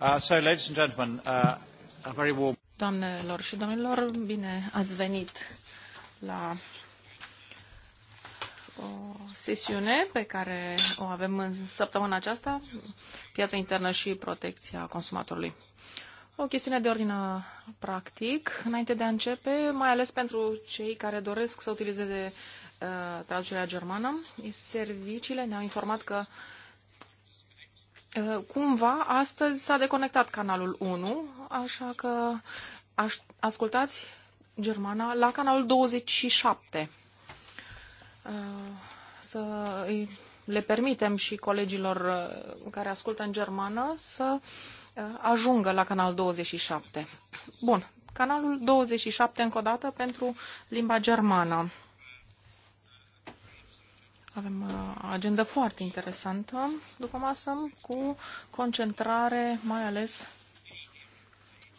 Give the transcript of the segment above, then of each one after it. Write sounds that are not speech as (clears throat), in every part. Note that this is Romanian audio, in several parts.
Uh, uh, Doamnelor și domnilor, bine ați venit la o sesiune pe care o avem în săptămâna aceasta, piața internă și protecția consumatorului. O chestiune de ordine practic, înainte de a începe, mai ales pentru cei care doresc să utilizeze uh, traducerea germană, serviciile ne-au informat că uh, Eh, cumva, astăzi s-a deconectat canalul 1, așa că aș, ascultați germana la canalul 27. Eh, să le permitem și colegilor eh, care ascultă în germană să ajungă la canal 27. Bun, canalul 27 încă o dată pentru limba germană. Avem o uh, agendă foarte interesantă după masă cu concentrare mai ales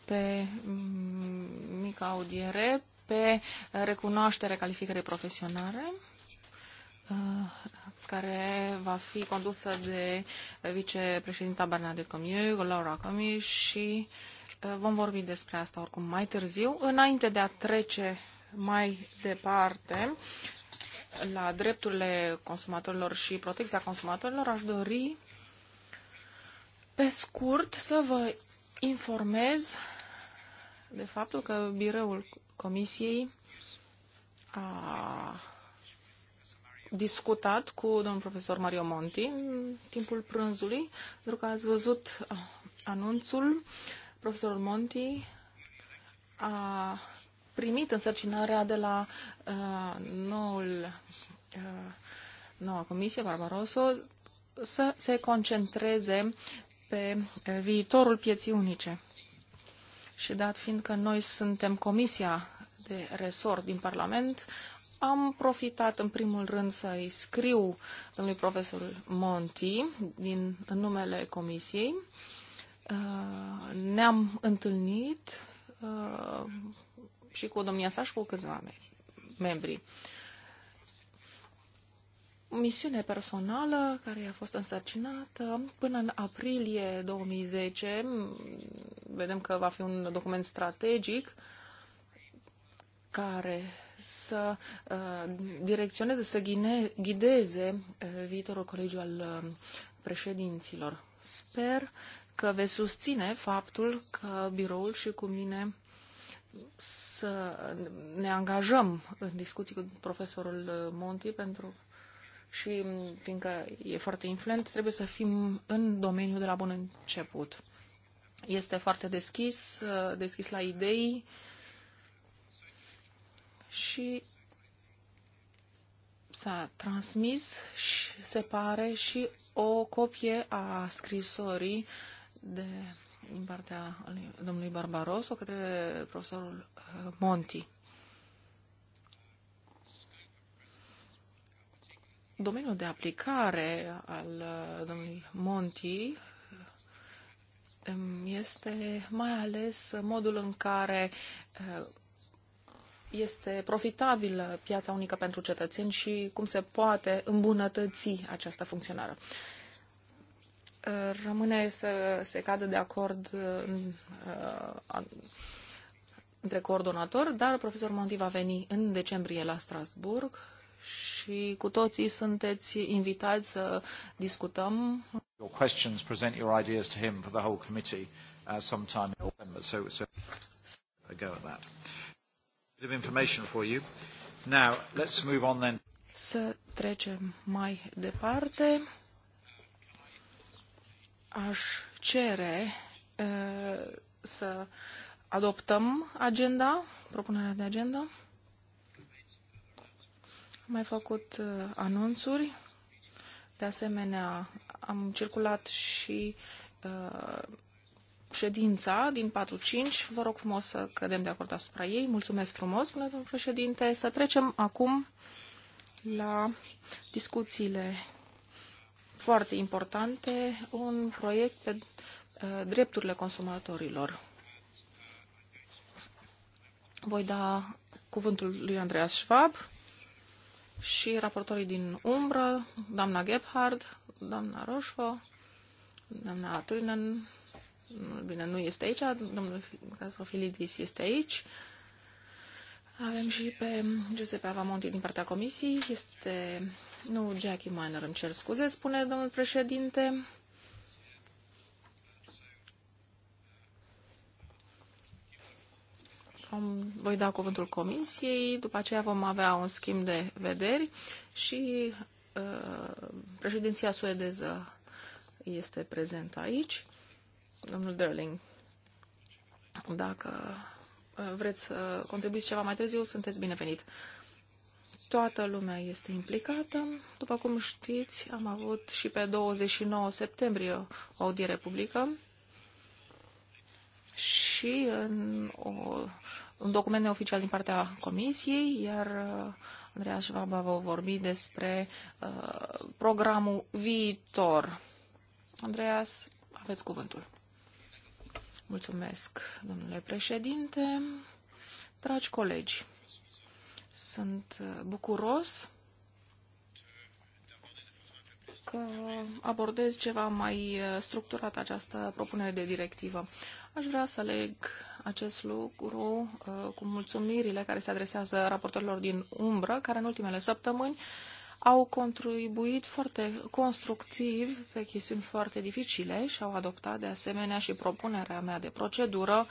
pe mm, mica audiere, pe recunoaștere calificării profesionale, uh, care va fi condusă de vicepreședinta Bernadette Comiu, Laura Comiu și uh, vom vorbi despre asta oricum mai târziu, înainte de a trece mai departe la drepturile consumatorilor și protecția consumatorilor, aș dori pe scurt să vă informez de faptul că biroul comisiei a discutat cu domnul profesor Mario Monti în timpul prânzului, pentru că ați văzut ah, anunțul. Profesorul Monti a primit însărcinarea de la uh, noul, uh, noua comisie, Barbaroso, să se concentreze pe uh, viitorul pieții unice. Și dat fiind că noi suntem comisia de resort din Parlament, am profitat în primul rând să-i scriu domnului profesor Monti din, în numele comisiei. Uh, ne-am întâlnit uh, și cu domnia sa și cu câțiva membri. Misiune personală care a fost însărcinată până în aprilie 2010. Vedem că va fi un document strategic care să uh, direcționeze, să ghine, ghideze uh, viitorul colegiu al uh, președinților. Sper că veți susține faptul că biroul și cu mine să ne angajăm în discuții cu profesorul Monti pentru și fiindcă e foarte influent, trebuie să fim în domeniul de la bun început. Este foarte deschis, deschis la idei și s-a transmis și se pare și o copie a scrisorii de din partea domnului Barbaroso către profesorul uh, Monti. Domeniul de aplicare al uh, domnului Monti um, este mai ales modul în care uh, este profitabilă piața unică pentru cetățeni și cum se poate îmbunătăți această funcționare rămâne să se cadă de acord uh, uh, între coordonator, dar profesor Monti va veni în decembrie la Strasburg și cu toții sunteți invitați să discutăm. Your questions present your ideas to him for the whole committee uh, sometime in November. So, so a go at that. A bit of information for you. Now, let's move on then. Să trecem mai departe aș cere uh, să adoptăm agenda, propunerea de agenda. Am mai făcut uh, anunțuri. De asemenea, am circulat și uh, ședința din 4-5. Vă rog frumos să cădem de acord asupra ei. Mulțumesc frumos, domnule președinte. Să trecem acum la discuțiile foarte importante, un proiect pe uh, drepturile consumatorilor. Voi da cuvântul lui Andreas Schwab și raportorii din umbră, doamna Gebhard, doamna Roșvo, doamna Turinen, bine, nu este aici, domnul Casofilidis este aici, avem și pe Giuseppe Avamonti din partea comisiei. Este, nu, Jackie Miner, îmi cer scuze, spune domnul președinte. voi da cuvântul comisiei, după aceea vom avea un schimb de vederi și uh, președinția suedeză este prezentă aici. Domnul Derling, dacă vreți să contribuiți ceva mai târziu, sunteți binevenit. Toată lumea este implicată. După cum știți, am avut și pe 29 septembrie o audiere publică și în o, un document neoficial din partea Comisiei, iar uh, Andreea Șvaba va vorbi despre uh, programul viitor. Andreas, aveți cuvântul. Mulțumesc, domnule președinte. Dragi colegi, sunt uh, bucuros că abordez ceva mai uh, structurat această propunere de directivă. Aș vrea să leg acest lucru uh, cu mulțumirile care se adresează raportorilor din umbră, care în ultimele săptămâni au contribuit foarte constructiv pe chestiuni foarte dificile și au adoptat de asemenea și propunerea mea de procedură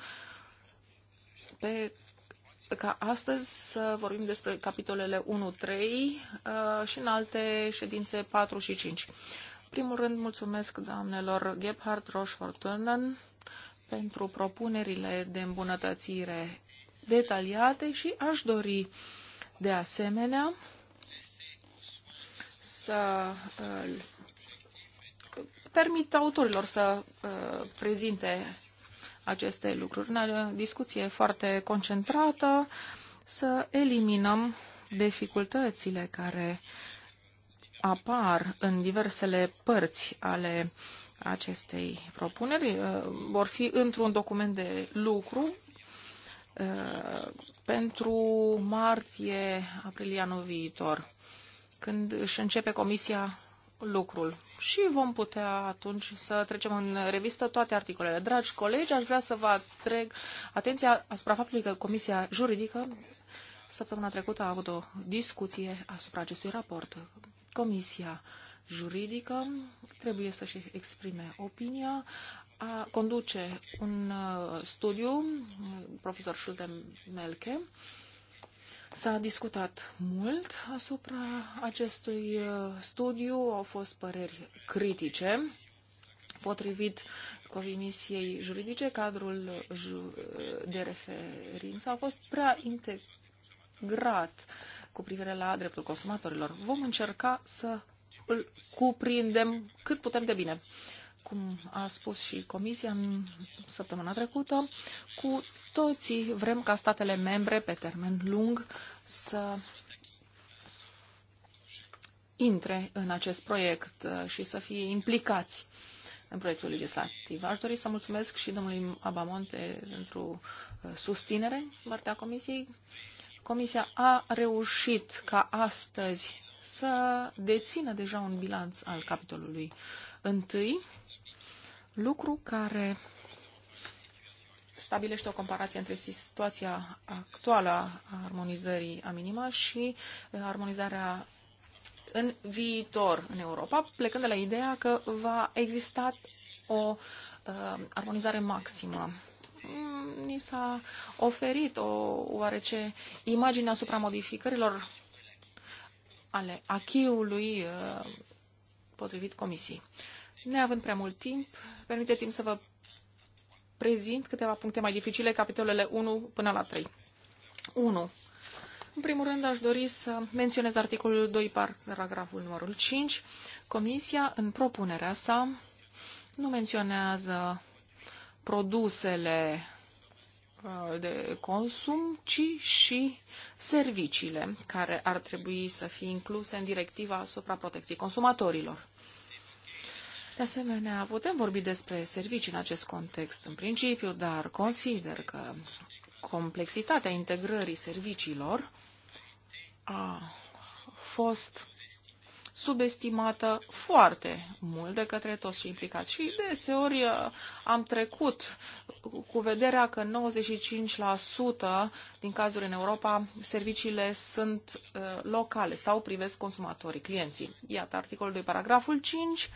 pe ca astăzi să vorbim despre capitolele 1-3 uh, și în alte ședințe 4 și 5. Primul rând, mulțumesc doamnelor Gebhardt, Rochefort, Turnen pentru propunerile de îmbunătățire detaliate și aș dori de asemenea să uh, permit autorilor să uh, prezinte aceste lucruri. În discuție foarte concentrată să eliminăm dificultățile care apar în diversele părți ale acestei propuneri. Uh, vor fi într-un document de lucru pentru martie-aprilie anul viitor când își începe comisia lucrul și vom putea atunci să trecem în revistă toate articolele. Dragi colegi, aș vrea să vă atrag atenția asupra faptului că Comisia Juridică săptămâna trecută a avut o discuție asupra acestui raport. Comisia Juridică trebuie să-și exprime opinia, a, conduce un uh, studiu, profesor Schulte Melke, uh, S-a discutat mult asupra acestui uh, studiu, au fost păreri critice. Potrivit Comisiei Juridice, cadrul uh, uh, de referință a fost prea integrat cu privire la dreptul consumatorilor. Vom încerca să îl cuprindem cât putem de bine cum a spus și Comisia în săptămâna trecută, cu toții vrem ca statele membre pe termen lung să intre în acest proiect uh, și să fie implicați în proiectul legislativ. Aș dori să mulțumesc și domnului Abamonte pentru uh, susținere în partea Comisiei. Comisia a reușit ca astăzi să dețină deja un bilanț al capitolului întâi lucru care stabilește o comparație între situația actuală a armonizării a minima și uh, armonizarea în viitor în Europa, plecând de la ideea că va exista o uh, armonizare maximă. Mm, ni s-a oferit o oarece imagine asupra modificărilor ale achiului uh, potrivit comisiei. Neavând prea mult timp, permiteți-mi să vă prezint câteva puncte mai dificile, capitolele 1 până la 3. 1. În primul rând, aș dori să menționez articolul 2, paragraful numărul 5. Comisia, în propunerea sa, nu menționează produsele uh, de consum, ci și serviciile care ar trebui să fie incluse în directiva asupra protecției consumatorilor. De asemenea, putem vorbi despre servicii în acest context în principiu, dar consider că complexitatea integrării serviciilor a fost subestimată foarte mult de către toți cei implicați. Și deseori uh, am trecut cu vederea că 95% din cazuri în Europa serviciile sunt uh, locale sau privesc consumatorii, clienții. Iată articolul 2, paragraful 5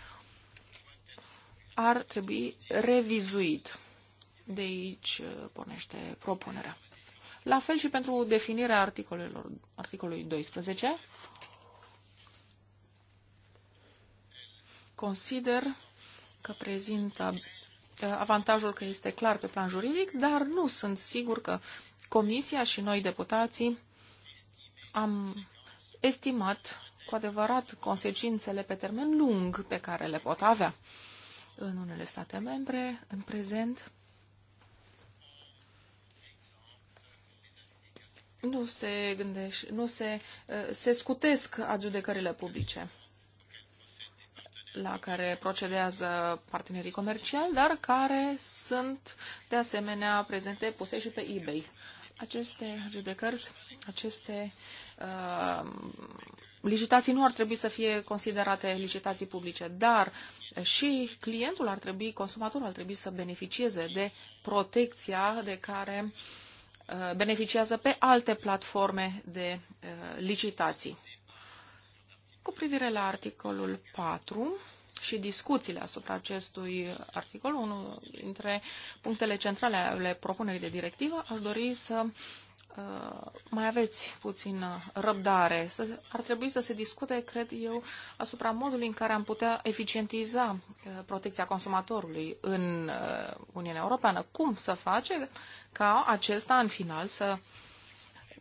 ar trebui revizuit. De aici uh, pornește propunerea. La fel și pentru definirea articolelor, articolului 12, consider că prezintă uh, avantajul că este clar pe plan juridic, dar nu sunt sigur că Comisia și noi deputații am estimat cu adevărat consecințele pe termen lung pe care le pot avea în unele state membre, în prezent. Nu se gândește, nu se, uh, se scutesc adjudecările publice la care procedează partenerii comerciali, dar care sunt de asemenea prezente puse și pe eBay. Aceste judecări, aceste uh, licitații nu ar trebui să fie considerate licitații publice, dar și clientul ar trebui, consumatorul ar trebui să beneficieze de protecția de care uh, beneficiază pe alte platforme de uh, licitații. Cu privire la articolul 4 și discuțiile asupra acestui articol, unul dintre punctele centrale ale propunerii de directivă, aș dori să Uh, mai aveți puțină uh, răbdare. Ar trebui să se discute, cred eu, asupra modului în care am putea eficientiza uh, protecția consumatorului în Uniunea Europeană. Cum să face ca acesta, în final, să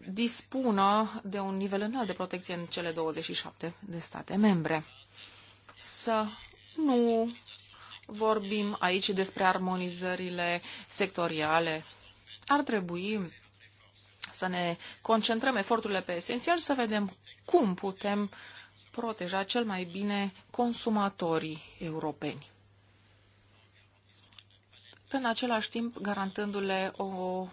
dispună de un nivel înalt de protecție în cele 27 de state membre. Să nu vorbim aici despre armonizările sectoriale. Ar trebui să ne concentrăm eforturile pe esențial și să vedem cum putem proteja cel mai bine consumatorii europeni. În același timp, garantându-le o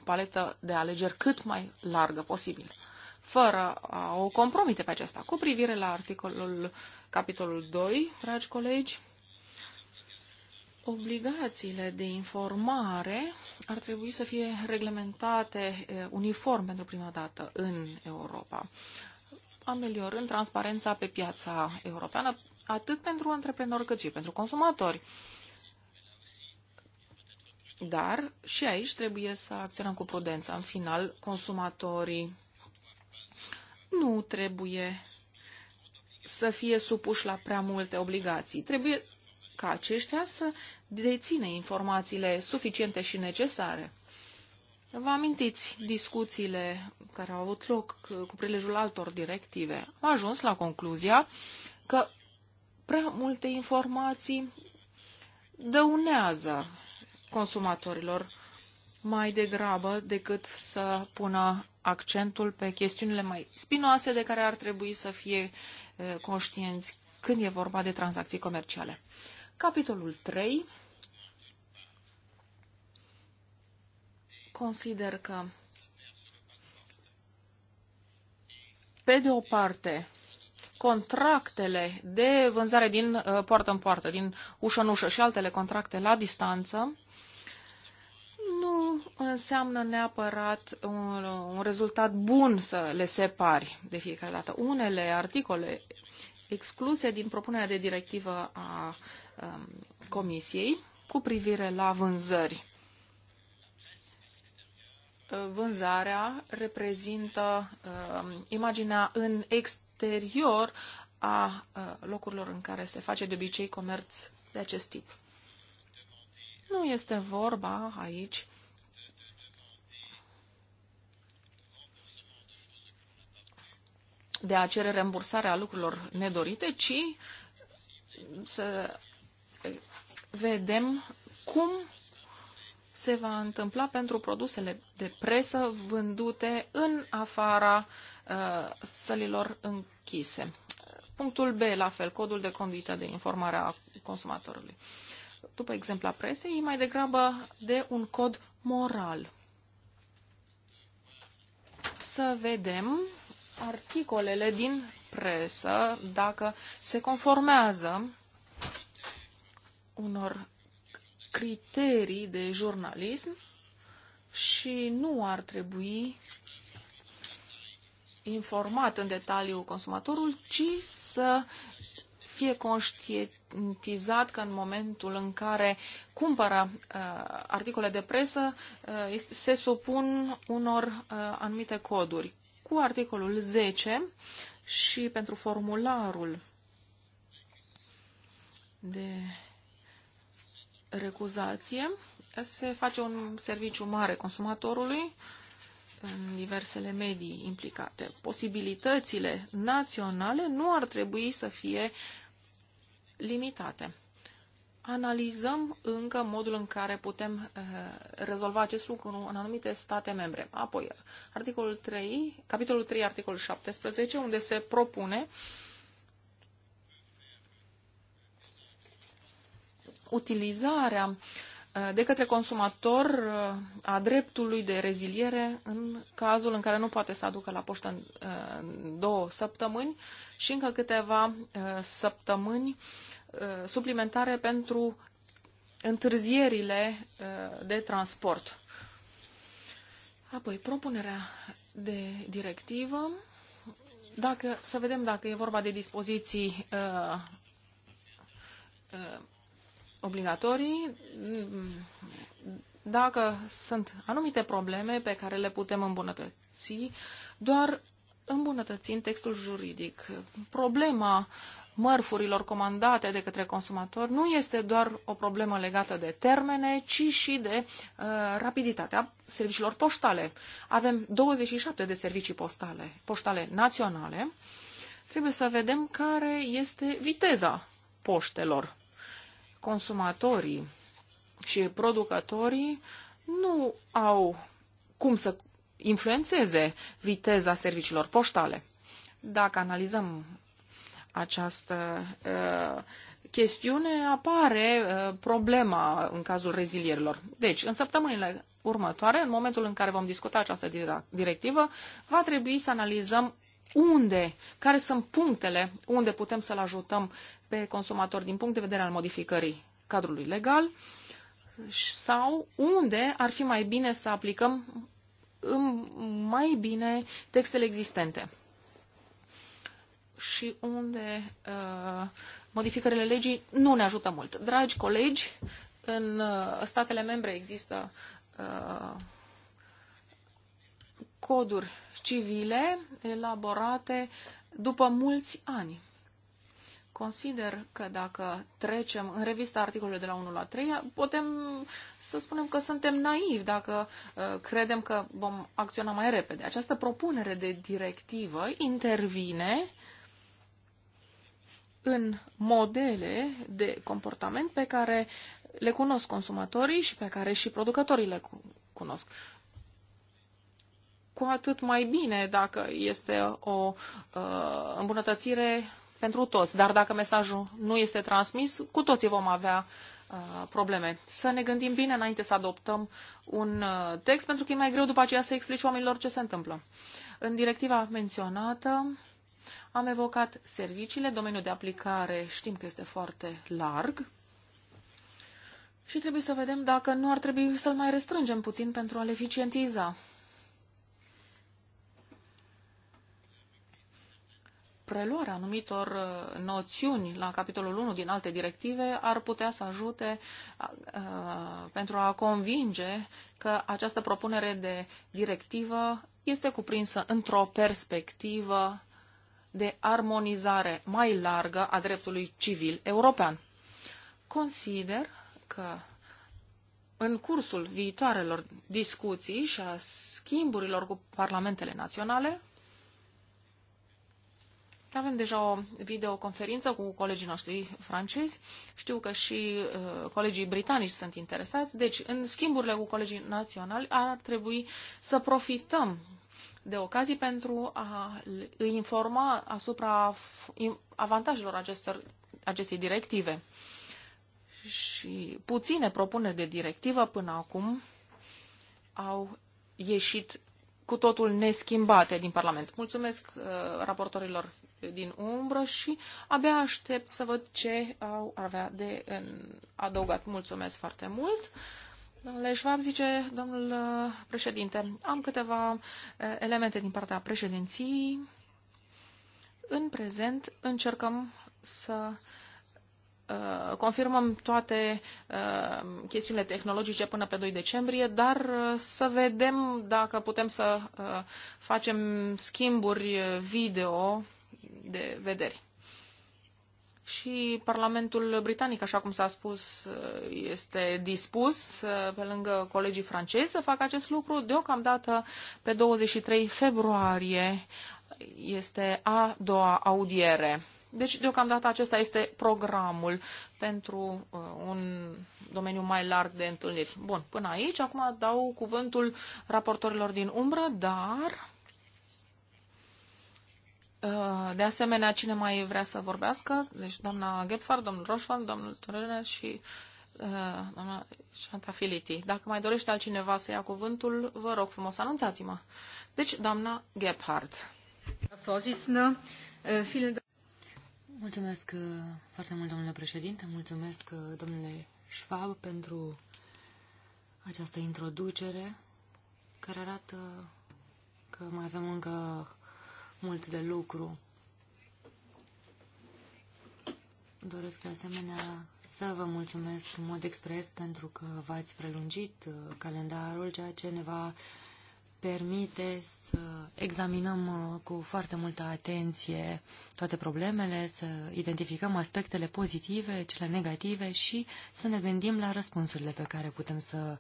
paletă de alegeri cât mai largă posibil, fără a o compromite pe acesta. Cu privire la articolul capitolul 2, dragi colegi, Obligațiile de informare ar trebui să fie reglementate uniform pentru prima dată în Europa, ameliorând transparența pe piața europeană, atât pentru antreprenori cât și pentru consumatori. Dar și aici trebuie să acționăm cu prudență. În final, consumatorii nu trebuie să fie supuși la prea multe obligații. Trebuie ca aceștia să dețină informațiile suficiente și necesare. Vă amintiți discuțiile care au avut loc cu prilejul altor directive. Am ajuns la concluzia că prea multe informații dăunează consumatorilor mai degrabă decât să pună accentul pe chestiunile mai spinoase de care ar trebui să fie eh, conștienți când e vorba de tranzacții comerciale. Capitolul 3. Consider că, pe de o parte, contractele de vânzare din uh, poartă în poartă, din ușă în ușă și altele contracte la distanță, nu înseamnă neapărat un, un rezultat bun să le separi de fiecare dată. Unele articole excluse din propunerea de directivă a Um, comisiei cu privire la vânzări. Vânzarea reprezintă um, imaginea în exterior a uh, locurilor în care se face de obicei comerț de acest tip. Nu este vorba aici de a cere rambursarea lucrurilor nedorite, ci să vedem cum se va întâmpla pentru produsele de presă vândute în afara uh, sălilor închise. Punctul B, la fel, codul de conduită de informare a consumatorului. După a presei, e mai degrabă de un cod moral. Să vedem articolele din presă, dacă se conformează unor criterii de jurnalism și nu ar trebui informat în detaliu consumatorul, ci să fie conștientizat că în momentul în care cumpără uh, articole de presă, uh, este, se supun unor uh, anumite coduri. Cu articolul 10 și pentru formularul de recuzație. Se face un serviciu mare consumatorului în diversele medii implicate. Posibilitățile naționale nu ar trebui să fie limitate. Analizăm încă modul în care putem uh, rezolva acest lucru în anumite state membre. Apoi, articolul 3, capitolul 3, articolul 17, unde se propune uh, utilizarea uh, de către consumator uh, a dreptului de reziliere în cazul în care nu poate să aducă la poștă în uh, două săptămâni și încă câteva săptămâni suplimentare pentru întârzierile de transport. Apoi, propunerea de directivă, dacă, să vedem dacă e vorba de dispoziții uh, uh, obligatorii, mm, dacă sunt anumite probleme pe care le putem îmbunătăți, doar îmbunătățind textul juridic. Problema mărfurilor comandate de către consumator nu este doar o problemă legată de termene, ci și de uh, rapiditatea serviciilor poștale. Avem 27 de servicii postale, poștale naționale. Trebuie să vedem care este viteza poștelor consumatorii și producătorii nu au cum să influențeze viteza serviciilor poștale. Dacă analizăm această uh, chestiune, apare uh, problema în cazul rezilierilor. Deci, în săptămânile următoare, în momentul în care vom discuta această directivă, va trebui să analizăm unde, care sunt punctele unde putem să-l ajutăm pe consumator din punct de vedere al modificării cadrului legal sau unde ar fi mai bine să aplicăm mai bine textele existente și unde uh, modificările legii nu ne ajută mult. Dragi colegi, în uh, statele membre există uh, coduri civile elaborate după mulți ani. Consider că dacă trecem în revista articolele de la 1 la 3, putem să spunem că suntem naivi dacă uh, credem că vom acționa mai repede. Această propunere de directivă intervine în modele de comportament pe care le cunosc consumatorii și pe care și producătorii le cunosc cu atât mai bine dacă este o uh, îmbunătățire pentru toți. Dar dacă mesajul nu este transmis, cu toții vom avea uh, probleme. Să ne gândim bine înainte să adoptăm un uh, text, pentru că e mai greu după aceea să explici oamenilor ce se întâmplă. În directiva menționată am evocat serviciile, domeniul de aplicare știm că este foarte larg, și trebuie să vedem dacă nu ar trebui să-l mai restrângem puțin pentru a-l eficientiza. preluarea anumitor uh, noțiuni la capitolul 1 din alte directive ar putea să ajute uh, pentru a convinge că această propunere de directivă este cuprinsă într-o perspectivă de armonizare mai largă a dreptului civil european. Consider că în cursul viitoarelor discuții și a schimburilor cu parlamentele naționale, avem deja o videoconferință cu colegii noștri francezi. Știu că și uh, colegii britanici sunt interesați. Deci, în schimburile cu colegii naționali, ar trebui să profităm de ocazii pentru a îi informa asupra avantajelor acestor, acestei directive. Și puține propuneri de directivă până acum au ieșit cu totul neschimbate din Parlament. Mulțumesc uh, raportorilor din umbră și abia aștept să văd ce au avea de adăugat. Mulțumesc foarte mult! Domnule Schwab, zice domnul uh, președinte, am câteva uh, elemente din partea președinției. În prezent încercăm să uh, confirmăm toate chestiunile tehnologice până pe 2 decembrie, dar să vedem dacă putem să facem schimburi video de vederi. Și Parlamentul Britanic, așa cum s-a spus, este dispus, pe lângă colegii francezi, să facă acest lucru. Deocamdată, pe 23 februarie, este a doua audiere. Deci, deocamdată, acesta este programul pentru uh, un domeniu mai larg de întâlniri. Bun, până aici. Acum dau cuvântul raportorilor din umbră, dar Uh, de asemenea, cine mai vrea să vorbească? Deci doamna Gepfar, domnul Roșland, domnul Turner și uh, doamna Șanta Filiti. Dacă mai dorește altcineva să ia cuvântul, vă rog frumos, anunțați-mă. Deci, doamna Gephardt. Uh, mulțumesc foarte mult, domnule președinte, mulțumesc, domnule Schwab, pentru această introducere care arată că mai avem încă mult de lucru. Doresc de asemenea să vă mulțumesc în mod expres pentru că v-ați prelungit uh, calendarul, ceea ce ne va permite să examinăm uh, cu foarte multă atenție toate problemele, să identificăm aspectele pozitive, cele negative și să ne gândim la răspunsurile pe care putem să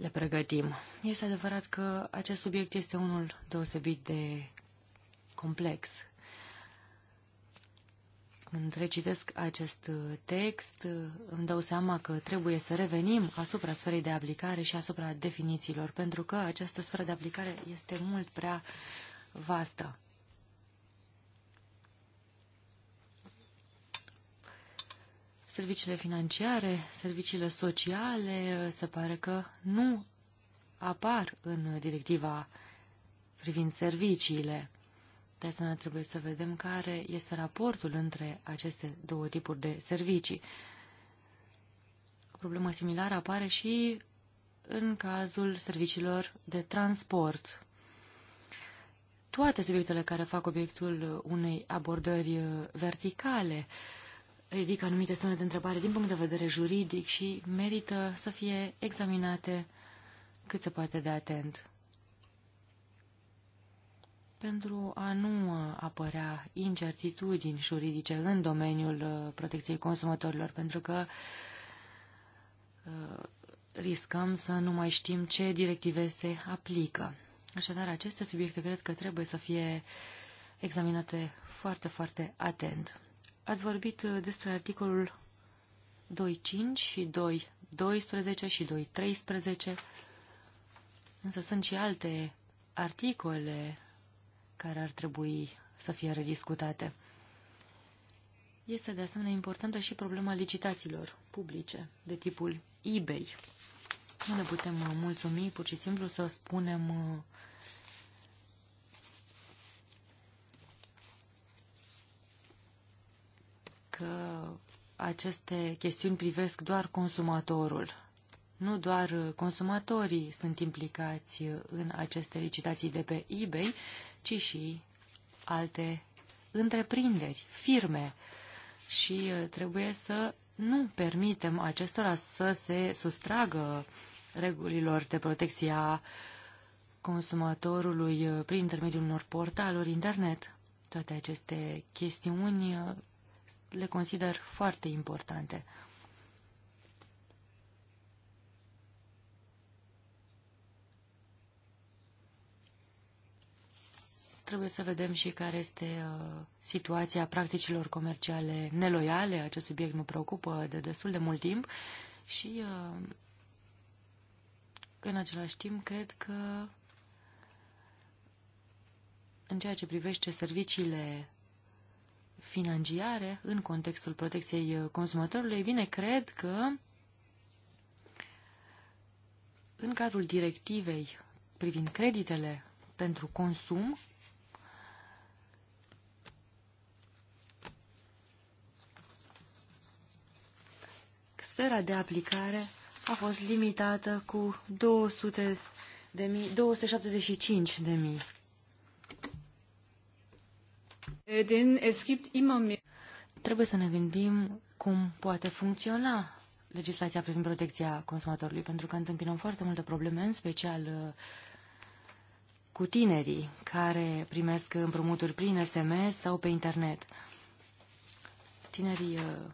le pregătim. Este adevărat că acest subiect este unul deosebit de complex. Când recitesc acest text, îmi dau seama că trebuie să revenim asupra sferei de aplicare și asupra definițiilor, pentru că această sferă de aplicare este mult prea vastă. serviciile financiare, serviciile sociale, se pare că nu apar în directiva privind serviciile. De asemenea, trebuie să vedem care este raportul între aceste două tipuri de servicii. O problemă similară apare și în cazul serviciilor de transport. Toate subiectele care fac obiectul unei abordări verticale uh, ridică anumite semne de întrebare din punct de vedere juridic și merită să fie examinate cât se poate de atent. Pentru a nu apărea incertitudini juridice în domeniul uh, protecției consumatorilor, pentru că uh, riscăm să nu mai știm ce directive se aplică. Așadar, aceste subiecte cred că trebuie să fie examinate foarte, foarte atent. Ați vorbit uh, despre articolul 2.5 și 2.12 și 2.13, însă sunt și alte articole care ar trebui să fie rediscutate. Este de asemenea importantă și problema licitațiilor publice de tipul eBay. Nu ne putem uh, mulțumi pur și simplu să spunem uh, că aceste chestiuni privesc doar consumatorul. Nu doar consumatorii sunt implicați în aceste licitații de pe eBay, ci și alte întreprinderi, firme. Și uh, trebuie să nu permitem acestora să se sustragă regulilor de protecție a consumatorului uh, prin intermediul unor portaluri internet. Toate aceste chestiuni uh, le consider foarte importante. Trebuie să vedem și care este uh, situația practicilor comerciale neloiale. Acest subiect mă preocupă de destul de mult timp și uh, în același timp cred că în ceea ce privește serviciile financiare în contextul protecției uh, consumatorului, bine, cred că în cadrul directivei privind creditele pentru consum, sfera de aplicare a fost limitată cu 200 de mii, 275 de mii Äh, Trebuie să ne gândim cum poate funcționa legislația privind protecția consumatorului, pentru că întâmpinăm foarte multe probleme, în special uh, cu tinerii care primesc împrumuturi prin SMS sau pe internet. Tinerii uh,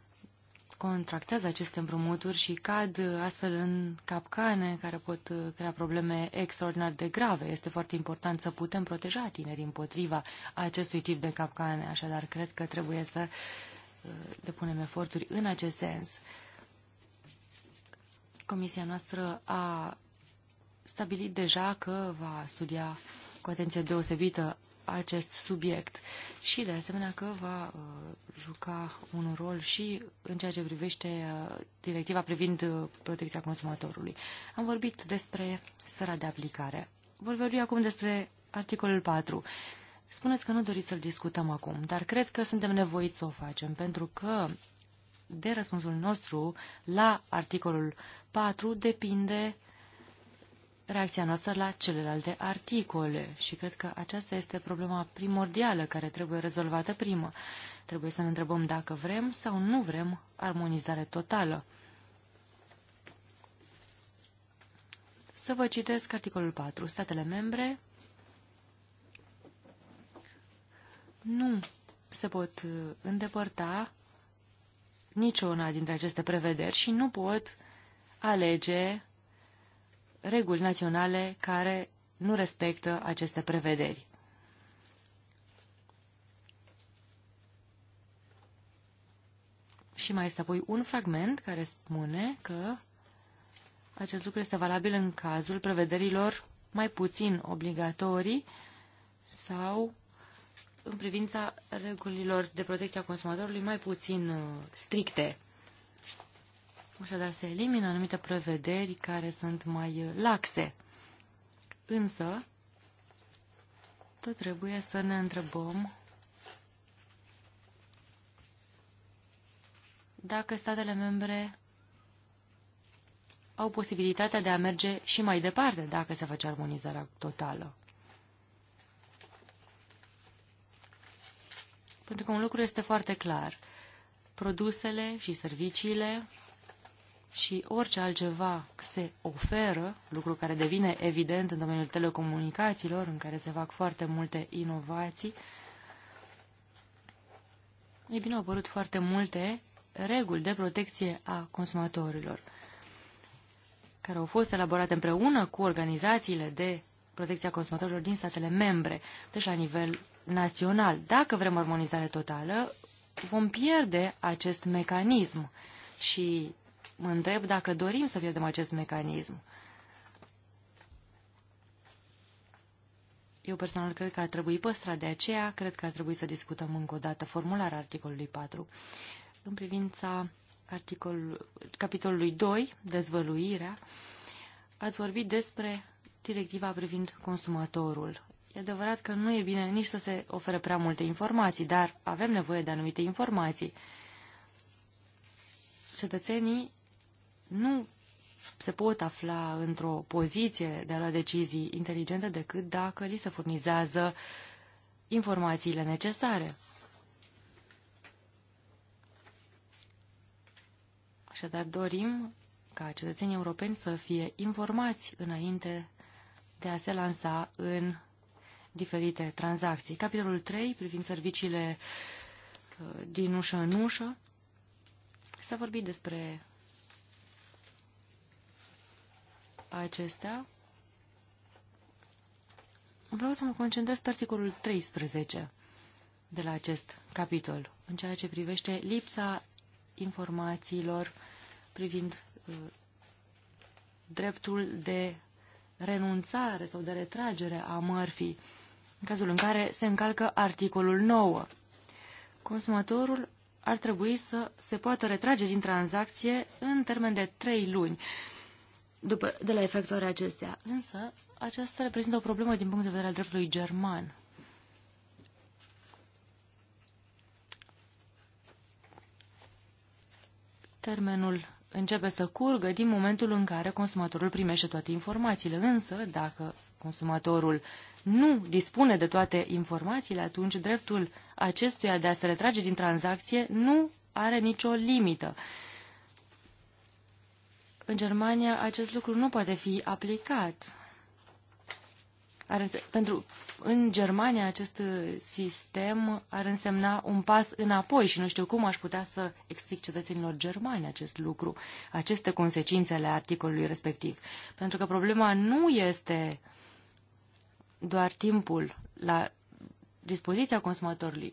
contractează aceste împrumuturi și cad astfel în capcane care pot crea probleme extraordinar de grave. Este foarte important să putem proteja tinerii împotriva acestui tip de capcane, așadar cred că trebuie să uh, depunem eforturi în acest sens. Comisia noastră a stabilit deja că va studia cu atenție deosebită acest subiect și de asemenea că va uh, juca un rol și în ceea ce privește uh, directiva privind uh, protecția consumatorului. Am vorbit despre sfera de aplicare. Vor vorbi acum despre articolul 4. Spuneți că nu doriți să-l discutăm acum, dar cred că suntem nevoiți să o facem, pentru că de răspunsul nostru la articolul 4 depinde uh, reacția noastră la celelalte articole și cred că aceasta este problema primordială care trebuie rezolvată primă. Trebuie să ne întrebăm dacă vrem sau nu vrem armonizare totală. Să vă citesc articolul 4. Statele membre nu se pot uh, îndepărta niciuna dintre aceste prevederi și nu pot alege reguli naționale care nu respectă aceste prevederi. Și mai este apoi un fragment care spune că acest lucru este valabil în cazul prevederilor mai puțin obligatorii sau în privința regulilor de protecție a consumatorului mai puțin uh, stricte. Așadar, se elimină anumite prevederi care sunt mai laxe. Însă, tot trebuie să ne întrebăm dacă statele membre au posibilitatea de a merge și mai departe dacă se face armonizarea totală. Pentru că un lucru este foarte clar. Produsele și serviciile și orice altceva se oferă, lucru care devine evident în domeniul telecomunicațiilor, în care se fac foarte multe inovații, ei bine, au apărut foarte multe reguli de protecție a consumatorilor, care au fost elaborate împreună cu organizațiile de protecția consumatorilor din statele membre, deci la nivel național. Dacă vrem armonizare totală, vom pierde acest mecanism și mă întreb dacă dorim să pierdem acest mecanism. Eu personal cred că ar trebui păstrat de aceea, cred că ar trebui să discutăm încă o dată formularea articolului 4 în privința articol, capitolului 2, dezvăluirea, ați vorbit despre directiva privind consumatorul. E adevărat că nu e bine nici să se ofere prea multe informații, dar avem nevoie de anumite informații. Cetățenii nu se pot afla într-o poziție de a lua decizii inteligente decât dacă li se furnizează informațiile necesare. Așadar, dorim ca cetățenii europeni să fie informați înainte de a se lansa în diferite tranzacții. Capitolul 3, privind serviciile uh, din ușă în ușă, s-a vorbit despre acesta, vreau să mă concentrez pe articolul 13 de la acest capitol, în ceea ce privește lipsa informațiilor privind uh, dreptul de renunțare sau de retragere a mărfii, în cazul în care se încalcă articolul 9. Consumatorul ar trebui să se poată retrage din tranzacție în termen de 3 luni după, de la efectuarea acestea. Însă, aceasta reprezintă o problemă din punct de vedere al dreptului german. Termenul începe să curgă din momentul în care consumatorul primește toate informațiile. Însă, dacă consumatorul nu dispune de toate informațiile, atunci dreptul acestuia de a se retrage din tranzacție nu are nicio limită. Uh, în Germania acest lucru nu poate fi aplicat. Ar, pentru, în Germania acest sistem ar însemna un pas înapoi și nu știu cum aș putea să explic cetățenilor germani acest lucru, aceste consecințe ale articolului respectiv. Pentru că problema nu este doar timpul la dispoziția consumatorului,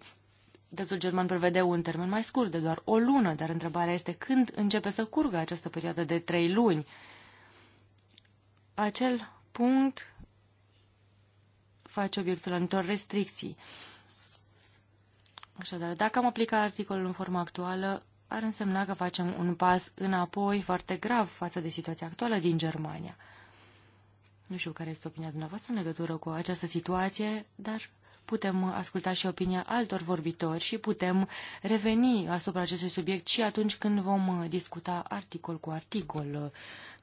Dreptul german prevede un termen mai scurt, de doar o lună, dar întrebarea este când începe să curgă această perioadă de trei luni. Acel punct face obiectul anumitor restricții. Așadar, dacă am aplicat articolul în forma actuală, ar însemna că facem un pas înapoi foarte grav față de situația actuală din Germania. Nu știu care este opinia dumneavoastră în legătură cu această situație, dar putem asculta și opinia altor vorbitori și putem reveni asupra acestui subiect și atunci când vom discuta articol cu articol uh,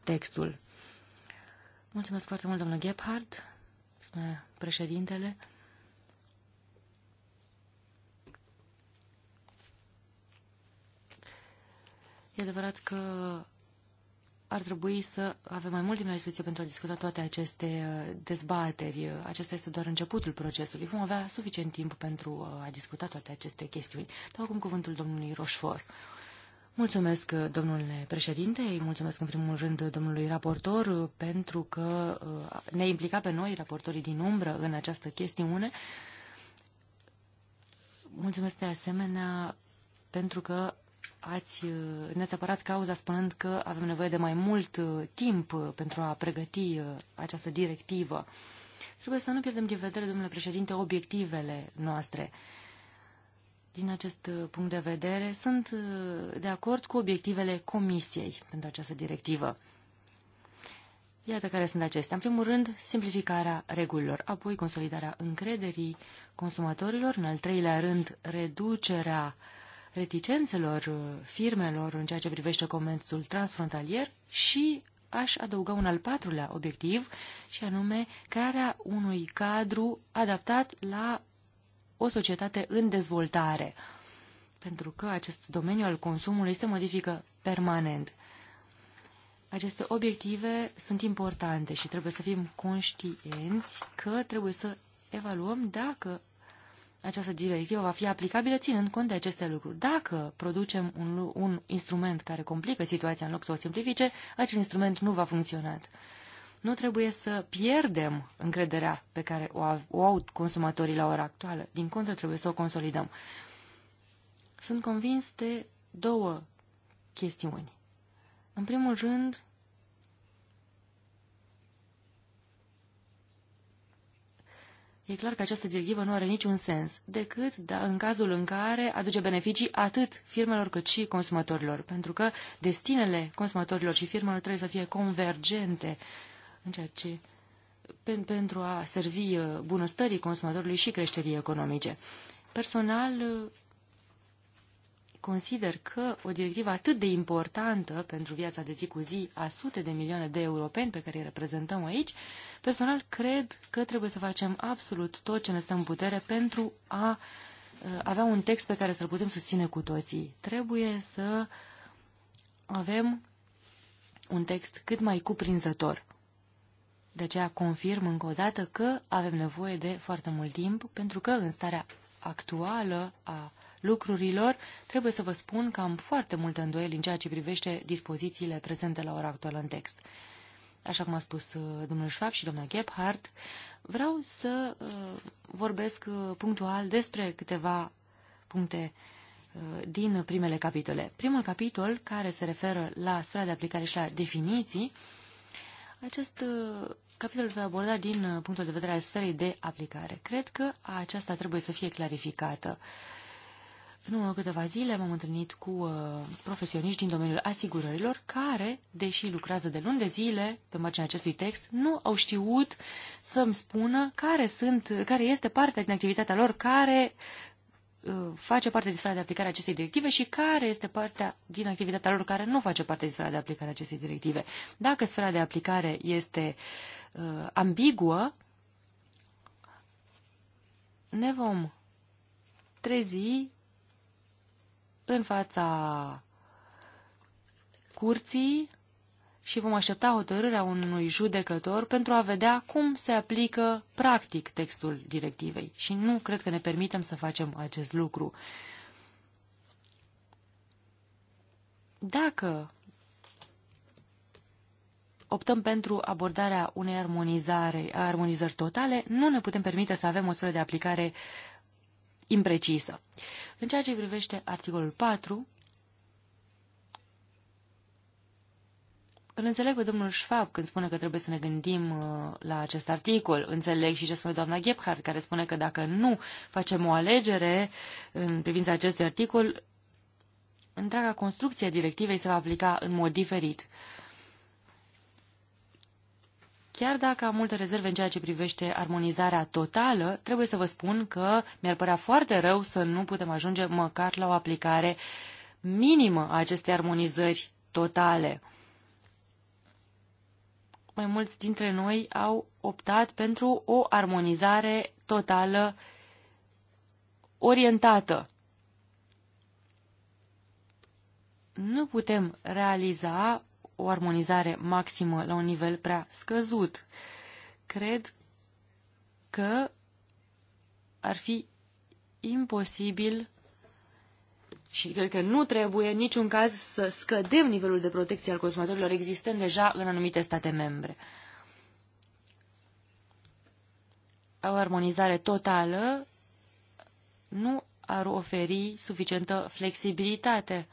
textul. Mulțumesc foarte mult, domnule Gebhardt, spune președintele. E adevărat că ar trebui să avem mai mult timp la discuție pentru a discuta toate aceste uh, dezbateri. Acesta este doar începutul procesului. Vom avea suficient timp pentru uh, a discuta toate aceste chestiuni. Dau acum cuvântul domnului Roșfor. Mulțumesc, uh, domnule președinte, îi mulțumesc în primul rând domnului raportor pentru că ne implicat pe noi, raportorii din umbră, în această chestiune. Mulțumesc de asemenea pentru că ați, uh, ne-ați apărat cauza spunând că avem nevoie de mai mult uh, timp uh, pentru a pregăti această directivă. Trebuie să nu pierdem din vedere, domnule președinte, obiectivele noastre. Din acest punct de vedere, sunt de acord cu obiectivele Comisiei pentru această directivă. Iată care sunt acestea. În primul rând, simplificarea regulilor, apoi consolidarea încrederii consumatorilor, în al treilea rând, reducerea uh, reticențelor uh, firmelor în ceea ce privește comerțul transfrontalier și aș adăuga un al patrulea obiectiv, și anume crearea unui cadru adaptat la o societate în dezvoltare, pentru că acest domeniu al consumului se modifică permanent. Aceste obiective sunt importante și trebuie să fim conștienți că trebuie să evaluăm dacă această directivă va fi aplicabilă ținând cont de aceste lucruri. Dacă producem un, un instrument care complică situația în loc să o simplifice, acel instrument nu va funcționa. Nu trebuie să pierdem încrederea pe care o, au, o au consumatorii la ora actuală. Din contră, trebuie să o consolidăm. Sunt convins de două chestiuni. În primul rând, E clar că această directivă nu are niciun sens, decât da, în cazul în care aduce beneficii atât firmelor cât și consumatorilor, pentru că destinele consumatorilor și firmelor trebuie să fie convergente în ceea ce, pentru a servi uh, bunăstării consumatorului și creșterii economice. Personal, uh, consider că o directivă atât de importantă pentru viața de zi cu zi a sute de milioane de europeni pe care îi reprezentăm aici, personal cred că trebuie să facem absolut tot ce ne stă în putere pentru a uh, avea un text pe care să-l putem susține cu toții. Trebuie să avem un text cât mai cuprinzător. De aceea confirm încă o dată că avem nevoie de foarte mult timp, pentru că în starea actuală a lucrurilor, trebuie să vă spun că am foarte multe îndoieli în ceea ce privește dispozițiile prezente la ora actuală în text. Așa cum a spus uh, domnul Schwab și doamna Gebhardt, vreau să uh, vorbesc uh, punctual despre câteva puncte din primele capitole. Primul capitol, care se referă la sfera de aplicare și la definiții, acest capitol va aborda din punctul de vedere al sferei de aplicare. Cred că aceasta trebuie să fie clarificată. Uh, în urmă câteva zile m-am întâlnit cu uh, profesioniști din domeniul asigurărilor care, deși lucrează de luni de zile pe marginea acestui text, nu au știut să-mi spună care, sunt, care este partea din activitatea lor care uh, face parte din sfera de aplicare a acestei directive și care este partea din activitatea lor care nu face parte din sfera de aplicare a acestei directive. Dacă sfera de aplicare este uh, ambiguă, ne vom trezi în fața curții și vom aștepta hotărârea unui judecător pentru a vedea cum se aplică practic textul directivei. Și nu cred că ne permitem să facem acest lucru. Dacă optăm pentru abordarea unei armonizare, a armonizări totale, nu ne putem permite să avem măsuri de aplicare uh, imprecisă. În ceea ce privește articolul 4, îl înțeleg pe domnul Schwab când spune că trebuie să ne gândim uh, la acest articol. Înțeleg și ce spune doamna Gebhardt, care spune că dacă nu facem o alegere în privința acestui articol, întreaga construcție a directivei se va aplica în mod diferit. Uh, Chiar dacă am multe rezerve în ceea ce privește armonizarea totală, trebuie să vă spun că mi-ar părea foarte rău să nu putem ajunge măcar la o aplicare minimă a acestei armonizări totale. Mai mulți dintre noi au optat pentru o armonizare totală orientată. Nu putem realiza o armonizare maximă la un nivel prea scăzut. Cred că ar fi imposibil și cred că nu trebuie în niciun caz să scădem nivelul de protecție al consumatorilor existent deja în anumite state membre. O armonizare totală nu ar oferi suficientă flexibilitate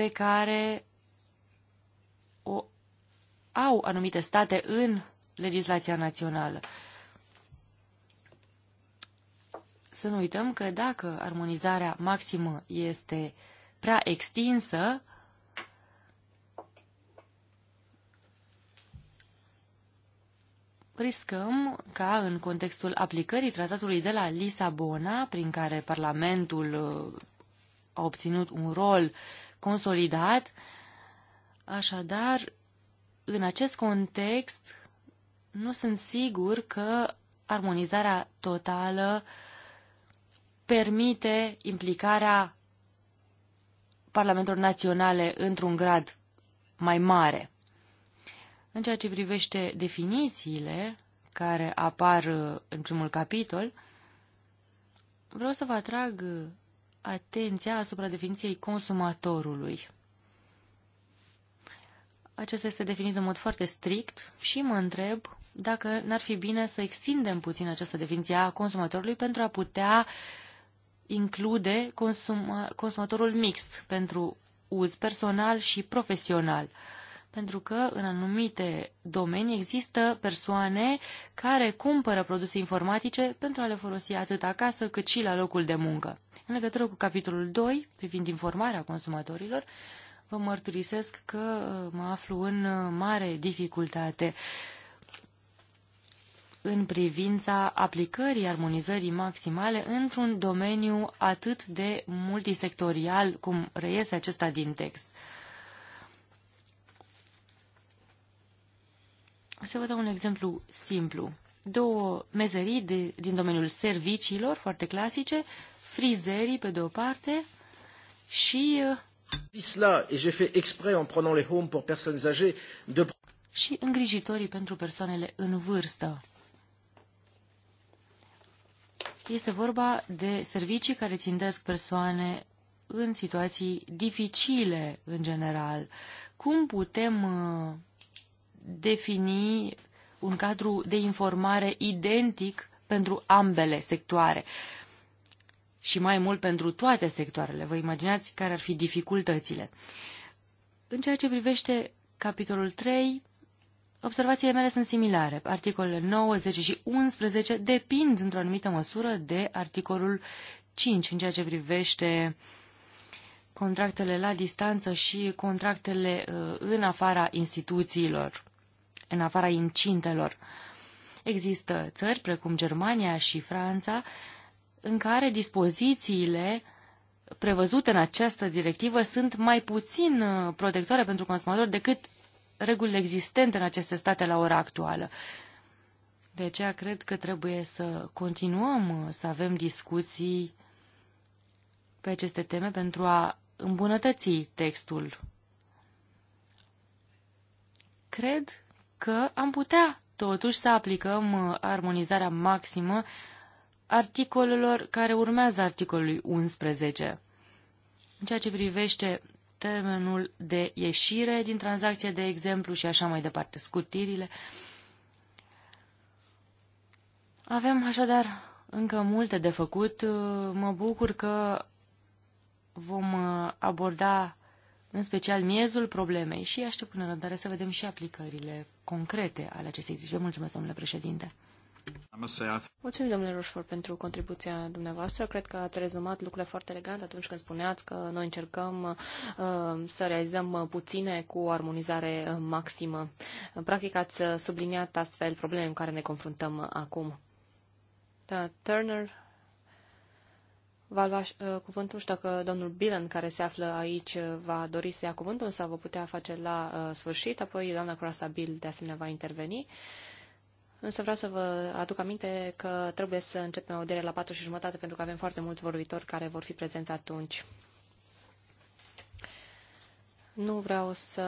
pe care o au anumite state în legislația națională. Să nu uităm că dacă armonizarea maximă este prea extinsă, riscăm ca în contextul aplicării tratatului de la Lisabona, prin care Parlamentul uh, a obținut un rol consolidat. Așadar, în acest context, nu sunt sigur că armonizarea totală permite implicarea parlamentelor naționale într-un grad mai mare. În ceea ce privește definițiile care apar uh, în primul capitol, vreau să vă atrag uh, atenția asupra definiției consumatorului. Aceasta este definită în mod foarte strict și mă întreb dacă n-ar fi bine să extindem puțin această definiție a consumatorului pentru a putea include consum, consumatorul mixt pentru uz personal și profesional pentru că în anumite domenii există persoane care cumpără produse informatice pentru a le folosi atât acasă cât și la locul de muncă. În legătură cu capitolul 2, privind informarea consumatorilor, vă mărturisesc că uh, mă aflu în uh, mare dificultate în privința aplicării armonizării maximale într-un domeniu atât de multisectorial cum reiese acesta din text. Să vă dau un exemplu simplu. Două mezerii de, din domeniul serviciilor, foarte clasice, frizerii pe de o parte și... Cela, j'ai fait exprès en prenant les homes pour personnes âgées de... Și îngrijitorii pentru persoanele în vârstă. Este vorba de servicii care țindesc persoane în situații dificile, în general. Cum putem uh, defini un cadru de informare identic pentru ambele sectoare și mai mult pentru toate sectoarele. Vă imaginați care ar fi dificultățile. În ceea ce privește capitolul 3, observațiile mele sunt similare. Articolele 9, 10 și 11 depind într-o anumită măsură de articolul 5 în ceea ce privește contractele la distanță și contractele uh, în afara instituțiilor în afara incintelor. Există țări, precum Germania și Franța, în care dispozițiile prevăzute în această directivă sunt mai puțin uh, protectoare pentru consumator decât regulile existente în aceste state la ora actuală. De aceea cred că trebuie să continuăm uh, să avem discuții pe aceste teme pentru a îmbunătăți textul. Cred că am putea totuși să aplicăm uh, armonizarea maximă articolelor care urmează articolului 11. În ceea ce privește termenul de ieșire din tranzacție, de exemplu, și așa mai departe, scutirile. Avem așadar încă multe de făcut. Uh, mă bucur că vom uh, aborda în special miezul problemei și aștept până răbdare să vedem și aplicările concrete ale acestei decizii. Mulțumesc, domnule președinte. Mulțumim, domnule Roșfort, pentru contribuția dumneavoastră. Cred că ați rezumat lucrurile foarte elegant atunci când spuneați că noi încercăm uh, să realizăm uh, puține cu armonizare uh, maximă. Practic ați uh, subliniat astfel probleme în care ne confruntăm acum. Da, Turner va lua uh, cuvântul, știu că domnul Bilan, care se află aici, uh, va dori să ia cuvântul sau vă putea face la uh, sfârșit, apoi doamna Croasa Bill de asemenea va interveni. Însă vreau să vă aduc aminte că trebuie să începem audierea la patru și jumătate pentru că avem foarte mulți vorbitori care vor fi prezenți atunci. Nu vreau să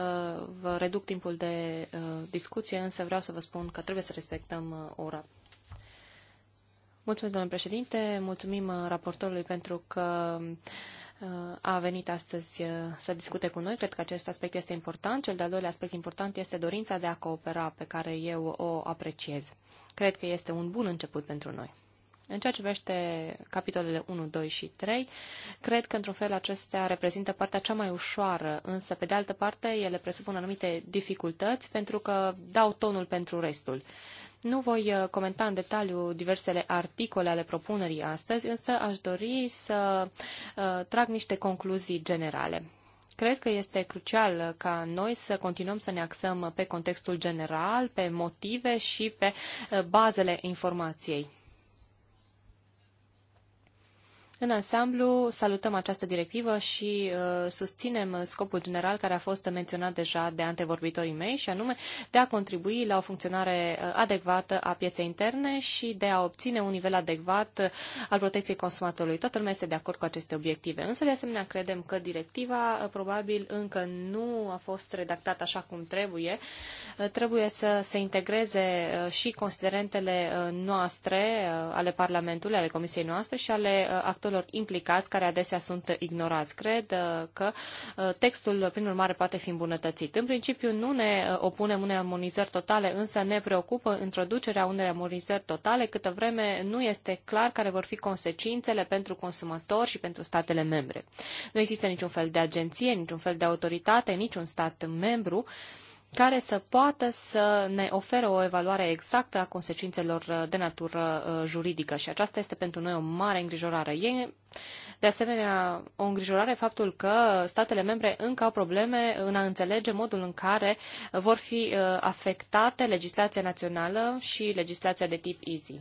vă reduc timpul de uh, discuție, însă vreau să vă spun că trebuie să respectăm uh, ora Mulțumesc, domnule președinte. Mulțumim uh, raportorului pentru că uh, a venit astăzi uh, să discute cu noi. Cred că acest aspect este important. Cel de-al doilea aspect important este dorința de a coopera, pe care eu o apreciez. Cred că este un bun început pentru noi. În ceea ce privește capitolele 1, 2 și 3, cred că, într-un fel, acestea reprezintă partea cea mai ușoară, însă, pe de altă parte, ele presupun anumite dificultăți pentru că dau tonul pentru restul. Uh, nu voi uh, comenta în detaliu diversele articole ale propunerii astăzi, însă aș dori să uh, trag niște concluzii generale. Cred că este crucial uh, ca noi să continuăm să ne axăm pe contextul general, pe motive și pe bazele informației. În ansamblu, salutăm această directivă și uh, susținem scopul general care a fost menționat deja de antevorbitorii mei, și anume de a contribui la o funcționare uh, adecvată a pieței interne și de a obține un nivel adecvat uh, al protecției consumatorului. Toată lumea este de acord cu aceste obiective. Însă, de asemenea, credem că directiva uh, probabil încă nu a fost redactată așa cum trebuie. Trebuie să se integreze și considerentele noastre, ale Parlamentului, ale Comisiei noastre și ale uh, actorilor implicați, care adesea sunt ignorați. Cred uh, că uh, textul, prin urmare, poate fi îmbunătățit. În principiu, nu ne uh, opunem unei armonizări totale, însă ne preocupă introducerea unei armonizări totale, câtă vreme nu este clar care vor fi consecințele pentru consumatori și pentru statele membre. Nu există niciun fel de agenție, niciun fel de autoritate, niciun stat membru care să poată să ne ofere o evaluare exactă a consecințelor uh, de natură uh, juridică. Și aceasta este pentru noi o mare îngrijorare. E, de asemenea, o îngrijorare faptul că statele membre încă au probleme în a înțelege modul în care vor fi uh, afectate legislația națională și legislația de tip EASY.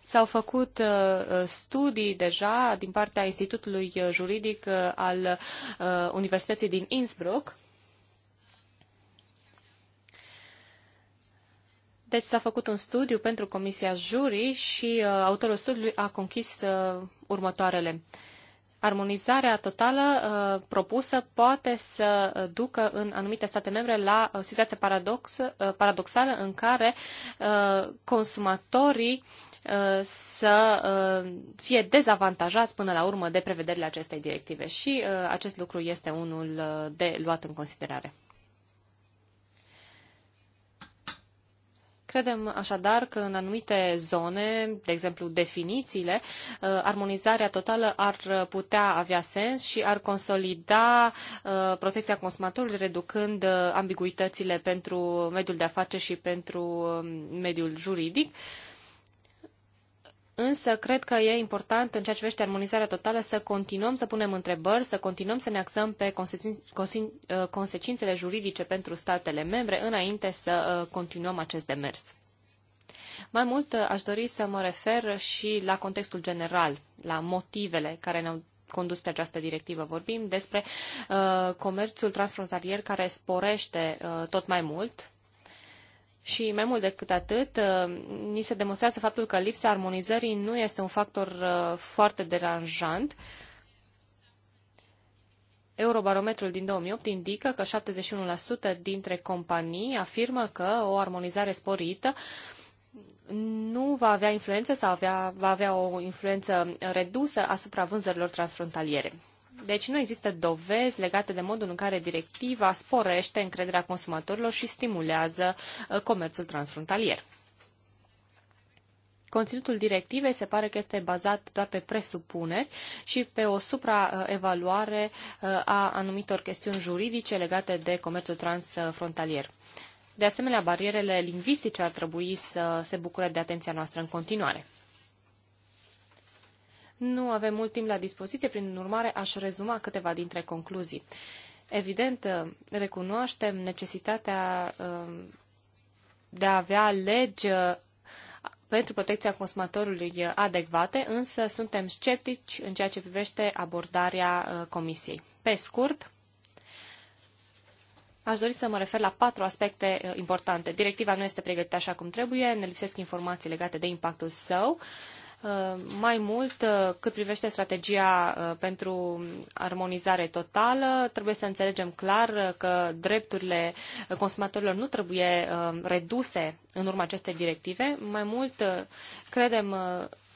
S-au făcut studii deja din partea Institutului Juridic al Universității din Innsbruck Deci s-a făcut un studiu pentru Comisia juri și uh, autorul studiului a conchis uh, următoarele. Armonizarea totală uh, propusă poate să uh, ducă în anumite state membre la o uh, situație paradox, uh, paradoxală în care uh, consumatorii uh, să fie dezavantajați până la urmă de prevederile acestei directive și acest lucru este unul de luat în considerare. Credem așadar că în anumite zone, de exemplu definițiile, uh, armonizarea totală ar putea avea sens și ar consolida uh, protecția consumatorului, reducând uh, ambiguitățile pentru mediul de afaceri și pentru um, mediul juridic. Însă cred că e important în ceea ce privește armonizarea totală să continuăm să punem întrebări, să continuăm să ne axăm pe uh, consecințele juridice pentru statele membre înainte să uh, continuăm acest demers. Mai mult uh, aș dori să mă refer și la contextul general, la motivele care ne-au condus pe această directivă. Vorbim despre uh, comerțul transfrontalier care sporește uh, tot mai mult, și mai mult decât atât, uh, ni se demonstrează faptul că lipsa armonizării nu este un factor uh, foarte deranjant. Eurobarometrul din 2008 indică că 71% dintre companii afirmă că o armonizare sporită nu va avea influență sau avea, va avea o influență redusă asupra vânzărilor transfrontaliere. Deci nu există dovezi legate de modul în care directiva sporește încrederea consumatorilor și stimulează uh, comerțul transfrontalier. Conținutul directivei se pare că este bazat doar pe presupuneri și pe o supraevaluare uh, a anumitor chestiuni juridice legate de comerțul transfrontalier. De asemenea, barierele lingvistice ar trebui să se bucure de atenția noastră în continuare. Nu avem mult timp la dispoziție, prin urmare aș rezuma câteva dintre concluzii. Evident, uh, recunoaștem necesitatea uh, de a avea legi uh, pentru protecția consumatorului adecvate, însă suntem sceptici în ceea ce privește abordarea Comisiei. Pe scurt, Aș dori să mă refer la patru aspecte importante. Directiva nu este pregătită așa cum trebuie, ne lipsesc informații legate de impactul său. Uh, mai mult, uh, cât privește strategia uh, pentru armonizare totală, trebuie să înțelegem clar că drepturile consumatorilor nu trebuie reduse în urma acestei directive. Mai mult, credem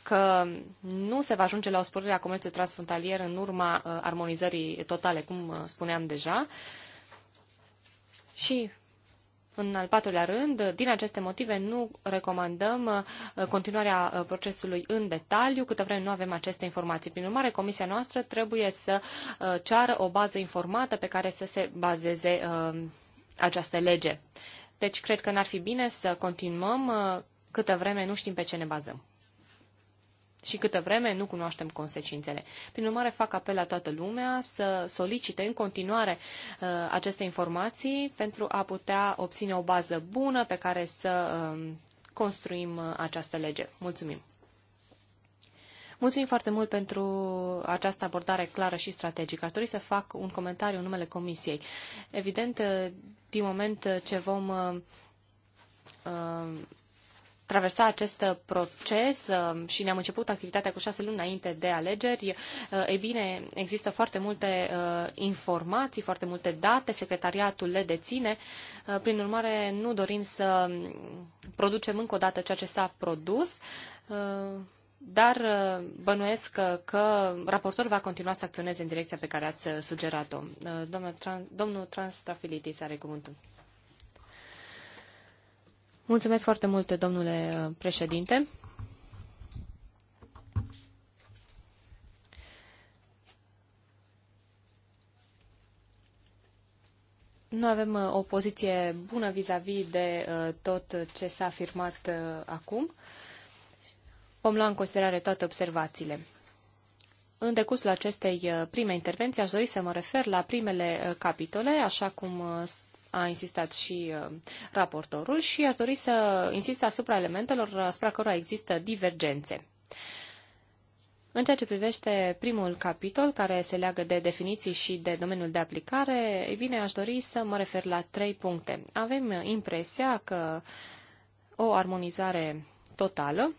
că nu se va ajunge la o sporire a comerțului transfrontalier în urma armonizării totale, cum spuneam deja. Și în al patrulea rând, din aceste motive nu recomandăm uh, continuarea uh, procesului în detaliu, câtă vreme nu avem aceste informații. Prin urmare, comisia noastră trebuie să uh, ceară o bază informată pe care să se bazeze această lege. Deci, cred că n-ar fi bine să continuăm câtă vreme nu știm pe ce ne bazăm. Și câtă vreme nu cunoaștem consecințele. Prin urmare, fac apel la toată lumea să solicite în continuare uh, aceste informații pentru a putea obține o bază bună pe care să um, uh, construim această lege. Mulțumim! Mulțumim foarte mult pentru această abordare clară și strategică. Aș dori să fac un comentariu în numele Comisiei. Evident, uh, din moment ce vom uh, uh, traversa acest proces um, și ne-am început activitatea cu șase luni înainte de alegeri, uh, e bine, există foarte multe uh, informații, foarte multe date, secretariatul le deține. Uh, prin urmare, nu dorim să producem încă o dată ceea ce s-a produs, dar bănuiesc că, că raportorul va continua să acționeze în direcția pe care ați sugerat-o. Domnul, Trans, domnul Transtrafilitis are cuvântul. Mulțumesc foarte mult, domnule uh, președinte. Nu avem uh, o poziție bună vis a -vis de uh, tot ce s-a afirmat acum. Vom lua în considerare toate observațiile. În decursul acestei prime intervenții aș dori să mă refer la primele capitole, așa cum a insistat și uh, raportorul și a dori să insiste asupra elementelor asupra cărora există divergențe. În ceea ce privește primul capitol, care se leagă de definiții și de domeniul de aplicare, ei bine, aș dori să mă refer la trei puncte. Avem impresia că o armonizare totală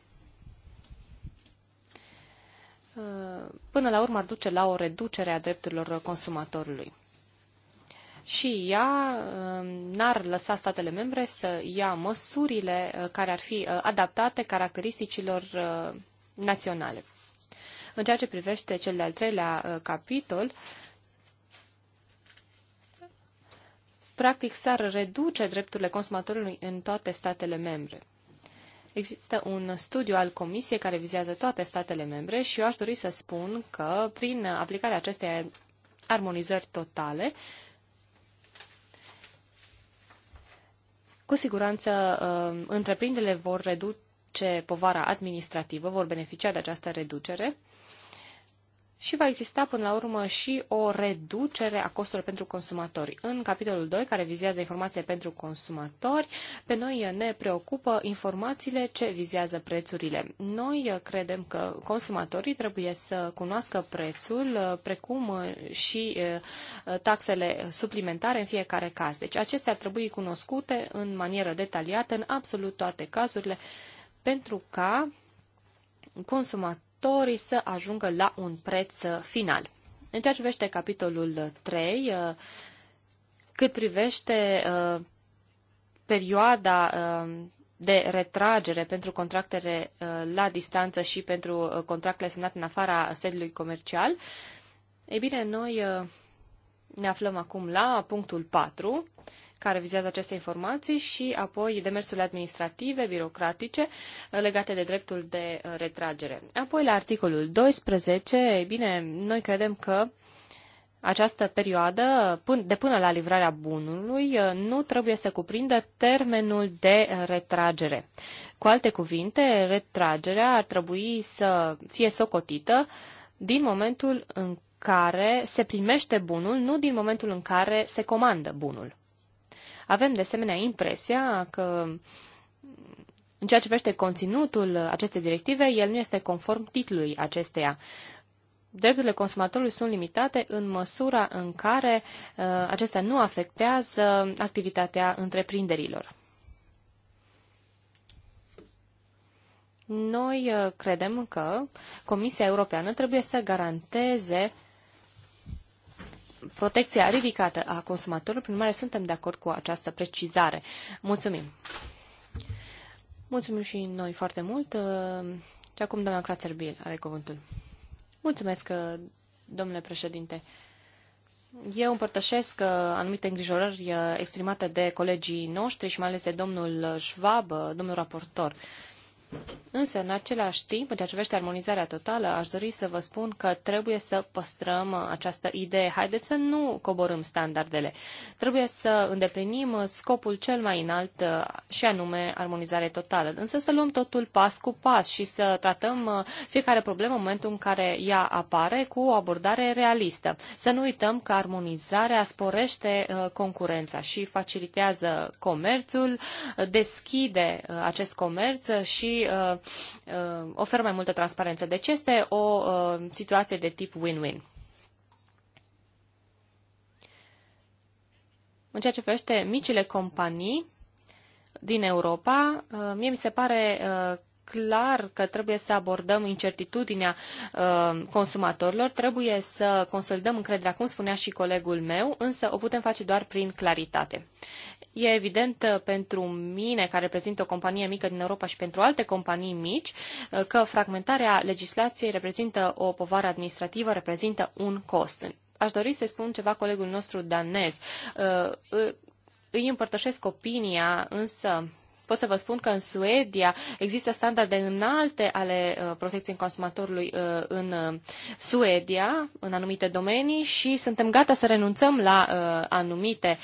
uh, până la urmă ar duce la o reducere a drepturilor consumatorului și ea uh, n-ar lăsa statele membre să ia măsurile uh, care ar fi uh, adaptate caracteristicilor naționale. În ceea ce privește cel de-al treilea capitol, practic s-ar reduce drepturile consumatorului în toate statele membre. Există un studiu al Comisiei care vizează toate statele membre și eu aș dori să spun că prin aplicarea acestei armonizări totale, uh, Cu siguranță, uh, întreprinderile vor reduce povara administrativă, vor beneficia de această reducere și va exista până la urmă și o reducere a costurilor pentru consumatori. În capitolul 2, care vizează informații pentru consumatori, pe noi ne preocupă informațiile ce vizează prețurile. Noi credem că consumatorii trebuie să cunoască prețul, precum și taxele suplimentare în fiecare caz. Deci acestea ar trebui cunoscute în manieră detaliată în absolut toate cazurile, pentru ca consumatorii producătorii să ajungă la un preț uh, final. În ceea ce privește capitolul 3, uh, cât privește uh, perioada de retragere pentru contractele la distanță și pentru contractele semnate în afara sediului comercial, e bine, noi ne aflăm acum la punctul 4 care vizează aceste informații și apoi demersurile administrative, birocratice, uh, legate de dreptul de uh, retragere. Apoi, la articolul 12, bine, noi credem că această perioadă, de până la livrarea bunului, uh, nu trebuie să cuprindă termenul de retragere. Cu alte cuvinte, retragerea ar trebui să fie socotită din momentul în care se primește bunul, nu din momentul în care se comandă bunul. Avem de asemenea impresia că în ceea ce privește conținutul acestei directive, el nu este conform titlului acesteia. Drepturile consumatorului sunt limitate în măsura în care uh, acestea nu afectează activitatea întreprinderilor. Noi uh, credem că Comisia Europeană trebuie să garanteze uh, protecția ridicată a consumatorului. Prin urmare, suntem de acord cu această precizare. Mulțumim! Mulțumim și noi foarte mult. Și acum doamna Crațerbil are cuvântul. Mulțumesc, domnule președinte. Eu împărtășesc uh, anumite îngrijorări uh, exprimate de colegii noștri și mai ales de domnul Schwab, uh, domnul raportor. Uh, Însă, în același timp, în ceea ce privește armonizarea totală, aș dori să vă spun că trebuie să păstrăm uh, această idee. Haideți să nu coborâm standardele. Trebuie să îndeplinim uh, scopul cel mai înalt uh, și anume armonizare totală. Însă să luăm totul pas cu pas și să tratăm fiecare problemă în momentul în care ea apare cu o abordare realistă. Să nu uităm că armonizarea sporește concurența și facilitează comerțul, deschide acest comerț și Uh, uh, oferă mai multă transparență. Deci este o uh, situație de tip win-win. În ceea ce privește micile companii din Europa, uh, mie mi se pare uh, clar că trebuie să abordăm incertitudinea uh, consumatorilor, trebuie să consolidăm încrederea, cum spunea și colegul meu, însă o putem face doar prin claritate. E evident uh, pentru mine, care reprezintă o companie mică din Europa și pentru alte companii mici, uh, că fragmentarea legislației reprezintă o povară administrativă, reprezintă un cost. Aș dori să spun ceva colegul nostru danez. Îi împărtășesc opinia, însă pot să vă spun că în Suedia există standarde înalte ale uh, protecției consumatorului uh, în uh, Suedia, în anumite domenii și suntem gata să renunțăm la anumite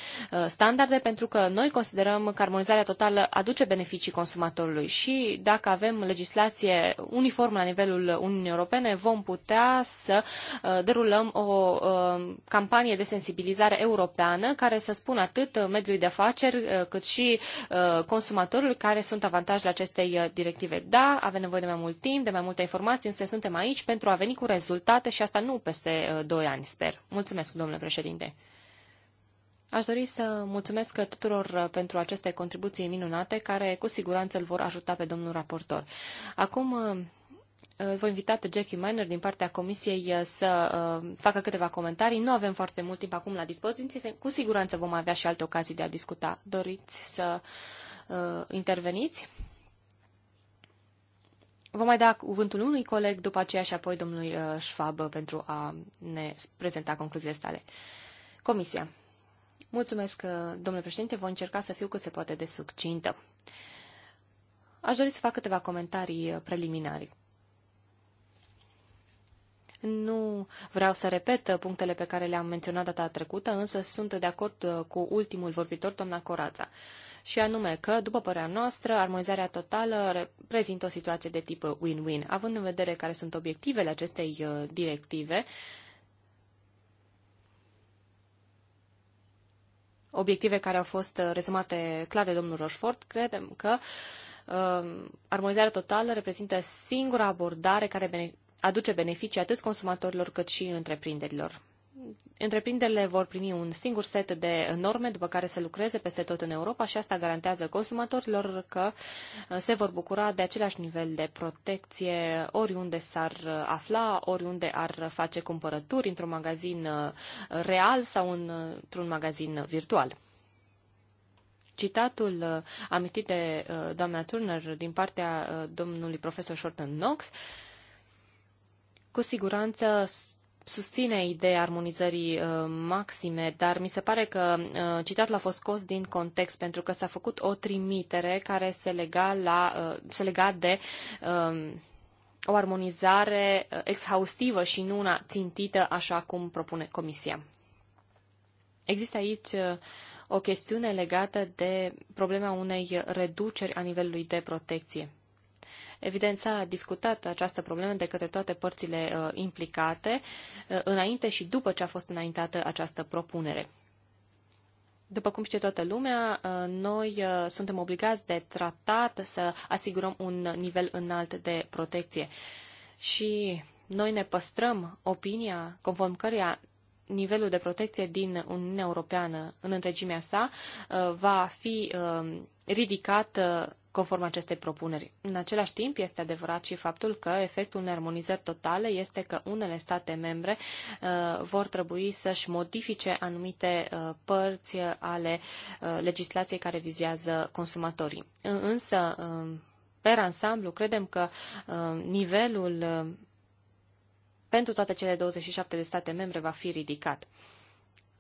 standarde pentru că noi considerăm că armonizarea totală aduce beneficii consumatorului și dacă avem legislație uniformă la nivelul Uniunii Europene, vom putea să derulăm o campanie de sensibilizare europeană care să spună atât mediului de afaceri cât și consumatorilor consumatorul care sunt avantajele acestei uh, directive. Da, avem nevoie de mai mult timp, de mai multe informații, însă suntem aici pentru a veni cu rezultate și asta nu peste 2 uh, ani, sper. Mulțumesc, domnule președinte. Aș dori să mulțumesc tuturor uh, pentru aceste contribuții minunate, care cu siguranță îl vor ajuta pe domnul raportor. Acum voi invita pe Jackie Miner din partea comisiei să facă câteva comentarii. Nu avem foarte mult timp acum la dispoziție, cu siguranță vom avea și alte ocazii de a discuta. Doriți să uh, interveniți. Vom mai da cuvântul unui coleg după aceea și apoi domnului uh, Schwab pentru a ne prezenta concluziile sale. Comisia. Mulțumesc, uh, domnule președinte, voi încerca să fiu cât se poate de succintă. Aș dori să fac câteva comentarii uh, preliminari. Nu vreau să repet punctele pe care le-am menționat data trecută, însă sunt de acord uh, cu ultimul vorbitor, doamna Corața. Și anume că, după părerea noastră, armonizarea totală reprezintă o situație de tip win-win. Având în vedere care sunt obiectivele acestei uh, directive, obiective care au fost uh, rezumate clar de domnul Rochefort, credem că uh, armonizarea totală reprezintă singura abordare care aduce beneficii atât consumatorilor cât și întreprinderilor. Întreprinderile vor primi un singur set de norme după care să lucreze peste tot în Europa și asta garantează consumatorilor că uh, se vor bucura de același nivel de protecție oriunde s-ar uh, afla, oriunde ar face cumpărături într-un magazin uh, real sau într-un magazin virtual. Citatul amintit de doamna Turner din partea domnului profesor Shorten Knox cu siguranță susține ideea armonizării uh, maxime, dar mi se pare că uh, citatul a fost scos din context pentru că s-a făcut o trimitere care se lega, la, uh, se lega de uh, o armonizare uh, exhaustivă și nu una țintită așa cum propune Comisia. Există aici uh, o chestiune legată de problema unei reduceri a nivelului de protecție. Evident, s-a discutat această problemă de către toate părțile uh, implicate uh, înainte și după ce a fost înaintată această propunere. După cum știe toată lumea, uh, noi suntem obligați de tratat să asigurăm un nivel înalt de protecție. Și noi ne păstrăm opinia conform căreia nivelul de protecție din Uniunea Europeană în întregimea sa va fi ridicat conform acestei propuneri. În același timp, este adevărat și faptul că efectul unei armonizări totale este că unele state membre uh, vor trebui să-și modifice anumite uh, părți ale uh, legislației care vizează consumatorii. Însă, uh, per ansamblu, credem că uh, nivelul uh, pentru toate cele 27 de state membre va fi ridicat.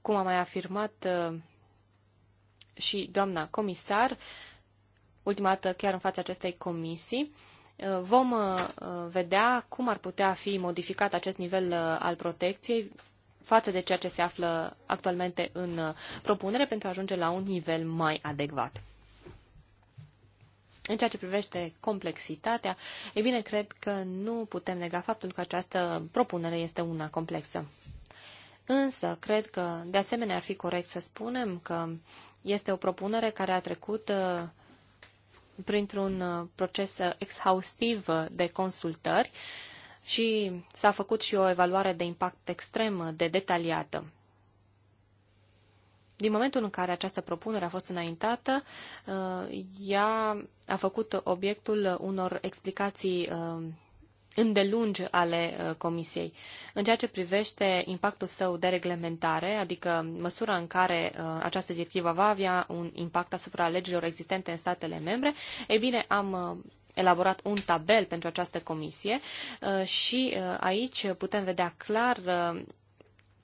Cum a mai afirmat uh, și doamna comisar, uh, ultima dată chiar în fața acestei comisii, uh, vom uh, vedea cum ar putea fi modificat acest nivel uh, al protecției față de ceea ce se află actualmente în propunere pentru a ajunge la un nivel mai adecvat. În ceea ce privește complexitatea, e bine, cred că nu putem nega faptul că această propunere este una complexă. Însă, cred că, de asemenea, ar fi corect să spunem că este o propunere care a trecut uh, printr-un uh, proces uh, exhaustiv uh, de consultări și s-a făcut și o evaluare de impact extrem de detaliată. Din momentul în care această propunere a fost înaintată, ea a făcut obiectul unor explicații îndelungi ale uh, Comisiei. În ceea ce privește impactul său de reglementare, adică măsura în care uh, această directivă va avea un impact asupra legilor existente în statele membre, ei bine, am uh, elaborat un tabel pentru această comisie și aici putem vedea clar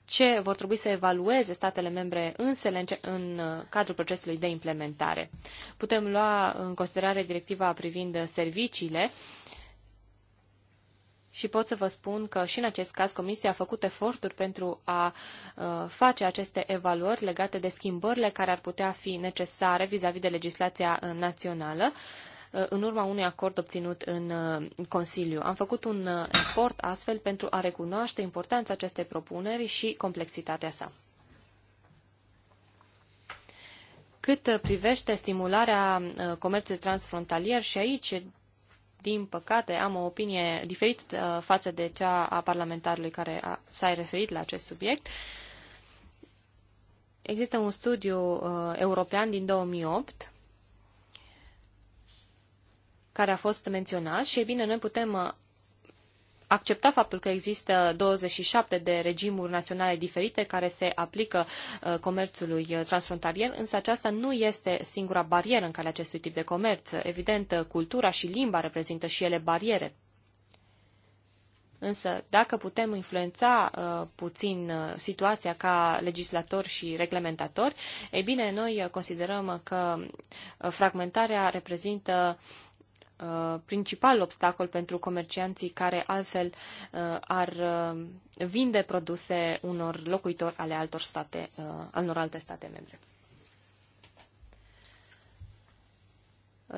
ce vor trebui să evalueze statele membre însele în cadrul procesului de implementare. Putem lua în considerare directiva privind serviciile, și pot să vă spun că și în acest caz Comisia a făcut eforturi pentru a uh, face aceste evaluări legate de schimbările care ar putea fi necesare vis-a-vis -vis de legislația uh, națională uh, în urma unui acord obținut în uh, Consiliu. Am făcut un uh, efort astfel pentru a recunoaște importanța acestei propuneri și complexitatea sa. Cât privește stimularea comerțului transfrontalier și aici din păcate, am o opinie diferită uh, față de cea a parlamentarului care s-a referit la acest subiect. Există un studiu uh, european din 2008 care a fost menționat și, e bine, noi putem uh, accepta faptul că există 27 de regimuri naționale diferite care se aplică uh, comerțului uh, transfrontalier, însă aceasta nu este singura barieră în calea acestui tip de comerț. Evident, uh, cultura și limba reprezintă și ele bariere. Însă, dacă putem influența uh, puțin uh, situația ca legislatori și reglementatori, ei bine, noi considerăm că fragmentarea reprezintă Uh, principal obstacol pentru comercianții care altfel uh, ar uh, vinde produse unor locuitori ale altor state, al unor alte state membre.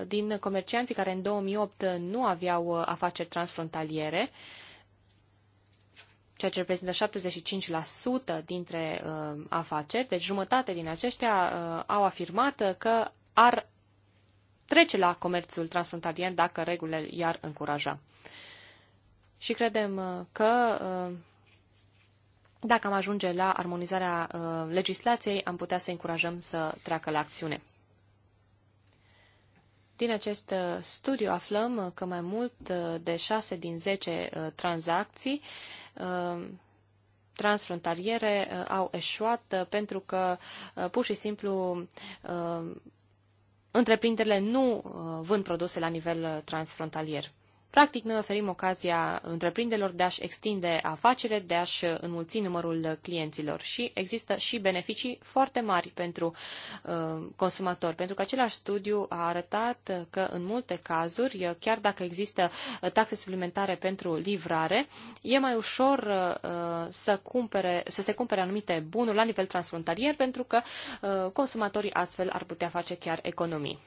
Din comercianții care în 2008 nu aveau afaceri transfrontaliere, ceea ce reprezintă 75% dintre uh, afaceri, deci jumătate din aceștia uh, au afirmat că ar trece la comerțul transfrontalier dacă regulile i-ar încuraja. Și credem uh, că uh, dacă am ajunge la armonizarea uh, legislației, am putea să încurajăm să treacă la acțiune. Din acest studiu aflăm că mai mult de 6 din 10 tranzacții transfrontaliere au eșuat pentru că pur și simplu întreprinderile nu uh, vând produse la nivel uh, transfrontalier. Practic, noi oferim ocazia întreprinderilor de a-și extinde afacerile, de a-și înmulți numărul clienților și există și beneficii foarte mari pentru uh, consumatori, pentru că același studiu a arătat că în multe cazuri, chiar dacă există uh, taxe suplimentare pentru livrare, e mai ușor uh, să, cumpere, să se cumpere anumite bunuri la nivel transfrontalier pentru că uh, consumatorii astfel ar putea face chiar economii.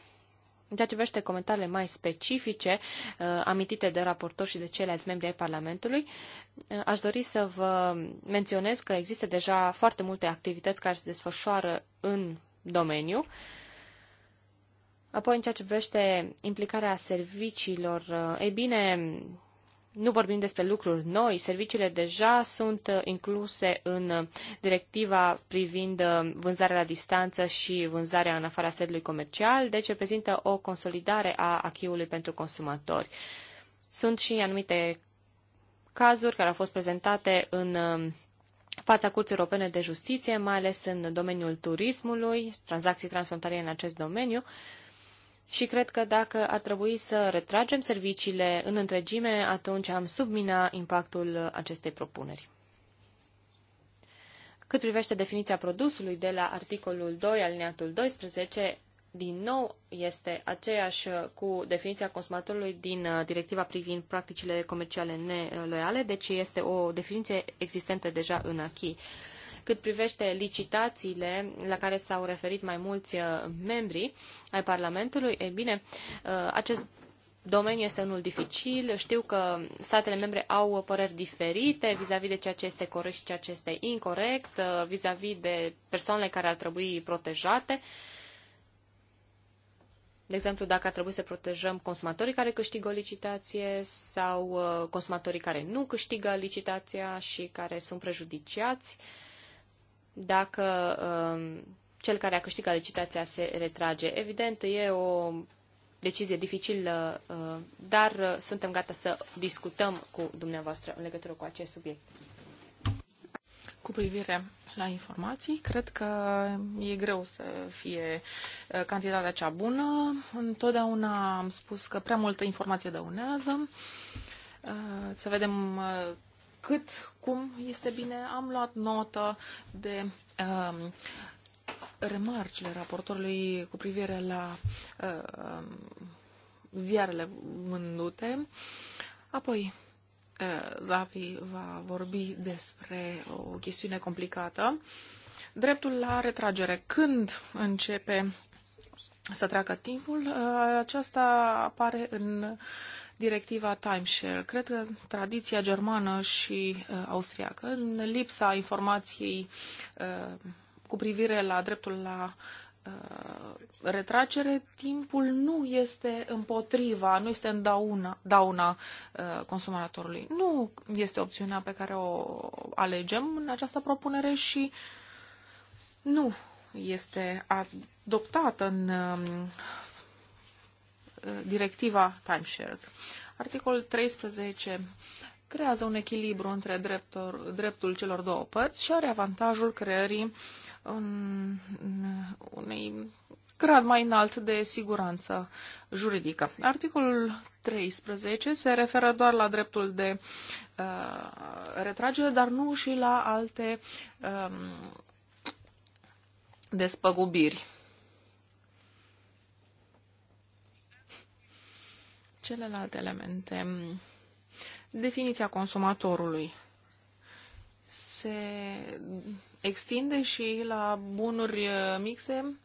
În ceea ce privește comentariile mai specifice uh, amintite de raportor și de ceilalți membri ai Parlamentului, uh, aș dori să vă menționez că există deja foarte multe activități care se desfășoară în domeniu. Apoi, în ceea ce privește implicarea serviciilor, uh, ei bine, nu vorbim despre lucruri noi, serviciile deja sunt uh, incluse în uh, directiva privind uh, vânzarea la distanță și vânzarea în afara sediului comercial, deci reprezintă o consolidare a achiului pentru consumatori. Sunt și anumite cazuri care au fost prezentate în fața Curții Europene de Justiție, mai ales în domeniul turismului, tranzacții transfrontaliere în acest domeniu, și cred că dacă ar trebui să retragem serviciile în întregime, atunci am submina impactul acestei propuneri. Cât privește definiția produsului de la articolul 2, alineatul 12, din nou este aceeași cu definiția consumatorului din uh, directiva privind practicile comerciale neloiale, deci este o definiție existentă deja în acquis. Cât privește licitațiile la care s-au referit mai mulți uh, membri ai Parlamentului, e bine, uh, acest domeniu este unul dificil. Știu că statele membre au păreri diferite vis-a-vis de ceea ce este corect și ceea ce este incorrect, vis a -vis de persoanele care ar trebui protejate. De exemplu, dacă ar trebui să protejăm consumatorii care câștigă o licitație sau uh, consumatorii care nu câștigă licitația și care sunt prejudiciați. Uh, dacă um, cel care a câștigat licitația se retrage. Evident, e o decizie dificilă, uh, dar uh, suntem gata să discutăm cu dumneavoastră în legătură cu acest subiect. Cu privire la informații, cred că e greu să fie uh, cantitatea cea bună. Întotdeauna am spus că prea multă informație dăunează. Să vedem cât, cum este bine. Am luat notă de um, remarcile raportorului cu privire la um, ziarele vândute. Apoi, uh, Zavi va vorbi despre o chestiune complicată. Dreptul la retragere. Când începe să treacă timpul? Uh, aceasta apare în directiva timeshare. Cred că tradiția germană și uh, austriacă, în lipsa informației uh, cu privire la dreptul la uh, retragere, timpul nu este împotriva, nu este în dauna, dauna uh, consumatorului. Nu este opțiunea pe care o alegem în această propunere și nu este adoptată în um, Uh, directiva timeshare. Articolul 13 creează un echilibru între dreptor, dreptul celor două părți și are avantajul creării un, unei grad mai înalt de siguranță juridică. Articolul 13 se referă doar la dreptul de uh, retragere, dar nu și la alte uh, despăgubiri. celelalte elemente. Definiția consumatorului se extinde și la bunuri mixe.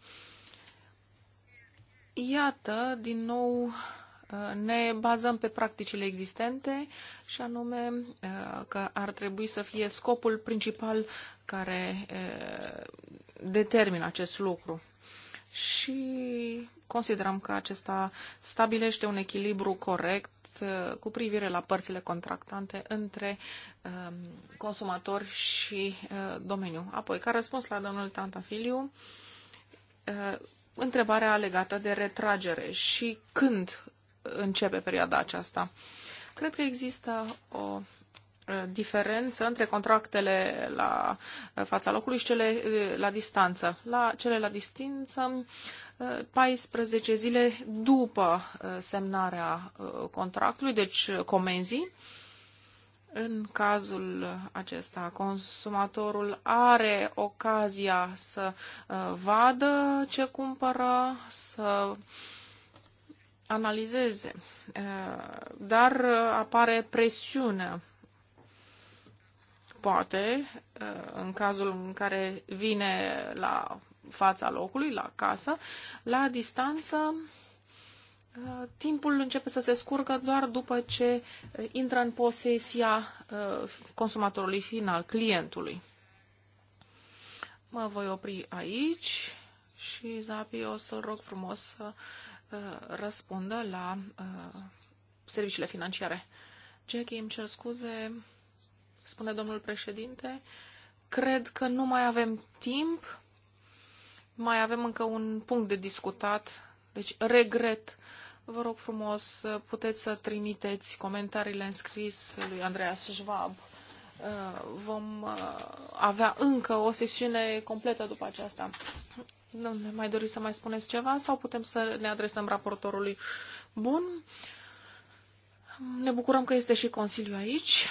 Iată, din nou, ne bazăm pe practicile existente și anume că ar trebui să fie scopul principal care eh, determină acest lucru și considerăm că acesta stabilește un echilibru corect uh, cu privire la părțile contractante între um, consumatori și uh, domeniu. Apoi, ca răspuns la domnul Tantafiliu, uh, întrebarea legată de retragere și când începe perioada aceasta. Cred că există o Uh, diferență între contractele la uh, fața locului și cele uh, la distanță. La cele la distanță, 14 zile după semnarea contractului, deci comenzii, în cazul acesta, consumatorul are ocazia să vadă ce cumpără, să analizeze, dar apare presiunea poate, uh, în cazul în care vine la fața locului, la casă, la distanță, uh, timpul începe să se scurgă doar după ce uh, intră în posesia consumatorului final, clientului. Mă voi opri aici și, Zapi, o să rog frumos să răspundă la serviciile financiare. Jackie, îmi cer scuze spune domnul președinte. Cred că nu mai avem timp. Mai avem încă un punct de discutat. Deci, regret. Vă rog frumos, puteți să trimiteți comentariile în scris lui Andreas Schwab. Uh, vom uh, avea încă o sesiune completă după aceasta. Nu ne mai doriți să mai spuneți ceva sau putem să ne adresăm raportorului? Bun. Ne bucurăm că este și Consiliul aici.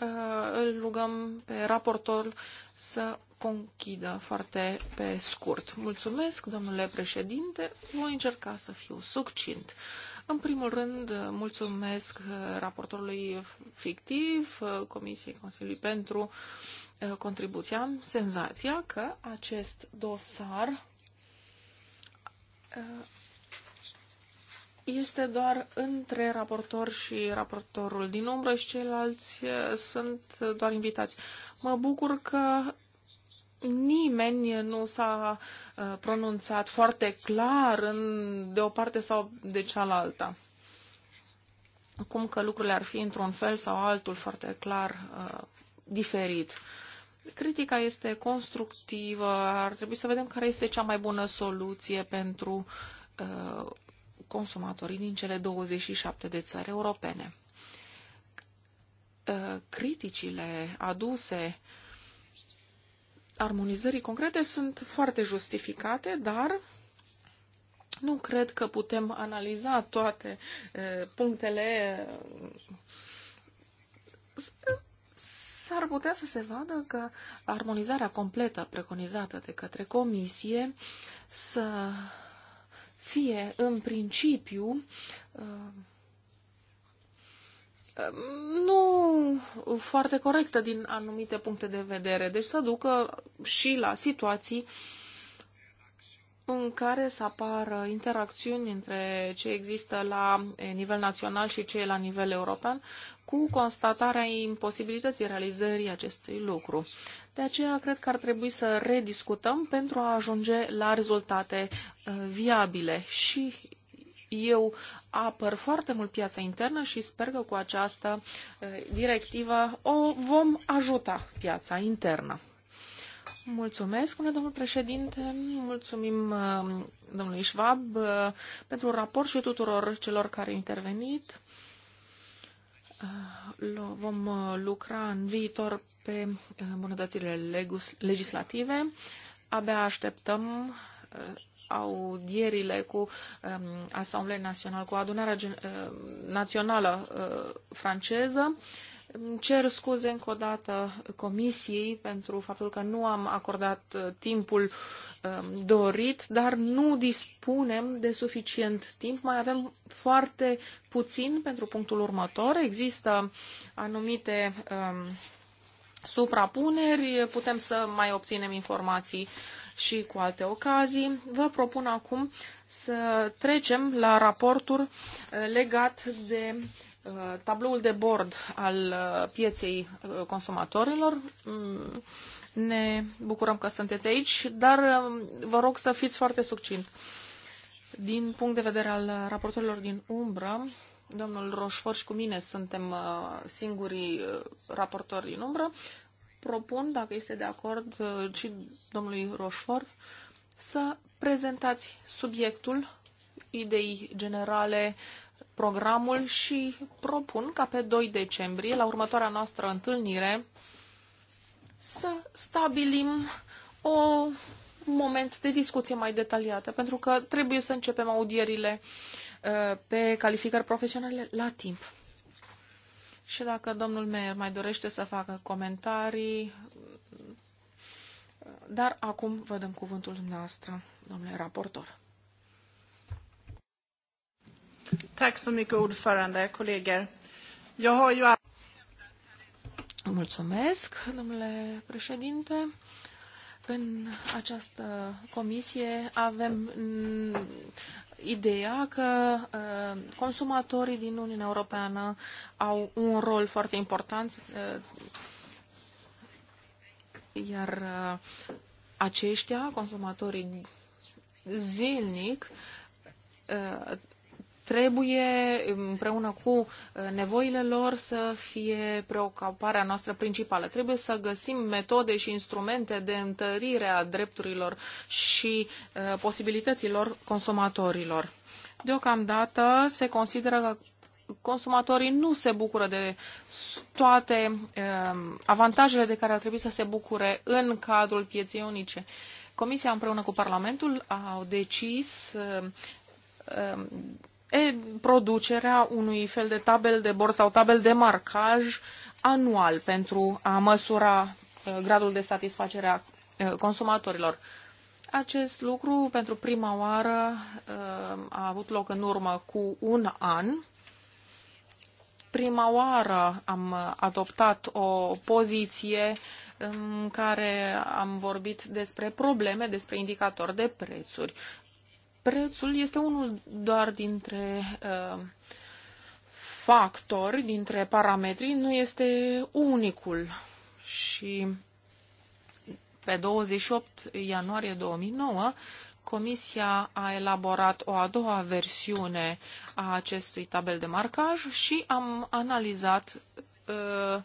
Uh, îl rugăm pe raportor să conchidă foarte pe scurt. Mulțumesc, domnule președinte, voi încerca să fiu succint. În primul rând, mulțumesc raportorului fictiv, Comisiei Consiliului pentru uh, contribuția. Am senzația că acest dosar uh, este doar între raportor și raportorul din umbră și ceilalți eh, sunt doar invitați. Mă bucur că nimeni nu s-a eh, pronunțat foarte clar în, de o parte sau de cealaltă. Cum că lucrurile ar fi într-un fel sau altul foarte clar uh, diferit. Critica este constructivă, ar trebui să vedem care este cea mai bună soluție pentru uh, consumatorii din cele 27 de țări europene. Ă, criticile aduse armonizării concrete sunt foarte justificate, dar nu cred că putem analiza toate ă, punctele. S-ar putea să se vadă că armonizarea completă preconizată de către comisie să fie în principiu nu foarte corectă din anumite puncte de vedere. Deci să ducă și la situații în care să apară interacțiuni între ce există la nivel național și ce e la nivel european, cu constatarea imposibilității realizării acestui lucru. De aceea cred că ar trebui să rediscutăm pentru a ajunge la rezultate uh, viabile și eu apăr foarte mult piața internă și sper că cu această uh, directivă o vom ajuta piața internă. Mulțumesc, domnul președinte, mulțumim uh, domnului Schwab pentru raport și tuturor celor care au intervenit. Ah, vom uh, lucra în viitor pe uh, îmbunătățirile legislative. Abia așteptăm uh, audierile cu um, Asamblea Națională, cu adunarea națională franceză îmi cer scuze încă o dată comisiei pentru faptul că nu am acordat uh, timpul um, dorit, dar nu dispunem de suficient timp. Mai avem foarte puțin pentru punctul următor. Există anumite um, suprapuneri, putem să mai obținem informații și cu alte ocazii. Vă propun acum să trecem la raportul uh, legat de uh, Uh, tabloul de bord al uh, pieței uh, consumatorilor. Mm, ne bucurăm că sunteți aici, dar um, vă rog să fiți foarte succint. Din punct de vedere al raportorilor din umbră, domnul Roșfor și cu mine suntem singurii raportori din umbră, propun, dacă este de acord și domnului Roșfor, să prezentați subiectul, idei generale, uh, programul și propun ca pe 2 decembrie, la următoarea noastră întâlnire, să stabilim o moment de discuție mai detaliată, pentru că trebuie să începem audierile uh, pe calificări profesionale la timp. Și dacă domnul Meier mai dorește să facă comentarii, dar acum vă dăm cuvântul dumneavoastră, domnule raportor. Mulțumesc, domnule președinte. În această comisie avem mm, ideea că uh, consumatorii din Uniunea Europeană au un rol foarte important, uh, iar uh, aceștia, consumatorii zilnic, trebuie împreună cu uh, nevoile lor să fie preocuparea noastră principală. Trebuie să găsim metode și instrumente de întărire a drepturilor și uh, posibilităților consumatorilor. Deocamdată se consideră că consumatorii nu se bucură de toate uh, avantajele de care ar trebui să se bucure în cadrul pieței unice. Comisia împreună cu Parlamentul au decis e, producerea unui fel de tabel de bord sau tabel de marcaj anual pentru a măsura uh, gradul de satisfacere a uh, consumatorilor. Acest lucru, pentru prima oară, uh, a avut loc în urmă cu un an. Prima oară am adoptat o poziție în care am vorbit despre probleme, despre indicatori de prețuri prețul este unul doar dintre uh, factori, dintre parametri, nu este unicul. Și pe 28 ianuarie 2009, Comisia a elaborat o a doua versiune a acestui tabel de marcaj și am analizat uh,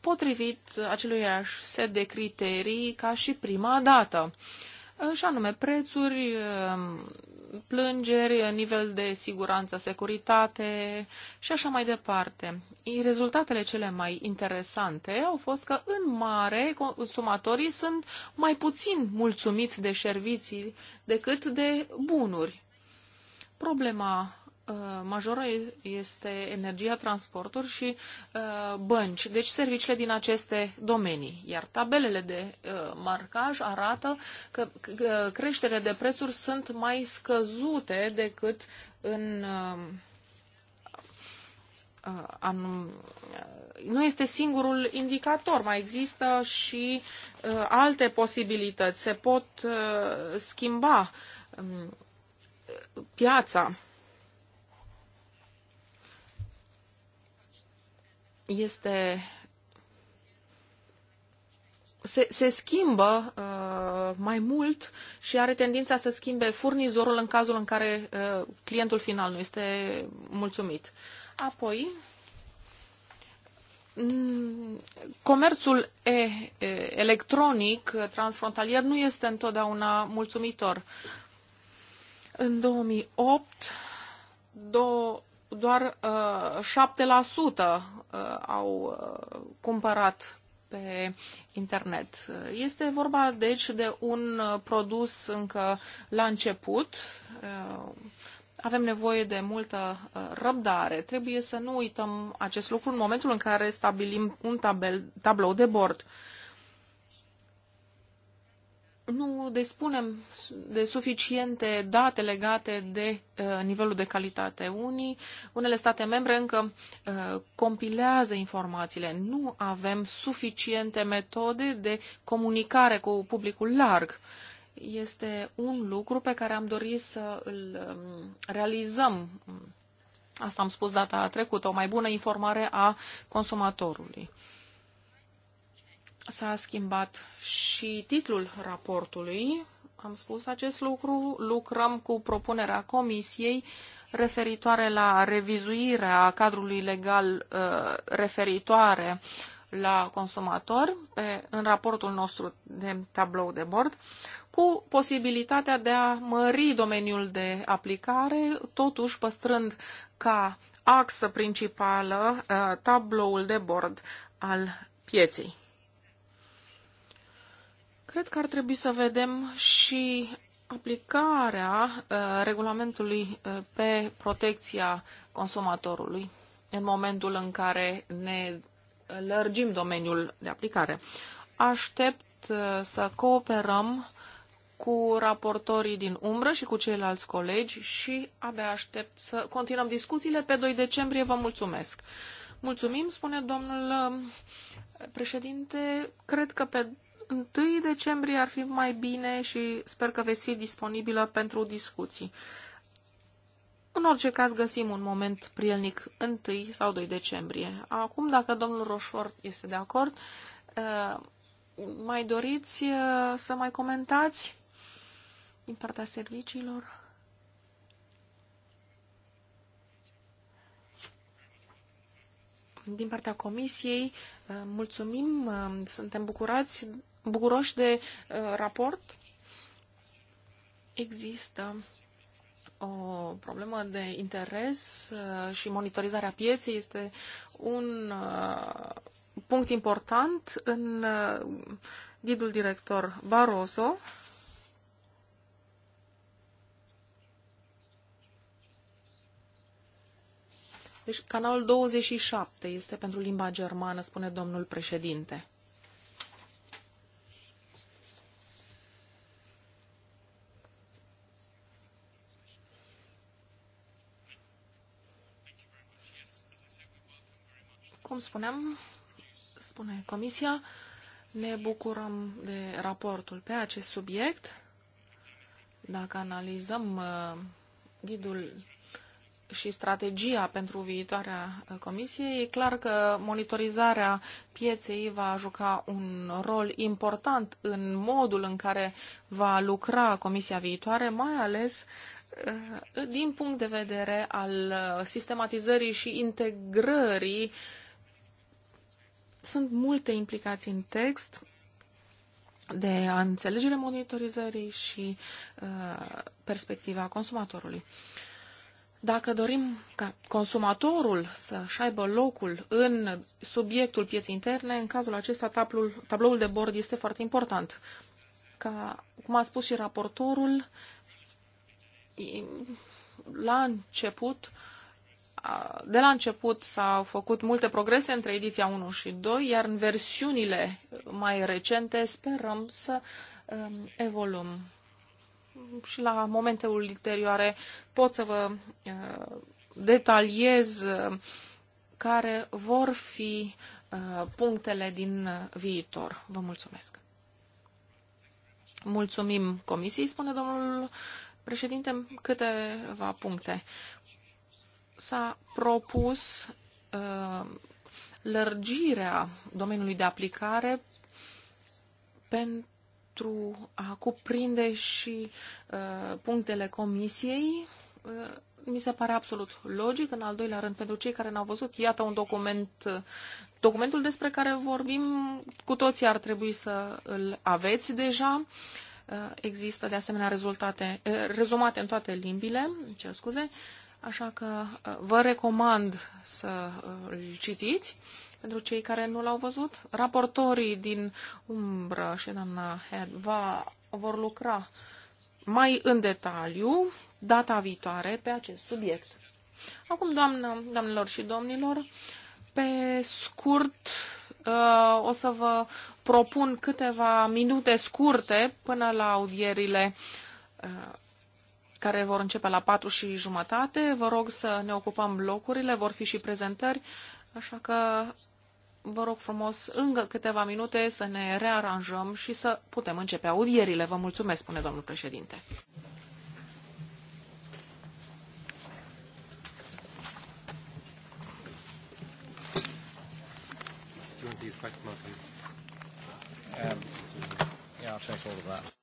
potrivit aceluiași set de criterii ca și prima dată și anume prețuri, um, plângeri, nivel de siguranță, securitate și așa mai departe. Rezultatele cele mai interesante au fost că, în mare, consumatorii sunt mai puțin mulțumiți de servicii decât de bunuri. Problema Uh, majoră este energia, transporturi și uh, bănci, deci serviciile din aceste domenii. Iar tabelele de uh, marcaj arată că creșterea de prețuri sunt mai scăzute decât în anum, nu este singurul indicator, mai există și alte posibilități. Se pot schimba um, piața este se, se schimbă uh, mai mult și are tendința să schimbe furnizorul în cazul în care uh, clientul final nu este mulțumit. Apoi, mm, comerțul e, e, electronic transfrontalier nu este întotdeauna mulțumitor. În 2008, două doar uh, 7% uh, au uh, cumpărat pe internet. Uh, este vorba, deci, de un uh, produs încă la început. Avem nevoie de multă răbdare. Trebuie să nu uităm acest lucru în momentul în care stabilim un tabel, tablou de bord. Uh, nu despunem de suficiente date legate de uh, nivelul de calitate. Unii, unele state membre încă uh, compilează informațiile. Nu avem suficiente metode de comunicare cu publicul larg. Este un lucru pe care am dorit să îl um, realizăm. Asta am spus data trecută, o mai bună informare a consumatorului. S-a schimbat și titlul raportului. Am spus acest lucru. Lucrăm cu propunerea Comisiei referitoare la revizuirea cadrului legal uh, referitoare la consumator, pe, în raportul nostru de tablou de bord, cu posibilitatea de a mări domeniul de aplicare, totuși păstrând ca axă principală uh, tabloul de bord al pieței. Cred că ar trebui să vedem și aplicarea uh, regulamentului uh, pe protecția consumatorului în momentul în care ne lărgim domeniul de aplicare. Aștept uh, să cooperăm cu raportorii din umbră și cu ceilalți colegi și abia aștept să continuăm discuțiile pe 2 decembrie. Vă mulțumesc! Mulțumim, spune domnul uh, președinte. Cred că pe 1 decembrie ar fi mai bine și sper că veți fi disponibilă pentru discuții. În orice caz găsim un moment prielnic 1 sau 2 decembrie. Acum, dacă domnul Roșfort este de acord, uh, mai doriți uh, să mai comentați din partea serviciilor? Din partea comisiei, uh, mulțumim, suntem bucurați bucuroși de uh, raport. Există o problemă de interes uh, și monitorizarea pieței este un uh, punct important în ghidul director Barroso. Deci canalul 27 este pentru limba germană, spune domnul președinte. cum spuneam, spune Comisia, ne bucurăm de raportul pe acest subiect. Dacă analizăm uh, ghidul și strategia pentru viitoarea uh, comisie, e clar că monitorizarea pieței va juca un rol important în modul în care va lucra comisia viitoare, mai ales uh, din punct de vedere al sistematizării și integrării sunt multe implicații în text de a înțelegere monitorizării și uh, perspectiva consumatorului. Dacă dorim ca consumatorul să-și aibă locul în subiectul pieței interne, în cazul acesta tablul, tabloul de bord este foarte important. Ca, cum a spus și raportorul, la început uh, de la început s-au făcut multe progrese între ediția 1 și 2, iar în versiunile mai recente sperăm să um, evoluăm. Și la momente ulterioare pot să vă uh, detaliez uh, care vor fi uh, punctele din viitor. Vă mulțumesc! Mulțumim comisiei, spune domnul președinte, câteva puncte s-a propus uh, lărgirea domeniului de aplicare pentru a cuprinde și uh, punctele comisiei. Uh, mi se pare absolut logic. În al doilea rând, pentru cei care n-au văzut, iată un document, uh, documentul despre care vorbim, cu toții ar trebui să îl aveți deja. Uh, există de asemenea rezultate, uh, rezumate în toate limbile, ce scuze, Așa că uh, vă recomand să uh, îl citiți. Pentru cei care nu l-au văzut, raportorii din umbră și doamna Head va, vor lucra mai în detaliu data viitoare pe acest subiect. Acum, doamnă, doamnelor și domnilor, pe scurt uh, o să vă propun câteva minute scurte până la audierile care vor începe la patru și jumătate. Vă rog să ne ocupăm locurile, vor fi și prezentări, așa că vă rog frumos încă câteva minute să ne rearanjăm și să putem începe audierile. Vă mulțumesc, spune domnul președinte. Um, yeah, I'll check all of that.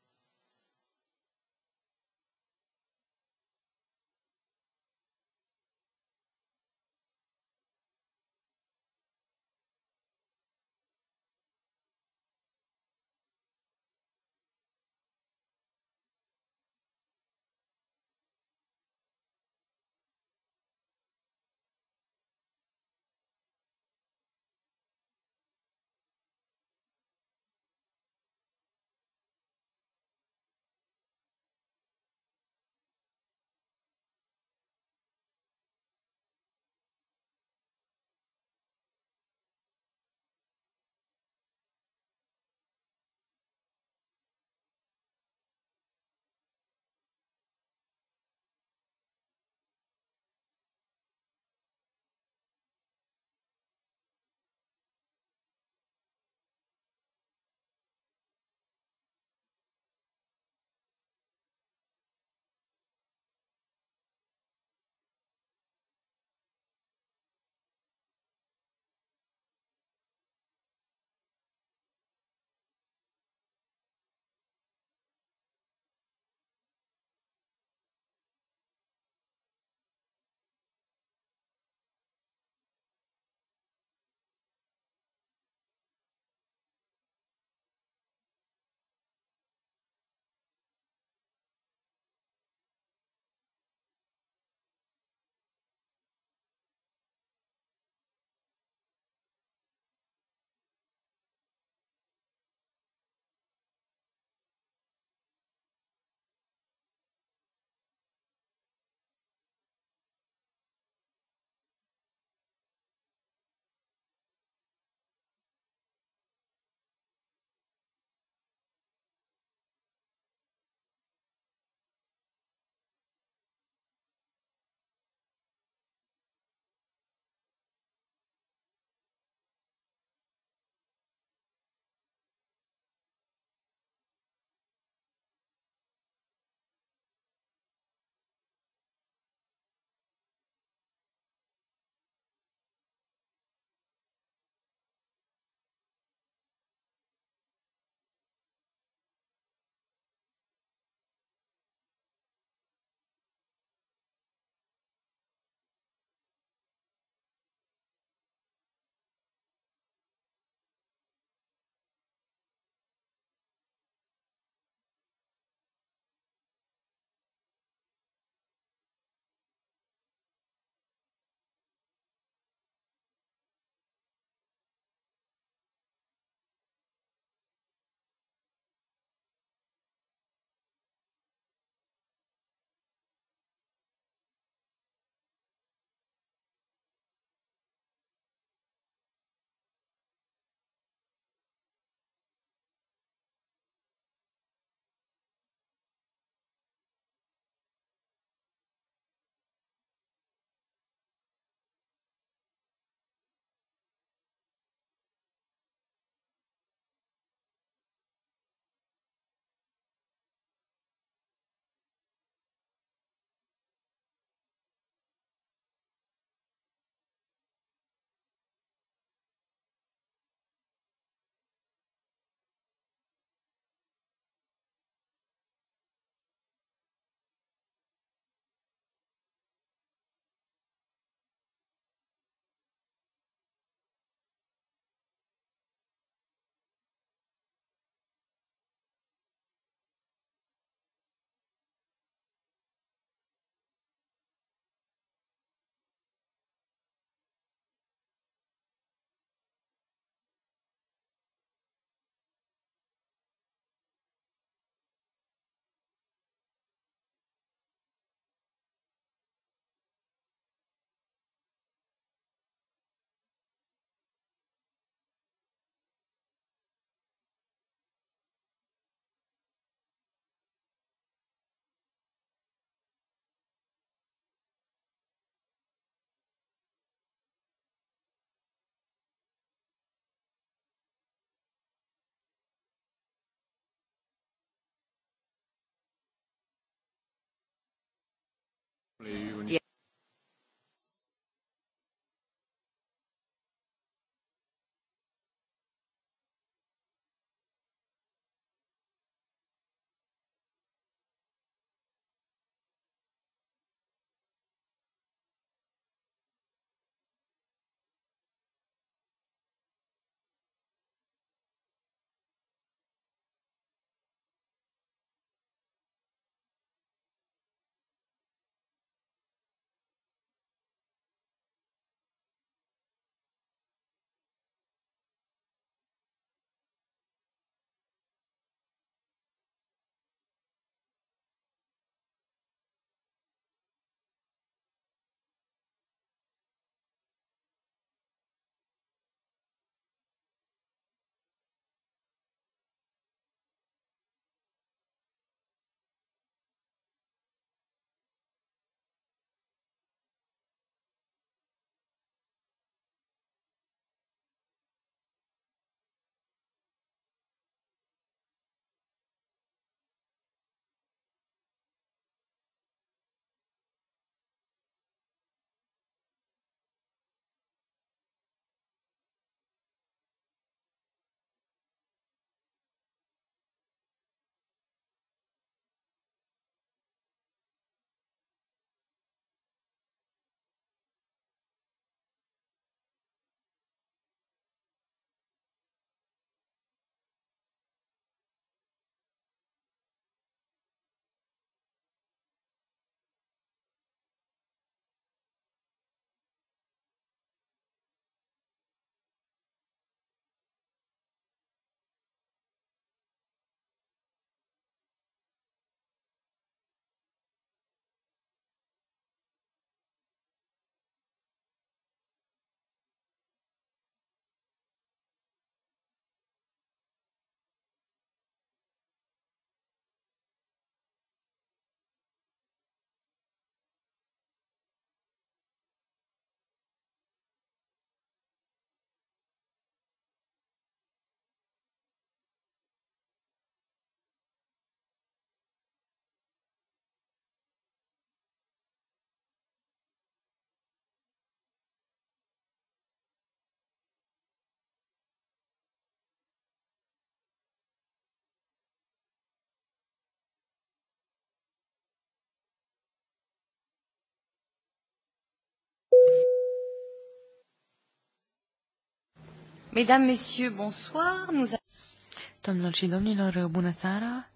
Mesdames, Messieurs, bonsoir. Nous... Domnilor și domnilor, bună seara!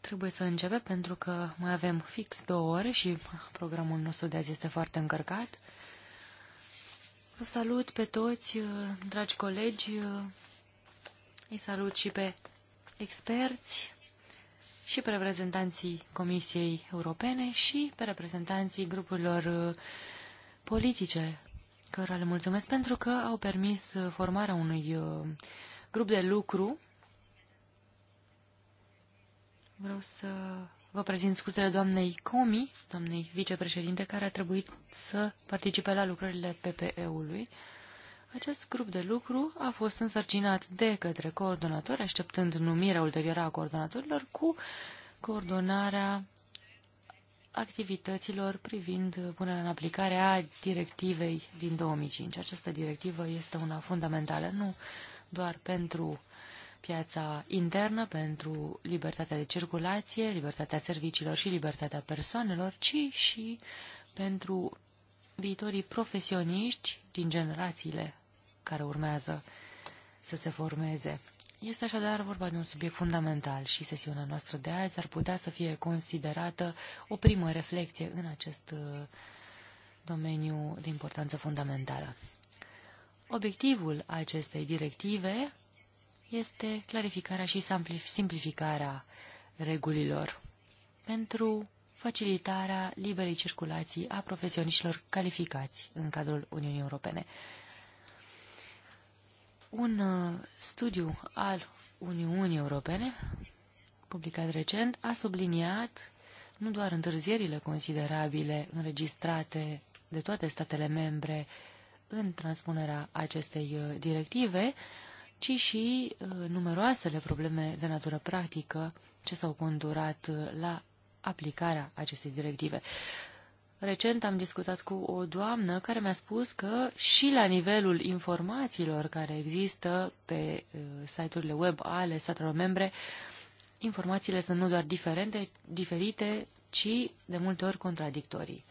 Trebuie să începem pentru că mai avem fix două ore și programul nostru de azi este foarte încărcat. Vă salut pe toți, uh, dragi colegi, uh, îi salut și pe experți și pe reprezentanții Comisiei Europene și pe reprezentanții grupurilor uh, politice cărora le mulțumesc pentru că au permis uh, formarea unui uh, grup de lucru. Vreau să vă prezint scuzele doamnei Comi, doamnei vicepreședinte, care a trebuit să participe la lucrările PPE-ului. Acest grup de lucru a fost însărcinat de către coordonatori, așteptând numirea ulterioară a coordonatorilor, cu coordonarea activităților privind punerea în aplicare a directivei din 2005. Această directivă este una fundamentală nu doar pentru piața internă, pentru libertatea de circulație, libertatea serviciilor și libertatea persoanelor, ci și pentru viitorii profesioniști din generațiile care urmează să se formeze. Este așadar vorba de un subiect fundamental și sesiunea noastră de azi ar putea să fie considerată o primă reflexie în acest uh, domeniu de importanță fundamentală. Obiectivul acestei directive este clarificarea și simplificarea regulilor pentru facilitarea liberei circulații a profesioniștilor calificați în cadrul Uniunii Europene. Un uh, studiu al Uniunii Europene, publicat recent, a subliniat nu doar întârzierile considerabile înregistrate de toate statele membre în transpunerea acestei uh, directive, ci și uh, numeroasele probleme de natură practică ce s-au condurat la aplicarea acestei directive. Recent am discutat cu o doamnă care mi-a spus că și la nivelul informațiilor care există pe uh, site-urile web ale statelor membre, informațiile sunt nu doar diferente, diferite, ci de multe ori contradictorii.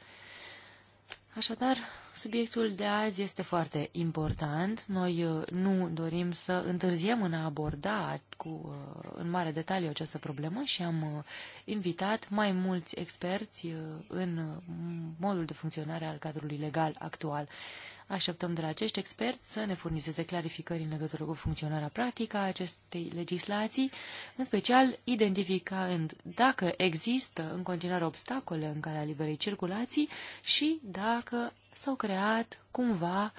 Așadar, subiectul de azi este foarte important. Noi uh, nu dorim să întârziem în a aborda cu, uh, în mare detaliu această problemă și am uh, invitat mai mulți experți în modul de funcționare al cadrului legal actual. Așteptăm de la acești experți să ne furnizeze clarificări în legătură cu funcționarea practică a acestei legislații, în special identificând dacă există în continuare obstacole în calea liberei circulații și dacă s-au creat cumva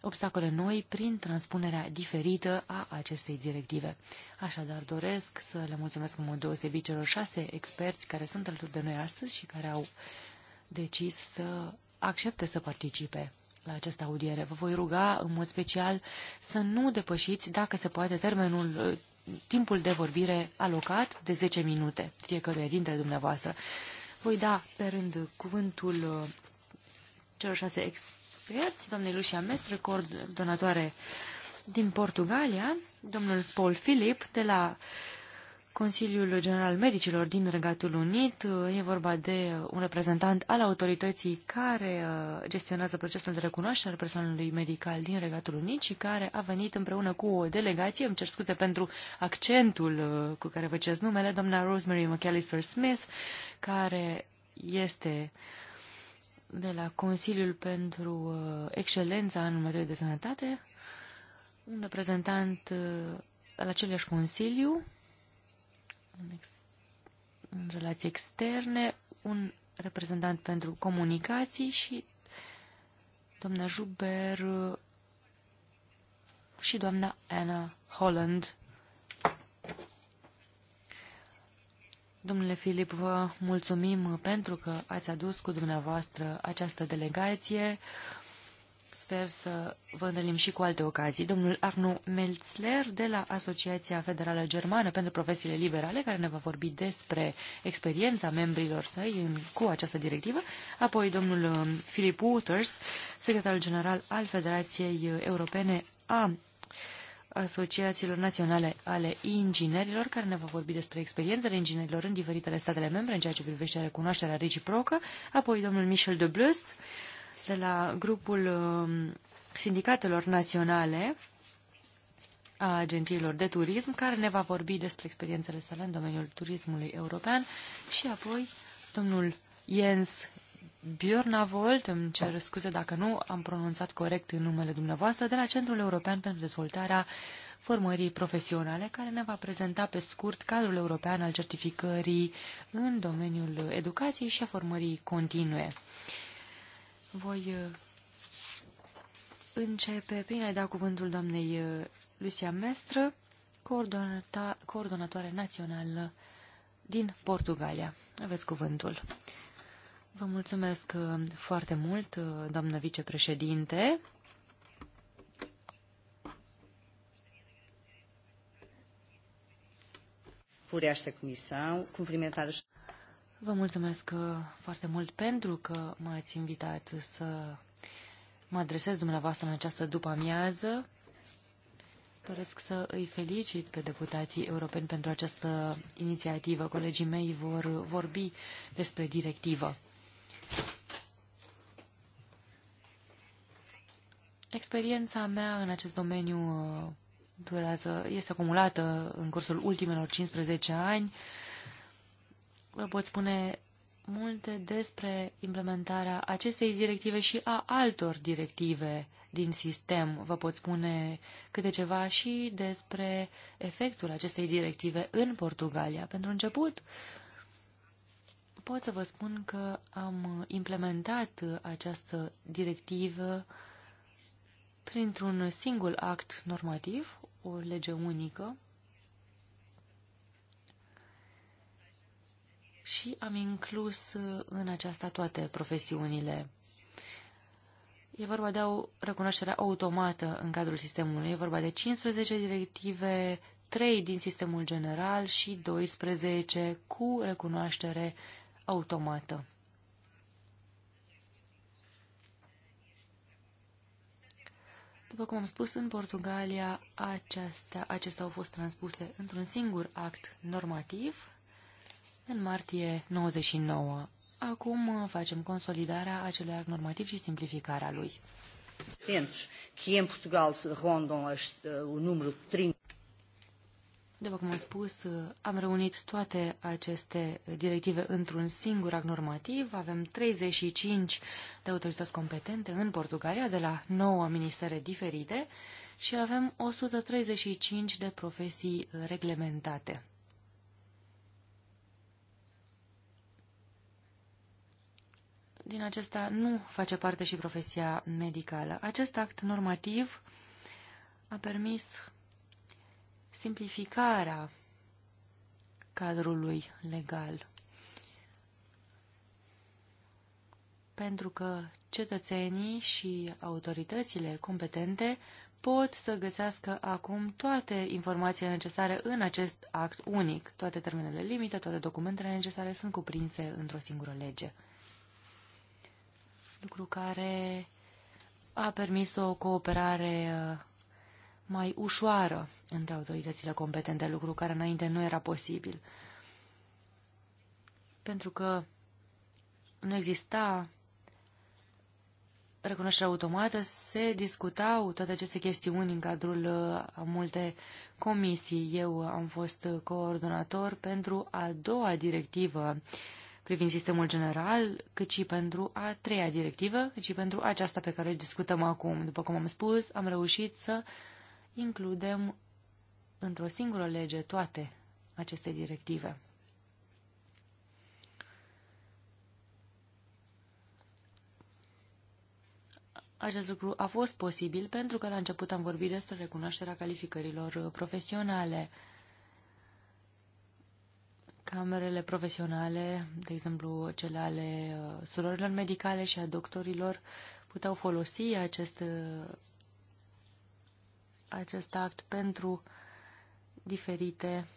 obstacole noi prin transpunerea diferită a acestei directive. Așadar, doresc să le mulțumesc în mod deosebit celor șase experți care sunt alături de noi astăzi și care au decis să accepte să participe la această audiere. Vă voi ruga în mod special să nu depășiți, dacă se poate, termenul, uh, timpul de vorbire alocat de 10 minute fiecăruia dintre dumneavoastră. Voi da pe rând cuvântul uh, celor șase experți, domnului Lucia Mestre, coordonatoare din Portugalia, domnul Paul Filip de la Consiliul General Medicilor din Regatul Unit. E vorba de un reprezentant al autorității care uh, gestionează procesul de recunoaștere al personalului medical din Regatul Unit și care a venit împreună cu o delegație, îmi cer scuze pentru accentul uh, cu care vă cez numele, doamna Rosemary McAllister Smith, care este de la Consiliul pentru uh, Excelența în materie de sănătate, un reprezentant al aceleași Consiliu, în, ex, în relații externe, un reprezentant pentru comunicații și doamna Juber uh, și doamna Anna Holland. Domnule Filip, vă mulțumim pentru că ați adus cu dumneavoastră această delegație. Sper să vă întâlnim și cu alte ocazii. Domnul Arno Melzler de la Asociația Federală Germană pentru Profesiile Liberale, care ne va vorbi despre experiența membrilor săi în, cu această directivă. Apoi domnul um, Philip Waters, secretarul general al Federației Europene a Asociațiilor Naționale ale Inginerilor, care ne va vorbi despre experiențele inginerilor în diferitele statele membre în ceea ce privește recunoașterea reciprocă. Apoi domnul Michel de Blust, de la grupul um, sindicatelor naționale a agențiilor de turism, care ne va vorbi despre experiențele sale în domeniul turismului european și apoi domnul Jens Bjornavold, îmi cer scuze dacă nu am pronunțat corect numele dumneavoastră, de la Centrul European pentru Dezvoltarea Formării Profesionale, care ne va prezenta pe scurt cadrul european al certificării în domeniul educației și a formării continue. Voi uh, începe prin a da cuvântul doamnei uh, Lucia Mestră, coordonatoare națională din Portugalia. Aveți cuvântul. Vă mulțumesc uh, foarte mult, doamnă vicepreședinte. Por esta comissão, cumprimentar as Vă mulțumesc uh, foarte mult pentru că m-ați invitat să mă adresez dumneavoastră în această după-amiază. Doresc să îi felicit pe deputații europeni pentru această inițiativă. Colegii mei vor vorbi despre directivă. Experiența mea în acest domeniu uh, durează, este acumulată în cursul ultimelor 15 ani vă pot spune multe despre implementarea acestei directive și a altor directive din sistem. Vă pot spune câte ceva și despre efectul acestei directive în Portugalia. Pentru început, pot să vă spun că am implementat această directivă printr-un singur act normativ, o lege unică, și am inclus uh, în aceasta toate profesiunile. E vorba de o recunoaștere automată în cadrul sistemului. E vorba de 15 directive, 3 din sistemul general și 12 cu recunoaștere automată. După cum am spus, în Portugalia acestea, acestea au fost transpuse într-un singur act normativ, în martie 99. Acum uh, facem consolidarea acelui act normativ și simplificarea lui. que 30. Uh, După cum am spus, uh, am reunit toate aceste directive într-un singur act normativ. Avem 35 de autorități competente în Portugalia, de la 9 ministere diferite și avem 135 de profesii reglementate. din acesta nu face parte și profesia medicală. Acest act normativ a permis simplificarea cadrului legal. Pentru că cetățenii și autoritățile competente pot să găsească acum toate informațiile necesare în acest act unic. Toate termenele limită, toate documentele necesare sunt cuprinse într-o singură lege lucru care a permis o cooperare uh, mai ușoară între autoritățile competente, lucru care înainte nu era posibil. Pentru că nu exista recunoaștere automată, se discutau toate aceste chestiuni în cadrul uh, a multe comisii. Eu am fost coordonator pentru a doua directivă privind sistemul general, cât și pentru a treia directivă, cât și pentru aceasta pe care o discutăm acum. După cum am spus, am reușit să includem într-o singură lege toate aceste directive. Acest lucru a fost posibil pentru că la început am vorbit despre recunoașterea calificărilor profesionale camerele profesionale, de exemplu cele ale uh, surorilor medicale și a doctorilor, puteau folosi acest, uh, acest act pentru diferite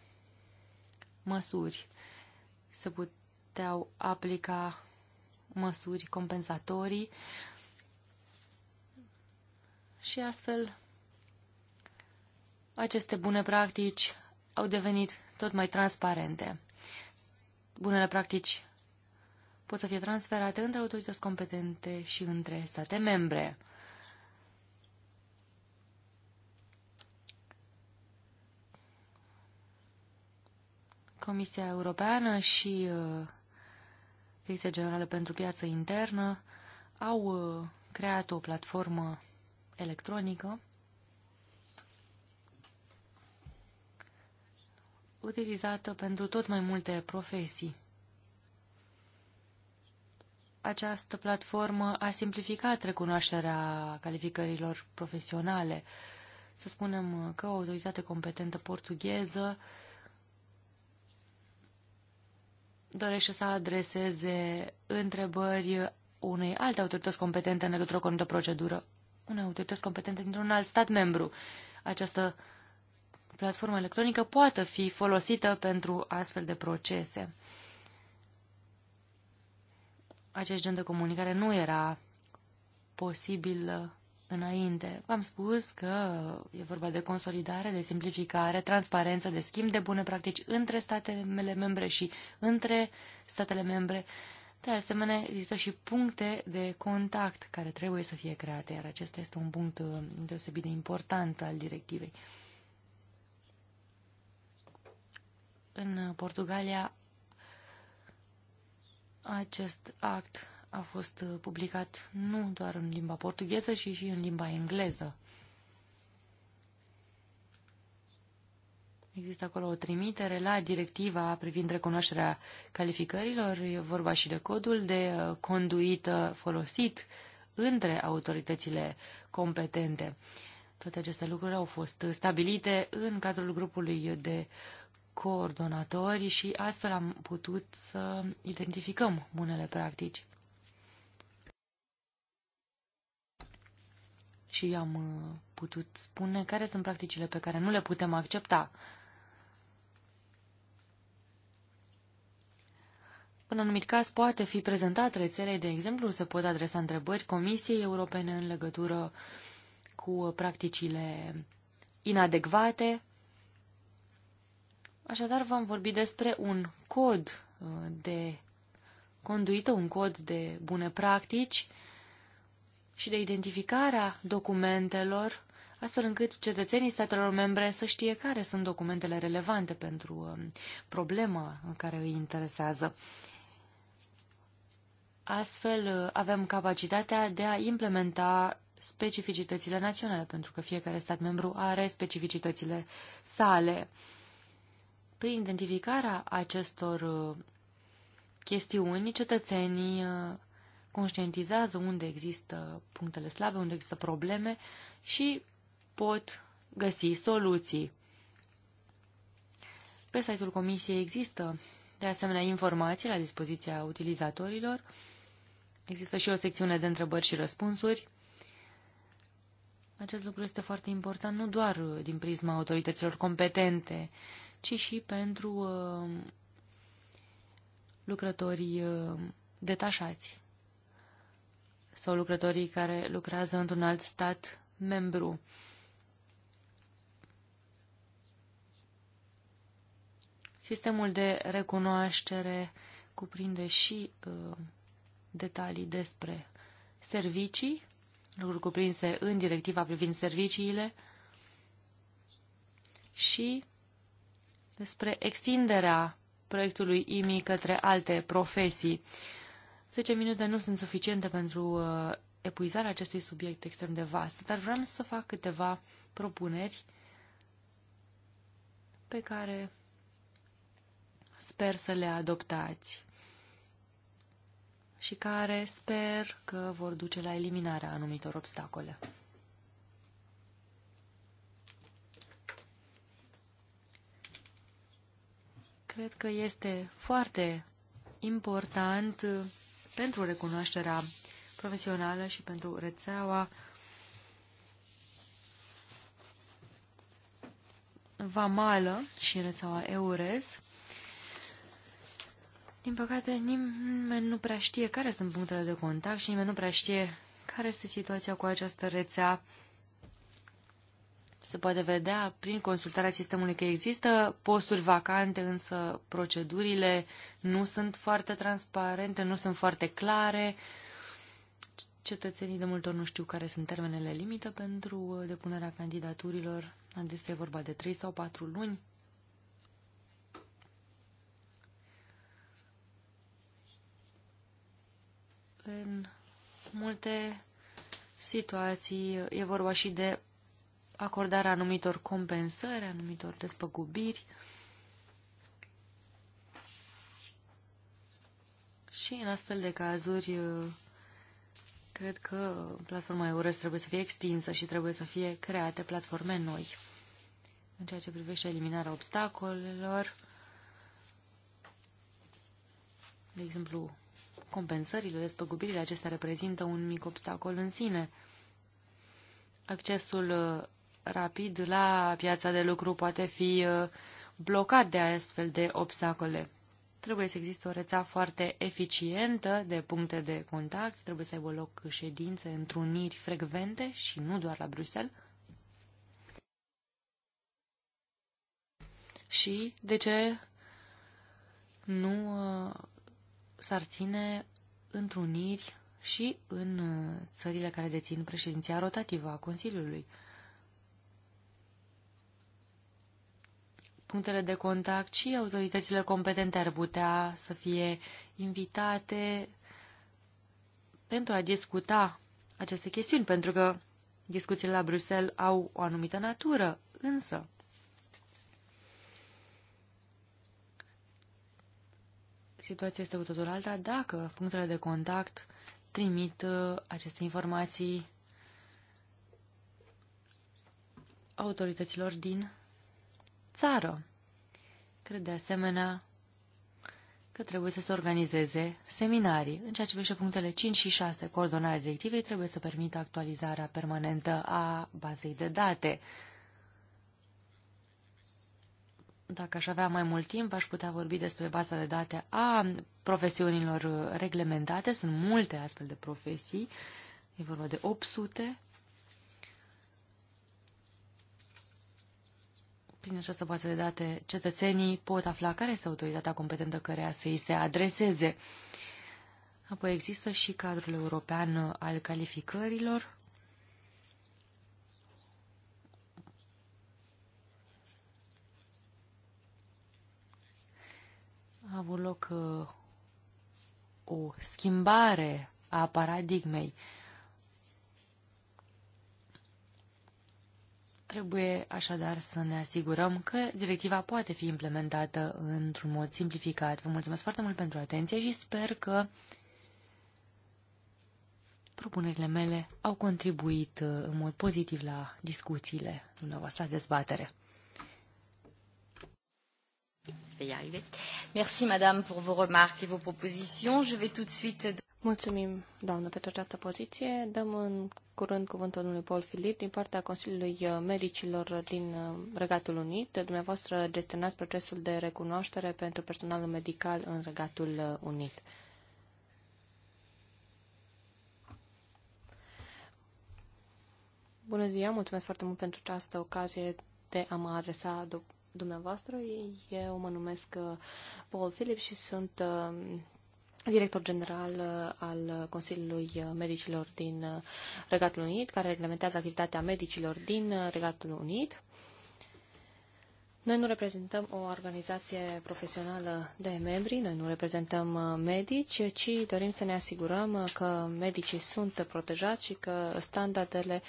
măsuri. Se puteau aplica măsuri compensatorii și astfel aceste bune practici au devenit tot mai transparente bunele practici pot să fie transferate între autorități competente și între state membre. Comisia Europeană și uh, Direcția Generală pentru Piață Internă au uh, creat o platformă electronică utilizată pentru tot mai multe profesii. Această platformă a simplificat recunoașterea calificărilor profesionale. Să spunem că o autoritate competentă portugheză dorește să adreseze întrebări unei alte autorități competente în legătură cu o procedură unei autorități competente dintr-un alt stat membru. Această platformă electronică poată fi folosită pentru astfel de procese. Acest gen de comunicare nu era posibil înainte. V-am spus că e vorba de consolidare, de simplificare, transparență, de schimb de bune practici între statele membre și între statele membre. De asemenea, există și puncte de contact care trebuie să fie create, iar acesta este un punct deosebit de important al directivei. În Portugalia acest act a fost publicat nu doar în limba portugheză, ci și în limba engleză. Există acolo o trimitere la directiva privind recunoașterea calificărilor, e vorba și de codul de uh, conduită folosit între autoritățile competente. Toate aceste lucruri au fost stabilite în cadrul grupului de uh, coordonatori și astfel am putut să identificăm bunele practici. Și am uh, putut spune care sunt practicile pe care nu le putem accepta. În anumit caz poate fi prezentat rețelei, de exemplu, se pot adresa întrebări Comisiei Europene în legătură cu practicile inadecvate Așadar, vom vorbi despre un cod uh, de conduită, un cod de bune practici și de identificarea documentelor, astfel încât cetățenii statelor membre să știe care sunt documentele relevante pentru uh, problema în care îi interesează. Astfel, uh, avem capacitatea de a implementa specificitățile naționale, pentru că fiecare stat membru are specificitățile sale întâi identificarea acestor uh, chestiuni, cetățenii uh, conștientizează unde există punctele slabe, unde există probleme și pot găsi soluții. Pe site-ul Comisiei există, de asemenea, informații la dispoziția utilizatorilor. Există și o secțiune de întrebări și răspunsuri. Acest lucru este foarte important nu doar uh, din prisma autorităților competente, ci și pentru uh, lucrătorii uh, detașați sau lucrătorii care lucrează într-un alt stat membru. Sistemul de recunoaștere cuprinde și uh, detalii despre servicii lucruri cuprinse în directiva privind serviciile și despre extinderea proiectului IMI către alte profesii. 10 minute nu sunt suficiente pentru uh, epuizarea acestui subiect extrem de vast, dar vreau să fac câteva propuneri pe care sper să le adoptați și care sper că vor duce la eliminarea anumitor obstacole. Cred că este foarte important pentru recunoașterea profesională și pentru rețeaua vamală și rețeaua EURES din păcate, nimeni nu prea știe care sunt punctele de contact și nimeni nu prea știe care este situația cu această rețea. Se poate vedea prin consultarea sistemului că există posturi vacante, însă procedurile nu sunt foarte transparente, nu sunt foarte clare. Cetățenii de multe ori nu știu care sunt termenele limită pentru depunerea candidaturilor. Adesea e vorba de 3 sau 4 luni. în multe situații e vorba și de acordarea anumitor compensări, anumitor despăgubiri. Și în astfel de cazuri, cred că platforma EURES trebuie să fie extinsă și trebuie să fie create platforme noi. În ceea ce privește eliminarea obstacolelor, de exemplu, compensările, despăgubirile acestea reprezintă un mic obstacol în sine. Accesul uh, rapid la piața de lucru poate fi uh, blocat de astfel de obstacole. Trebuie să existe o rețea foarte eficientă de puncte de contact, trebuie să aibă loc ședințe, întruniri frecvente și nu doar la Bruxelles. Și de ce nu uh, s-ar ține întruniri și în uh, țările care dețin președinția rotativă a Consiliului. Punctele de contact și autoritățile competente ar putea să fie invitate pentru a discuta aceste chestiuni, pentru că discuțiile la Bruxelles au o anumită natură, însă situația este cu totul alta dacă punctele de contact trimit uh, aceste informații autorităților din țară. Cred de asemenea că trebuie să se organizeze seminarii. În ceea ce privește punctele 5 și 6, coordonarea directivei trebuie să permită actualizarea permanentă a bazei de date. Dacă aș avea mai mult timp, aș putea vorbi despre baza de date a profesiunilor uh, reglementate. Sunt multe astfel de profesii. E vorba de 800. Prin această bază de date, cetățenii pot afla care este autoritatea competentă care să îi se adreseze. Apoi există și cadrul european al calificărilor, a avut loc uh, o schimbare a paradigmei. Trebuie așadar să ne asigurăm că directiva poate fi implementată într-un mod simplificat. Vă mulțumesc foarte mult pentru atenție și sper că propunerile mele au contribuit uh, în mod pozitiv la discuțiile dumneavoastră, la dezbatere vais y arriver. Merci, madame, pour vos remarques et vos propositions. Je vais tout de suite... Mulțumim, doamnă, pentru această poziție. Dăm în curând cuvântul domnului Paul Filip din partea Consiliului uh, Medicilor din uh, Regatul Unit. Dumneavoastră gestionați procesul de recunoaștere pentru personalul medical în Regatul uh, Unit. Bună ziua, mulțumesc foarte mult pentru această ocazie de a mă adresa dumneavoastră. Eu mă numesc uh, Paul Philip și sunt uh, director general uh, al Consiliului Medicilor din Regatul Unit, care reglementează activitatea medicilor din Regatul Unit. Noi nu reprezentăm o organizație profesională de membri, noi nu reprezentăm uh, medici, ci dorim să ne asigurăm uh, că medicii sunt protejați și că standardele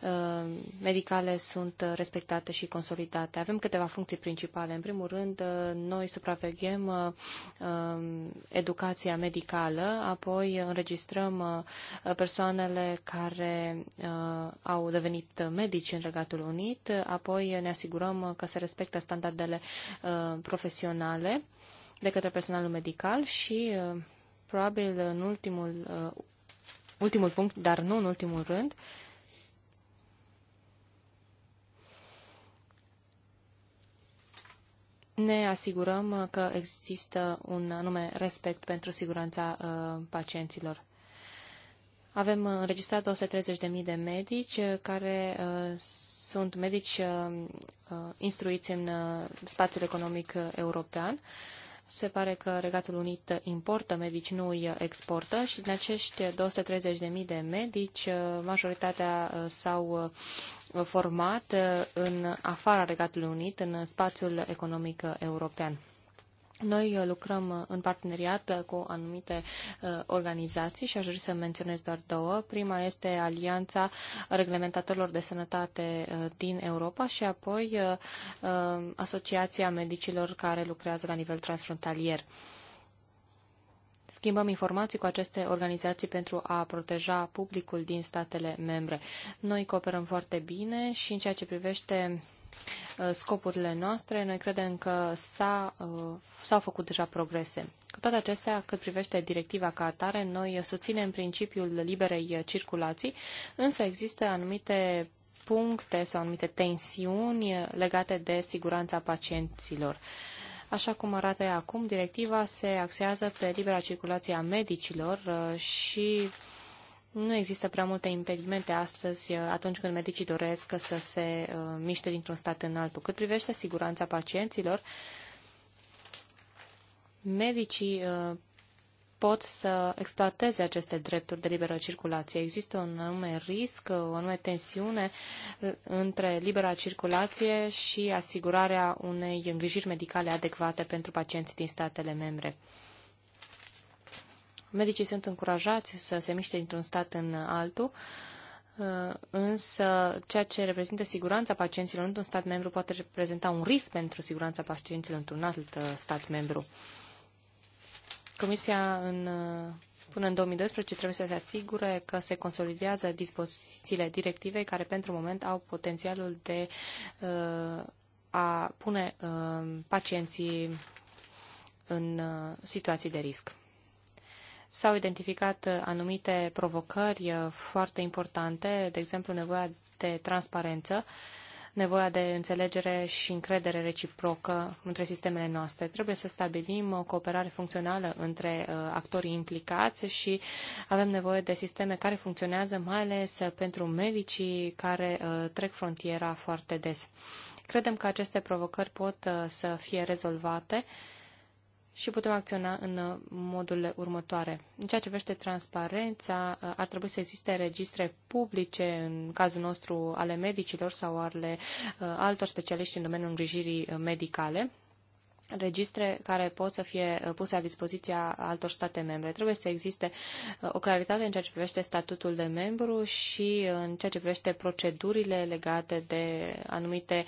uh, medicale sunt respectate și consolidate. Avem câteva funcții principale. În primul rând, noi supraveghem um, educația medicală, apoi înregistrăm persoanele care au devenit medici în Regatul Unit, apoi ne asigurăm că se respectă respectă standardele uh, profesionale de către personalul medical și uh, probabil în ultimul, uh, ultimul punct, dar nu în ultimul rând, ne asigurăm că există un anume respect pentru siguranța uh, pacienților. Avem înregistrat 230.000 de medici uh, care uh, sunt medici uh, uh, instruiți în uh, spațiul economic european. Se pare că Regatul Unit importă medici, nu îi exportă și din acești 230.000 de medici, majoritatea s-au format în afara Regatului Unit, în spațiul economic european. Noi uh, lucrăm uh, în parteneriat uh, cu anumite organizații și aș dori să menționez doar două. Prima este Alianța Reglementatorilor de Sănătate din Europa și apoi Asociația Medicilor care lucrează la nivel transfrontalier schimbăm informații cu aceste organizații pentru a proteja publicul din statele membre. Noi cooperăm foarte bine și în ceea ce privește Uh, scopurile noastre, noi credem că uh, s-au făcut deja progrese. Cu toate acestea, cât privește directiva ca atare, noi susținem principiul liberei circulații, însă există anumite puncte sau anumite tensiuni legate de siguranța pacienților. Așa cum arată acum, directiva se axează pe libera circulație a medicilor uh, și nu există prea multe impedimente astăzi uh, atunci când medicii doresc să se uh, miște dintr-un stat în altul. Cât privește siguranța pacienților, medicii uh, pot să exploateze aceste drepturi de liberă circulație. Există un anume risc, o anume tensiune între libera circulație și asigurarea unei îngrijiri medicale adecvate pentru pacienții din statele membre. Medicii sunt încurajați să se miște dintr-un stat în altul, uh, însă ceea ce reprezintă siguranța pacienților într-un stat membru poate reprezenta un risc pentru siguranța pacienților într-un alt uh, stat membru. Comisia în, uh, până în 2012 trebuie să se asigure că se consolidează dispozițiile directivei care pentru moment au potențialul de uh, a pune uh, pacienții în uh, situații de risc. S-au identificat uh, anumite provocări uh, foarte importante, de exemplu nevoia de transparență, nevoia de înțelegere și încredere reciprocă între sistemele noastre. Trebuie să stabilim o cooperare funcțională între uh, actorii implicați și avem nevoie de sisteme care funcționează, mai ales pentru medicii care trec frontiera foarte des. Credem că aceste provocări pot să fie rezolvate uh, și putem acționa în uh, modul următoare. În ceea ce vește transparența, uh, ar trebui să existe registre publice, în cazul nostru ale medicilor sau ale uh, altor specialiști în domeniul îngrijirii medicale, registre care pot să fie uh, puse la dispoziția altor state membre. Trebuie să existe uh, o claritate în ceea ce privește statutul de membru și uh, în ceea ce privește procedurile legate de anumite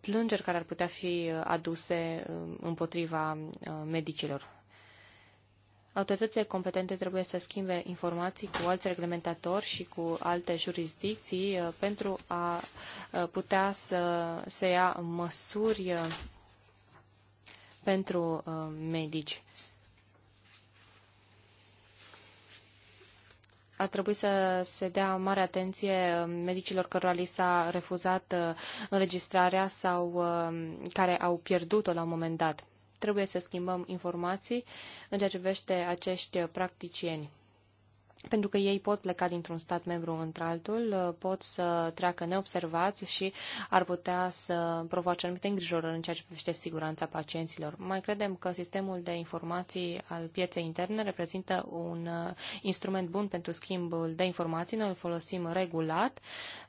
plângeri care ar putea fi aduse împotriva medicilor. Autoritățile competente trebuie să schimbe informații cu alți reglementatori și cu alte jurisdicții pentru a putea să se ia măsuri pentru uh, medici. A trebuit să se dea mare atenție uh, medicilor cărora li s-a refuzat uh, înregistrarea sau uh, care au pierdut-o la un moment dat. Trebuie să schimbăm informații în ceea ce privește acești practicieni pentru că ei pot pleca dintr-un stat membru într-altul, uh, pot să treacă neobservați și ar putea să provoace anumite îngrijorări în ceea ce privește siguranța pacienților. Mai credem că sistemul de informații al pieței interne reprezintă un uh, instrument bun pentru schimbul de informații. Noi îl folosim regulat.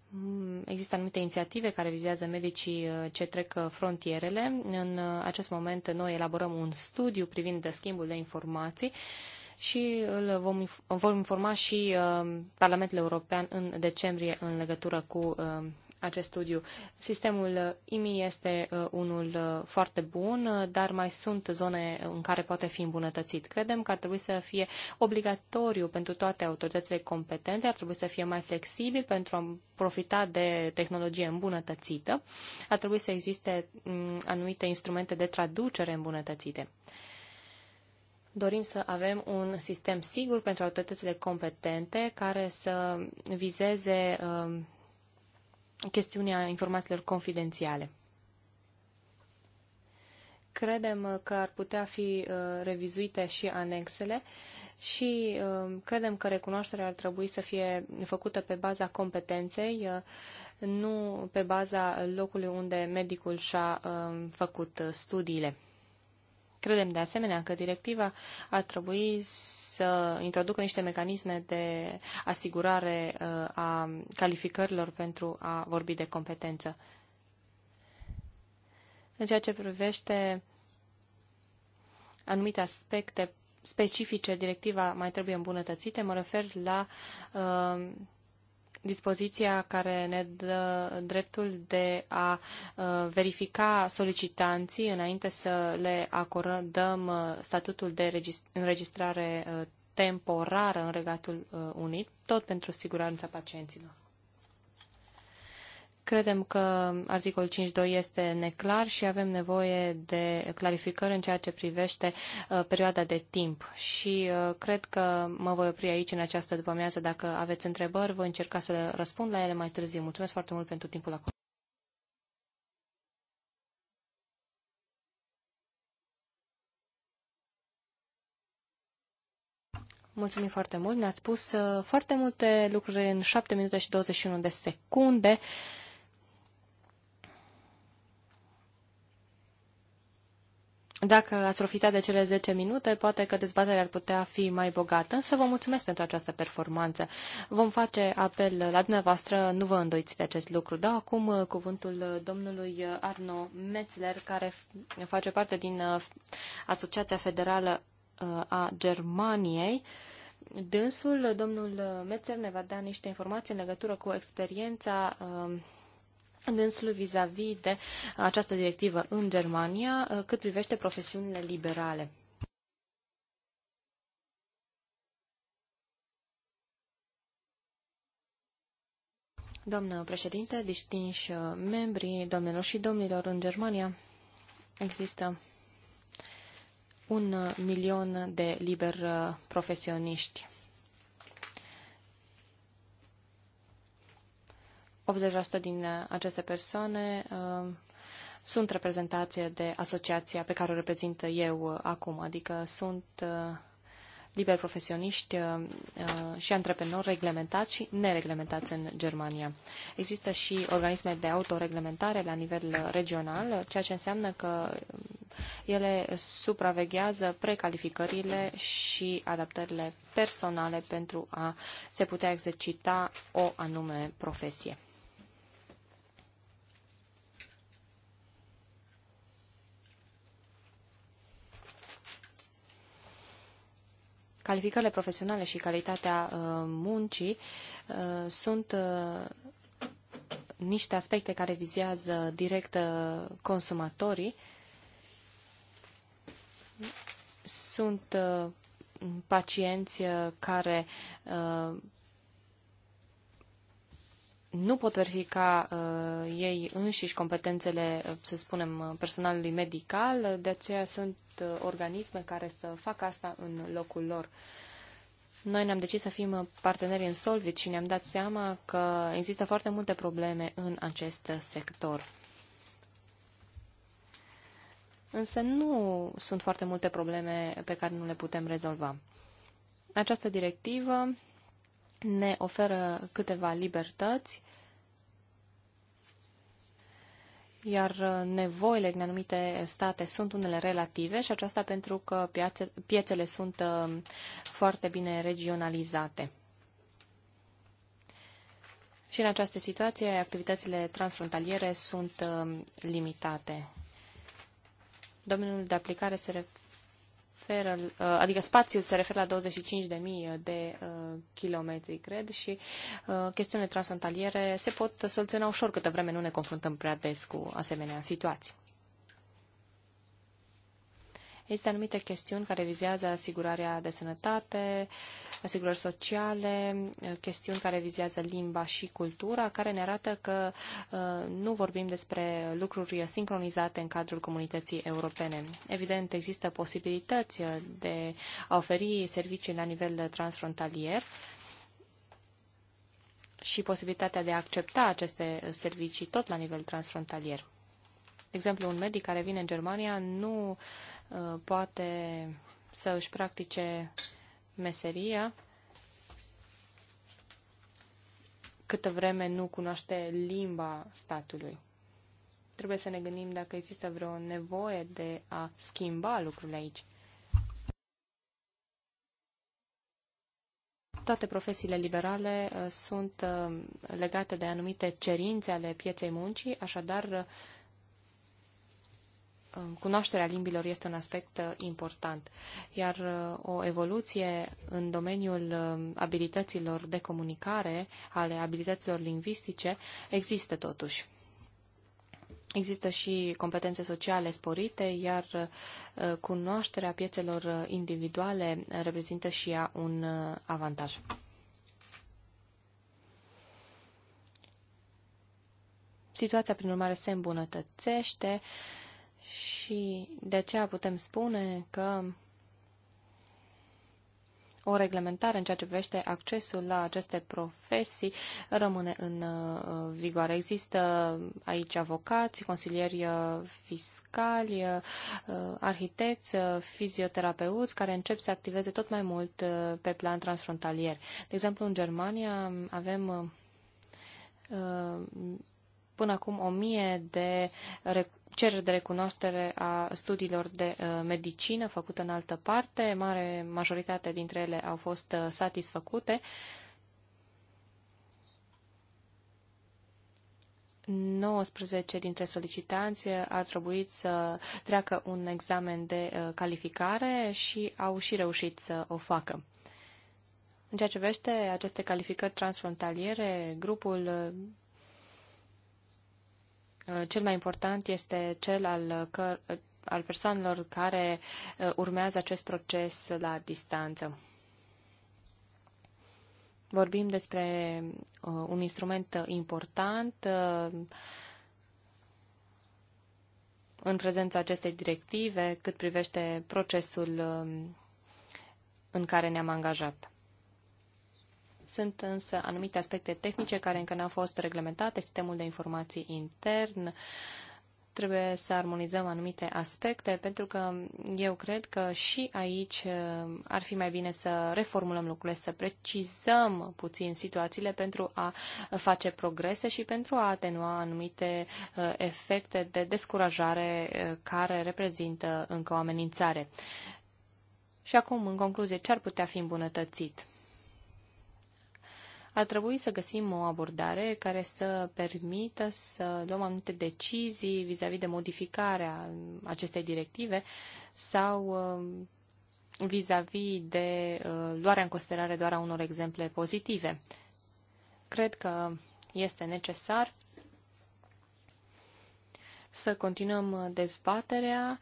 Mm, există anumite inițiative care vizează medicii uh, ce trec frontierele. În acest moment noi elaborăm un studiu privind de schimbul de informații și îl vom, vom informa și uh, Parlamentul European în decembrie în legătură cu uh, acest studiu. Sistemul IMI este uh, unul foarte bun, dar mai sunt zone în care poate fi îmbunătățit. Credem că ar trebui să fie obligatoriu pentru toate autoritățile competente, ar trebui să fie mai flexibil pentru a profita de tehnologie îmbunătățită, ar trebui să existe mm, anumite instrumente de traducere îmbunătățite dorim să avem un sistem sigur pentru autoritățile competente care să vizeze um, chestiunea informațiilor confidențiale. Credem că ar putea fi uh, revizuite și anexele și um, credem că recunoașterea ar trebui să fie făcută pe baza competenței, uh, nu pe baza locului unde medicul și-a um, făcut uh, studiile. Credem de asemenea că directiva ar trebui să introducă niște mecanisme de asigurare uh, a calificărilor pentru a vorbi de competență. În ceea ce privește anumite aspecte specifice, directiva mai trebuie îmbunătățite. Mă refer la uh, dispoziția care ne dă dreptul de a uh, verifica solicitanții înainte să le acordăm uh, statutul de înregistrare uh, temporară în Regatul Unit, tot pentru siguranța pacienților. Credem că articolul 5.2 este neclar și avem nevoie de clarificări în ceea ce privește uh, perioada de timp. Și uh, cred că mă voi opri aici în această după-amiază. Dacă aveți întrebări, voi încerca să răspund la ele mai târziu. Mulțumesc foarte mult pentru timpul acolo. Mulțumim foarte mult. Ne-ați spus uh, foarte multe lucruri în 7 minute și 21 de secunde. Dacă ați profitat de cele 10 minute, poate că dezbaterea ar putea fi mai bogată, însă vă mulțumesc pentru această performanță. Vom face apel la dumneavoastră, nu vă îndoiți de acest lucru. Dau acum uh, cuvântul uh, domnului uh, Arno Metzler, care face parte din Asociația Federală a Germaniei. Dânsul, domnul Metzler, ne va da niște informații în legătură cu experiența dânsul vis-a-vis de această directivă în Germania, uh, cât privește profesiunile liberale. Doamnă președinte, distinși uh, membri, domnilor și domnilor, în Germania există un uh, milion de liber profesioniști. 80% din uh, aceste persoane uh, sunt reprezentate de asociația pe care o reprezint eu uh, acum, adică sunt uh, liberi profesioniști uh, și antreprenori reglementați și nereglementați în Germania. Există și organisme de autoreglementare la nivel regional, ceea ce înseamnă că um, ele supraveghează precalificările și adaptările personale pentru a se putea exercita o anume profesie. Calificările profesionale și calitatea uh, muncii uh, sunt uh, niște aspecte care vizează direct consumatorii. Sunt pacienți care nu pot verifica uh, ei înșiși competențele, uh, să spunem, uh, personalului medical, uh, de aceea sunt uh, organisme care să facă asta în locul lor. Noi ne-am decis să fim parteneri în Solvit și ne-am dat seama că există foarte multe probleme în acest sector. Însă nu sunt foarte multe probleme pe care nu le putem rezolva. Această directivă ne oferă câteva libertăți iar uh, nevoile din anumite state sunt unele relative și aceasta pentru că piețele sunt uh, foarte bine regionalizate. Și în această situație, activitățile transfrontaliere sunt uh, limitate. Domeniul de aplicare se referă referă, uh, adică spațiul se referă la 25.000 de uh, kilometri, cred, și uh, chestiunile transfrontaliere se pot soluționa ușor câtă vreme nu ne confruntăm prea des cu asemenea situații. Există anumite chestiuni care vizează asigurarea de sănătate, asigurări sociale, chestiuni care vizează limba și cultura, care ne arată că uh, nu vorbim despre lucruri sincronizate în cadrul comunității europene. Evident, există posibilități de a oferi servicii la nivel transfrontalier, și posibilitatea de a accepta aceste servicii tot la nivel transfrontalier. De exemplu, un medic care vine în Germania nu uh, poate să își practice meseria câtă vreme nu cunoaște limba statului. Trebuie să ne gândim dacă există vreo nevoie de a schimba lucrurile aici. Toate profesiile liberale uh, sunt uh, legate de anumite cerințe ale pieței muncii, așadar Uh, cunoașterea limbilor este un aspect uh, important, iar uh, o evoluție în domeniul abilităților de comunicare, ale abilităților lingvistice, există totuși. Există și competențe sociale sporite, iar cunoașterea piețelor individuale reprezintă și ea un avantaj. Situația, prin urmare, se îmbunătățește. Și de aceea putem spune că o reglementare în ceea ce privește accesul la aceste profesii rămâne în uh, vigoare. Există aici avocați, consilieri uh, fiscali, uh, arhitecți, fizioterapeuți care încep să activeze tot mai mult pe plan transfrontalier. De exemplu, în Germania avem până acum o mie de cereri de recunoaștere a studiilor de uh, medicină făcute în altă parte. Mare majoritate dintre ele au fost uh, satisfăcute. Nouăsprezece dintre solicitanți uh, a trebuit să treacă un examen de calificare și au și reușit să o facă. În ceea ce vește aceste calificări transfrontaliere, grupul Uh, cel mai important este cel al, căr- uh, al persoanelor care uh, urmează acest proces la distanță. Vorbim despre un instrument important în prezența acestei directive cât privește procesul um, în care ne-am angajat. Sunt însă anumite aspecte tehnice care încă n-au fost reglementate, sistemul de informații intern, trebuie să armonizăm anumite aspecte, pentru că eu cred că și aici uh, ar fi mai bine să reformulăm lucrurile, să precizăm puțin situațiile pentru a face progrese și pentru a atenua anumite uh, efecte de descurajare uh, care reprezintă încă o amenințare. Și acum, în concluzie, ce ar putea fi îmbunătățit? Ar trebui să găsim o abordare care să permită să luăm anumite decizii vis-a-vis -vis de modificarea acestei directive sau um, vis-a-vis -vis de uh, luarea în considerare doar a unor exemple pozitive. Cred că este necesar să continuăm dezbaterea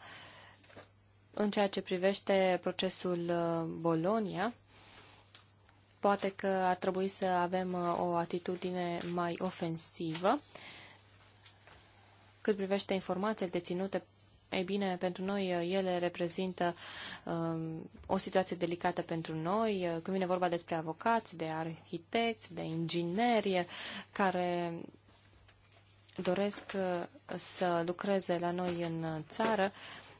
în ceea ce privește procesul uh, Bolonia Poate că ar trebui să avem uh, o atitudine mai ofensivă. Cât privește informațiile deținute, ei bine, pentru noi uh, ele reprezintă um, o situație delicată pentru noi, uh, când vine vorba despre avocați, de arhitecți, de ingineri, care doresc să lucreze la noi în țară.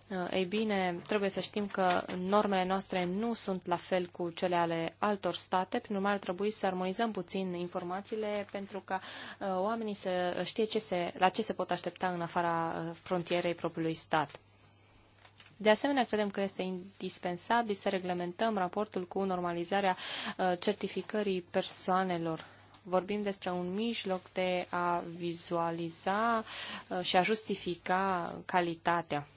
Eh, ei bine, trebuie să știm că normele noastre nu sunt la fel cu cele ale altor state, prin urmare trebuie să armonizăm puțin informațiile pentru ca eh, oamenii să știe ce se, la ce se pot aștepta în afara eh, frontierei propriului stat. De asemenea, credem că este indispensabil să reglementăm raportul cu normalizarea certificării persoanelor. Vorbim despre un mijloc de a vizualiza și a justifica calitatea.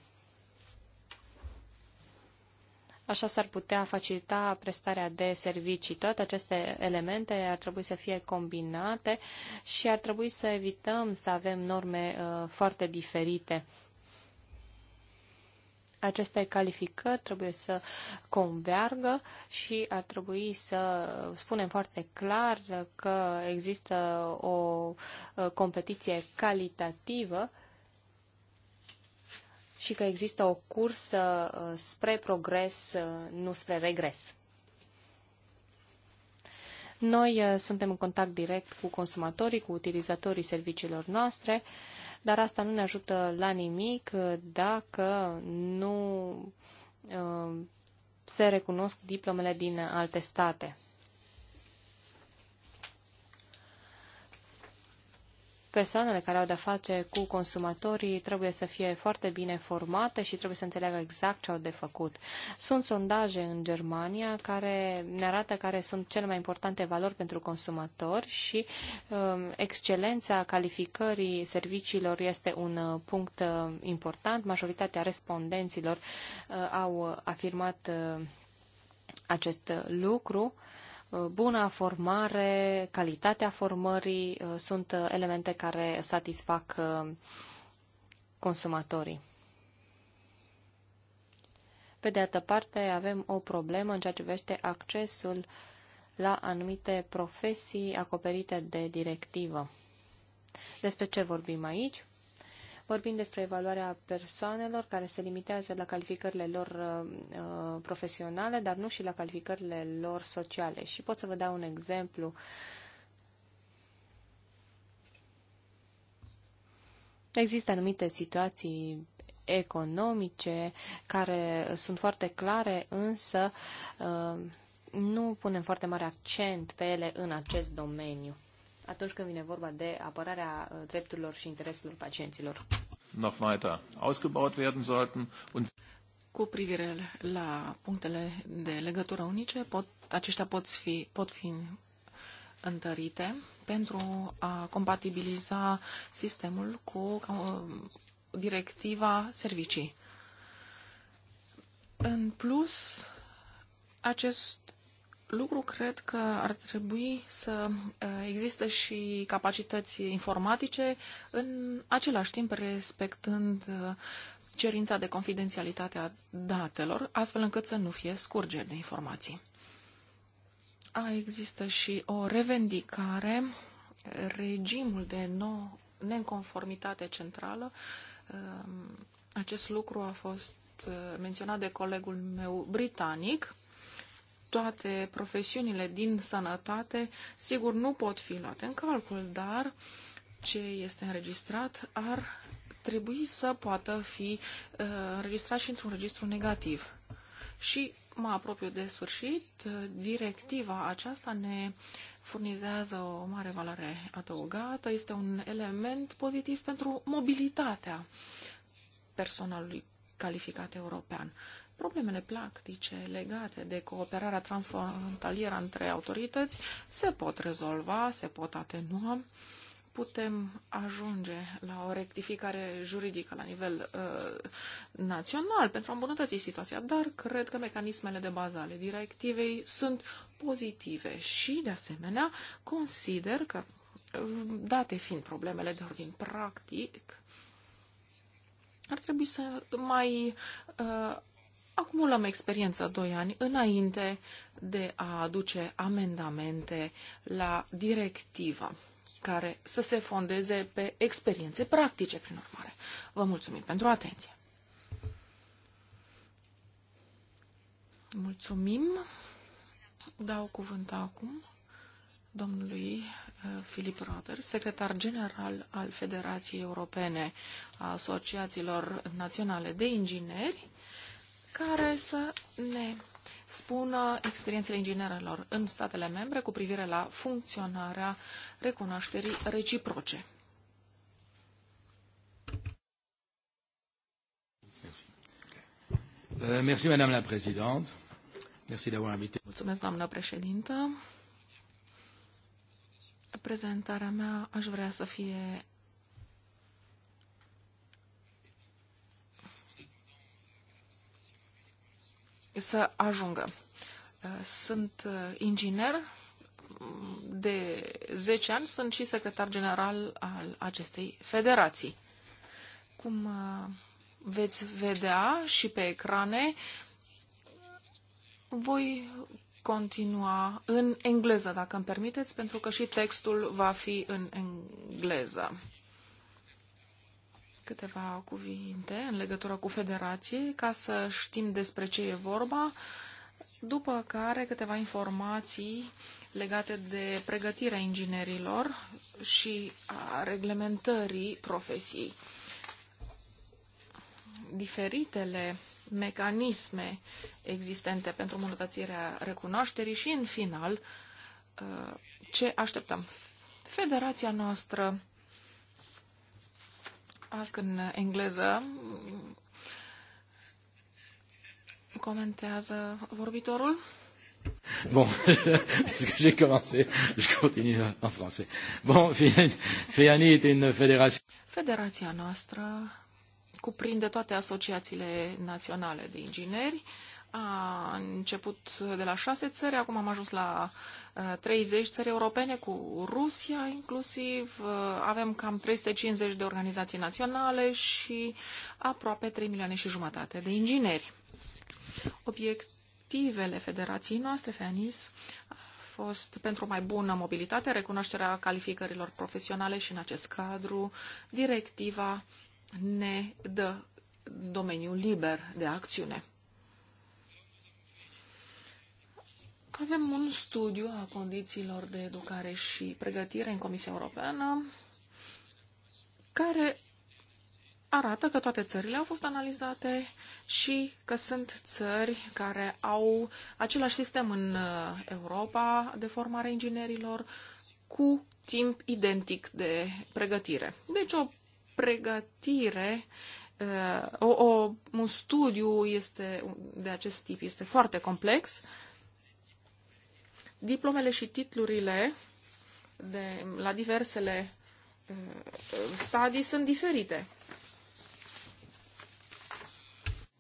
Așa s-ar putea facilita prestarea de servicii. Toate aceste elemente ar trebui să fie combinate și ar trebui să evităm să avem norme uh, foarte diferite. Aceste calificări trebuie să convergă și ar trebui să spunem foarte clar că există o uh, competiție calitativă uh, și că există o cursă uh, spre progres, uh, nu spre regres. Noi uh, suntem în contact direct cu consumatorii, cu utilizatorii serviciilor noastre, dar asta nu ne ajută la nimic dacă nu se recunosc diplomele din alte state. persoanele care au de-a face cu consumatorii trebuie să fie foarte bine formate și trebuie să înțeleagă exact ce au de făcut. Sunt sondaje în Germania care ne arată care sunt cele mai importante valori pentru consumatori și um, excelența calificării serviciilor este un uh, punct uh, important. Majoritatea respondenților uh, au afirmat uh, acest uh, lucru. Uh, buna formare, calitatea formării uh, sunt uh, elemente care satisfac uh, consumatorii. Pe de altă parte, avem o problemă în ceea ce privește accesul la anumite profesii acoperite de directivă. Despre ce vorbim aici? Vorbim despre evaluarea persoanelor care se limitează la calificările lor uh, uh, profesionale, dar nu și la calificările lor sociale. Și pot să vă dau un exemplu. Există anumite situații economice care sunt foarte clare, însă uh, nu punem foarte mare accent pe ele în acest domeniu atunci când vine vorba de apărarea uh, drepturilor și intereselor pacienților. Noch weiter ausgebaut werden sollten und cu privire la punctele de legătură unice, pot, aceștia pot fi, pot fi întărite pentru a compatibiliza sistemul cu uh, directiva servicii. În plus, acest lucru cred că ar trebui să uh, existe și capacități informatice, în același timp respectând uh, cerința de confidențialitate a datelor, astfel încât să nu fie scurgeri de informații. A, există și o revendicare, regimul de nou, nenconformitate centrală. Um, acest lucru a fost uh, menționat de colegul meu britanic, toate profesiunile din sănătate, sigur, nu pot fi luate în calcul, dar ce este înregistrat ar trebui să poată fi uh, înregistrat și într-un registru negativ. Și mă apropiu de sfârșit, uh, directiva aceasta ne furnizează o mare valoare adăugată, este un element pozitiv pentru mobilitatea personalului calificat european problemele practice legate de cooperarea transfrontalieră între autorități se pot rezolva, se pot atenua, putem ajunge la o rectificare juridică la nivel uh, național pentru a îmbunătăți situația, dar cred că mecanismele de bază ale directivei sunt pozitive și, de asemenea, consider că, uh, date fiind problemele de ordin practic, ar trebui să mai uh, acumulăm experiență doi ani înainte de a aduce amendamente la directiva, care să se fondeze pe experiențe practice, prin urmare. Vă mulțumim pentru atenție. Mulțumim. Dau cuvânt acum domnului Filip uh, Roder, secretar general al Federației Europene a Asociațiilor Naționale de Ingineri care să ne spună experiențele inginerilor în statele membre cu privire la funcționarea recunoașterii reciproce. Euh, merci, Madame la Présidente. Merci d'avoir invité. Mulțumesc, doamnă președintă. Prezentarea mea aș vrea să fie să ajungă. Uh, sunt uh, inginer de 10 ani, sunt și secretar general al acestei federații. Cum uh, veți vedea și pe ecrane, voi continua în engleză, dacă îmi permiteți, pentru că și textul va fi în engleză câteva cuvinte în legătură cu federație, ca să știm despre ce e vorba, după care câteva informații legate de pregătirea inginerilor și a reglementării profesiei. Diferitele mecanisme existente pentru îmbunătățirea recunoașterii și, în final, uh, ce așteptăm. Federația noastră Alc ah, în engleză comentează vorbitorul. Bon, (laughs) que j'ai commencé, je continue en français. Bon, FEANI este une fédération. Fédération noastră cuprinde toate asociațiile naționale de ingineri. A început de la șase țări, acum am ajuns la 30 țări europene cu Rusia inclusiv, uh, avem cam 350 de organizații naționale și aproape 3 milioane și jumătate de ingineri. Obiectivele federației noastre, FEANIS, fost pentru o mai bună mobilitate, recunoașterea calificărilor profesionale și în acest cadru directiva ne dă domeniul liber de acțiune. Avem un studiu a condițiilor de educare și pregătire în Comisia Europeană care arată că toate țările au fost analizate și că sunt țări care au același sistem în uh, Europa de formare inginerilor cu timp identic de pregătire. Deci o pregătire, uh, o, o, un studiu este de acest tip este foarte complex Diplomele și titlurile de, la diversele uh, stadii sunt diferite.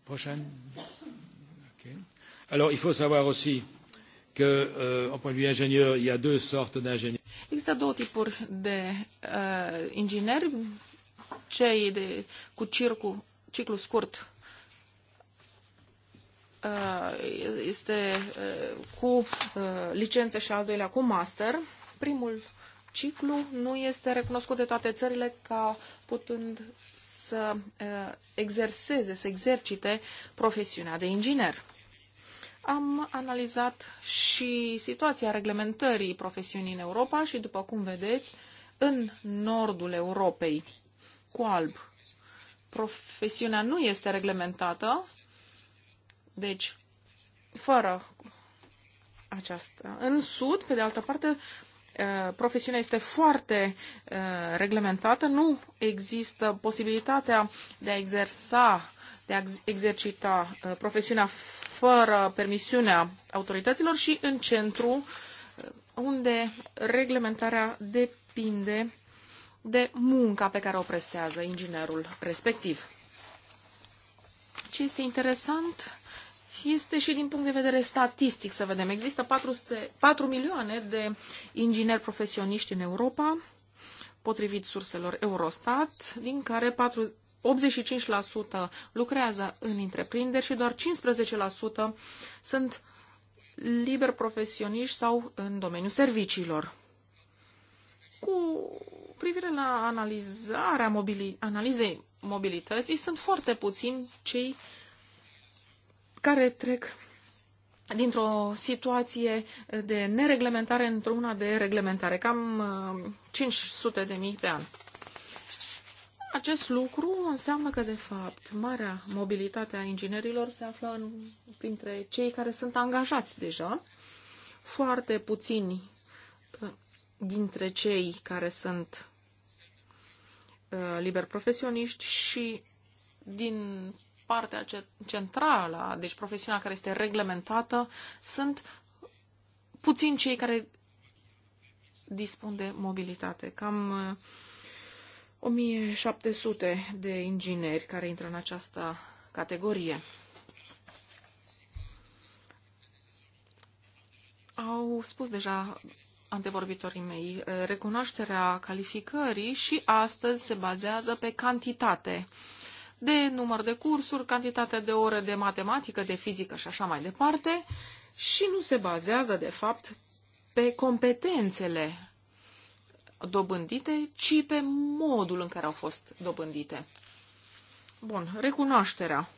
Prochaine. Ok. Alors, il faut savoir aussi que, euh, au point de vue ingénieur, il y a deux sortes d'ingénieurs. Există două tipuri de uh, ingineri, cei de, cu circu, ciclu scurt Uh, este uh, cu uh, licență și al doilea cu master. Primul ciclu nu este recunoscut de toate țările ca putând să exerseze, să exercite profesiunea de inginer. Am analizat și situația reglementării profesiunii în Europa și, după cum vedeți, în nordul Europei, cu alb, profesiunea nu este reglementată deci, fără aceasta. În Sud, pe de altă parte, uh, profesiunea este foarte uh, reglementată, nu există posibilitatea de a exersa, de a exercita uh, profesiunea fără permisiunea autorităților și în centru, unde reglementarea depinde de munca pe care o prestează inginerul respectiv. Ce este interesant și este și din punct de vedere statistic să vedem. Există 400, 4 milioane de ingineri profesioniști în Europa, potrivit surselor Eurostat, din care 4, 85% lucrează în întreprinderi și doar 15% sunt liber profesioniști sau în domeniul serviciilor. Cu privire la analizarea mobili- analizei mobilității, sunt foarte puțini cei care trec dintr-o situație de nereglementare într-una de reglementare, cam 500 uh, de mii pe an. Acest lucru înseamnă că, de fapt, marea mobilitate a inginerilor se află în, printre cei care sunt angajați deja. Foarte puțini uh, dintre cei care sunt uh, liber profesioniști și din partea centrală, deci profesiunea care este reglementată, sunt puțin cei care dispun de mobilitate. Cam 1700 uh, de ingineri care intră în această categorie. Au spus deja antevorbitorii mei, uh, recunoașterea calificării și astăzi se bazează pe cantitate. Uh, de număr de cursuri, cantitatea de ore de matematică, de fizică și așa mai departe și nu se bazează, de fapt, pe competențele dobândite, ci pe modul în care au fost dobândite. Bun, recunoașterea.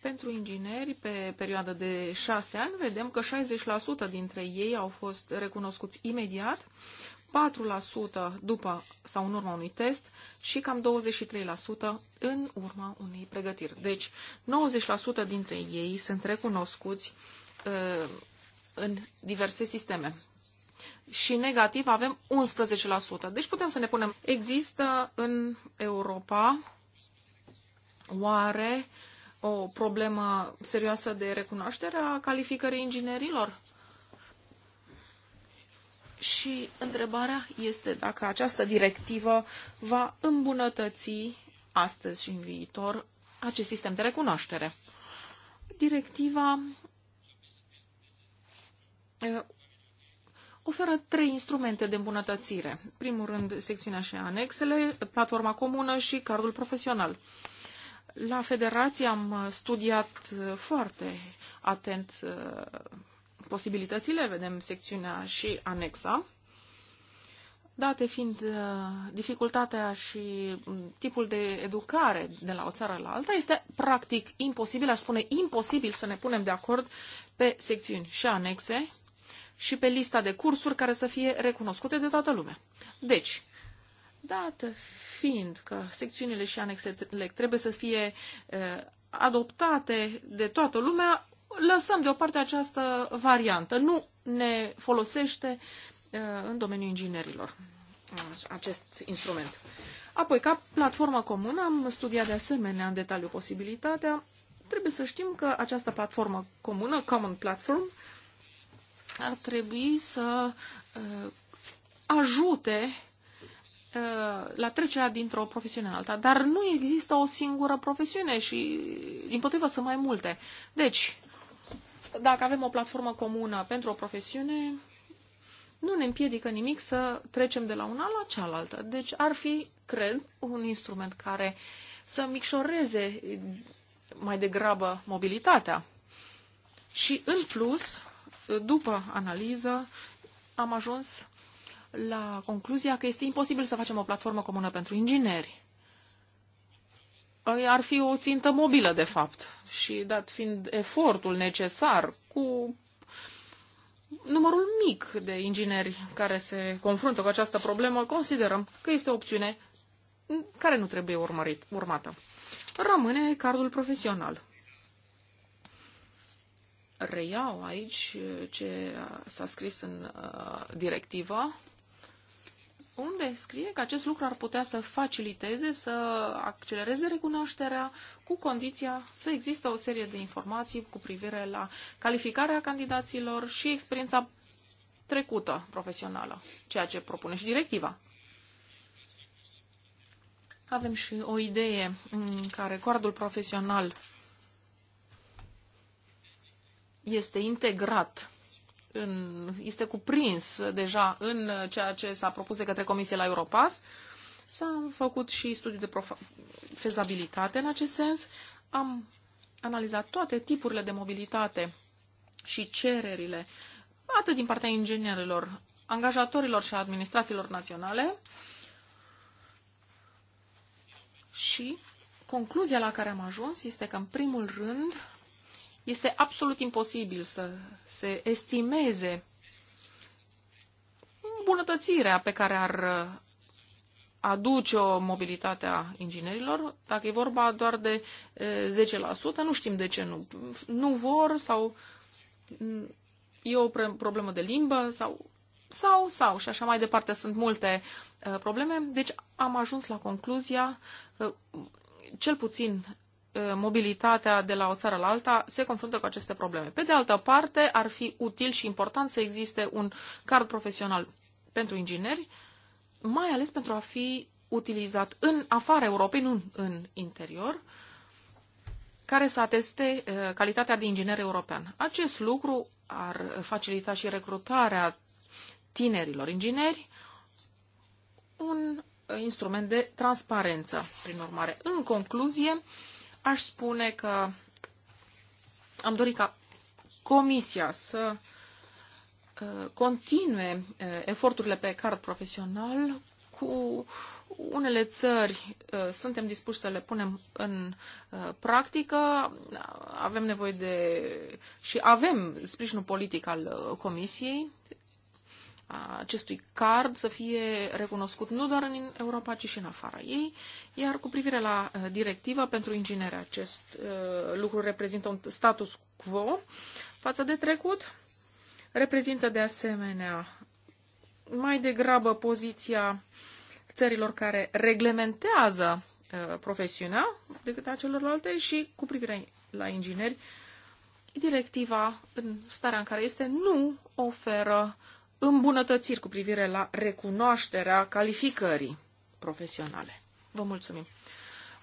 Pentru ingineri, pe perioada de șase ani, vedem că 60% dintre ei au fost recunoscuți imediat, 4% după sau în urma unui test și cam 23% în urma unei pregătiri. Deci 90% dintre ei sunt recunoscuți uh, în diverse sisteme. Și negativ avem 11%. Deci putem să ne punem. Există în Europa oare o problemă serioasă de recunoaștere a calificării inginerilor? și întrebarea este dacă această directivă va îmbunătăți astăzi și în viitor acest sistem de recunoaștere. Directiva oferă trei instrumente de îmbunătățire. Primul rând, secțiunea și anexele, platforma comună și cardul profesional. La federație am studiat foarte atent posibilitățile, vedem secțiunea și anexa. Date fiind uh, dificultatea și mm, tipul de educare de la o țară la alta, este practic imposibil, aș spune imposibil să ne punem de acord pe secțiuni și anexe și pe lista de cursuri care să fie recunoscute de toată lumea. Deci, dată fiind că secțiunile și anexele trebuie să fie uh, adoptate de toată lumea, lăsăm deoparte această variantă. Nu ne folosește uh, în domeniul inginerilor uh, acest instrument. Apoi, ca platformă comună, am studiat de asemenea în detaliu posibilitatea. Trebuie să știm că această platformă comună, Common Platform, ar trebui să uh, ajute uh, la trecerea dintr-o profesiune în alta. Dar nu există o singură profesiune și, din potrivă, sunt mai multe. Deci, dacă avem o platformă comună pentru o profesiune, nu ne împiedică nimic să trecem de la una la cealaltă. Deci ar fi, cred, un instrument care să micșoreze mai degrabă mobilitatea. Și în plus, după analiză, am ajuns la concluzia că este imposibil să facem o platformă comună pentru ingineri ar fi o țintă mobilă, de fapt. Și dat fiind efortul necesar cu numărul mic de ingineri care se confruntă cu această problemă, considerăm că este o opțiune care nu trebuie urmărit, urmată. Rămâne cardul profesional. Reiau aici ce s-a scris în uh, directiva unde scrie că acest lucru ar putea să faciliteze, să accelereze recunoașterea cu condiția să există o serie de informații cu privire la calificarea candidaților și experiența trecută profesională, ceea ce propune și directiva. Avem și o idee în care cordul profesional este integrat în, este cuprins deja în ceea ce s-a propus de către Comisie la Europass. S-a făcut și studiul de fezabilitate în acest sens. Am analizat toate tipurile de mobilitate și cererile, atât din partea inginerilor, angajatorilor și administrațiilor naționale. Și concluzia la care am ajuns este că, în primul rând, este absolut imposibil să se estimeze îmbunătățirea pe care ar uh, aduce-o mobilitatea inginerilor. Dacă e vorba doar de 10%, uh, nu știm de ce nu. Nu vor sau mm, e o problemă de limbă sau sau, sau și așa mai departe. Sunt multe uh, probleme. Deci am ajuns la concluzia, cel puțin mobilitatea de la o țară la alta se confruntă cu aceste probleme. Pe de altă parte, ar fi util și important să existe un card profesional pentru ingineri, mai ales pentru a fi utilizat în afara Europei, nu în interior, care să ateste calitatea de inginer european. Acest lucru ar facilita și recrutarea tinerilor ingineri, un instrument de transparență. Prin urmare, în concluzie, Aș spune că am dorit ca Comisia să uh, continue uh, eforturile pe card profesional cu unele țări uh, suntem dispuși să le punem în practică, avem nevoie de și avem sprijinul politic al Comisiei acestui card să fie recunoscut nu doar în Europa, ci și în afara ei. Iar cu privire la uh, directiva pentru inginere, acest uh, lucru reprezintă un status quo față de trecut. Reprezintă de asemenea mai degrabă poziția țărilor care reglementează uh, profesiunea decât a celorlalte și cu privire la ingineri, directiva în starea în care este nu oferă îmbunătățiri cu privire la recunoașterea calificării profesionale. Vă mulțumim!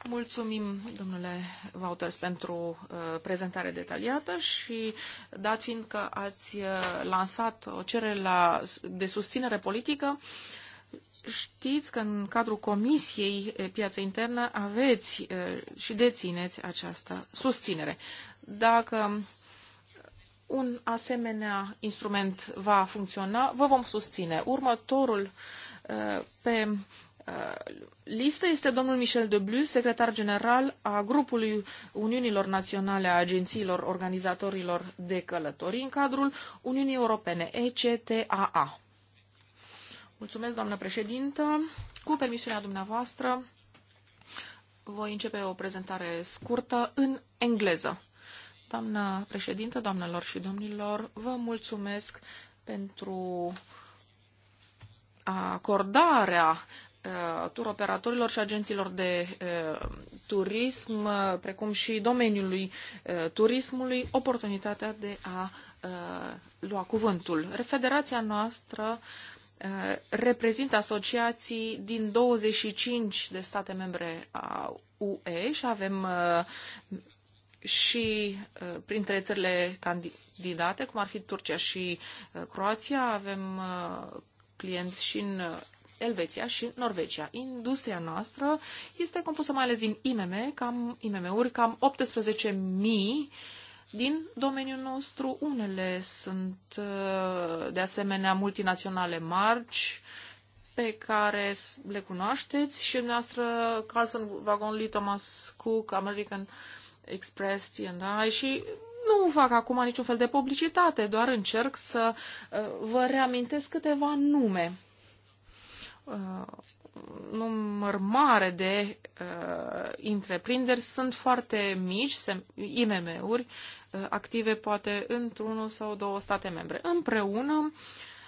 Mulțumim, domnule Wouters, pentru uh, prezentare detaliată și dat fiind că ați uh, lansat o cerere la, de susținere politică, știți că în cadrul Comisiei Piață Internă aveți uh, și dețineți această susținere. Dacă un asemenea instrument va funcționa, vă vom susține. Următorul uh, pe uh, listă este domnul Michel Deblu, secretar general a grupului Uniunilor Naționale a Agențiilor Organizatorilor de Călătorii în cadrul Uniunii Europene, ECTAA. Mulțumesc, doamnă președintă. Cu permisiunea dumneavoastră, voi începe o prezentare scurtă în engleză. Doamna președintă, doamnelor și domnilor, vă mulțumesc pentru acordarea uh, tur operatorilor și agenților de uh, turism, uh, precum și domeniului turismului, oportunitatea de a lua cuvântul. Federația noastră reprezintă asociații din 25 de state membre a UE și avem și uh, printre țările candidate, cum ar fi Turcia și uh, Croația, avem uh, clienți și în Elveția și Norvegia. Industria noastră este compusă mai ales din IMM, cam IMM-uri, cam 18.000 din domeniul nostru. Unele sunt de asemenea multinaționale mari pe care le cunoașteți și noastră Carlson Wagon Lee, Thomas Cook, American uh, Express, da, și nu fac acum niciun fel de publicitate, doar încerc să uh, vă reamintesc câteva nume. Uh, număr mare de uh, întreprinderi sunt foarte mici, IMM-uri, active poate într-unul sau două state membre. Împreună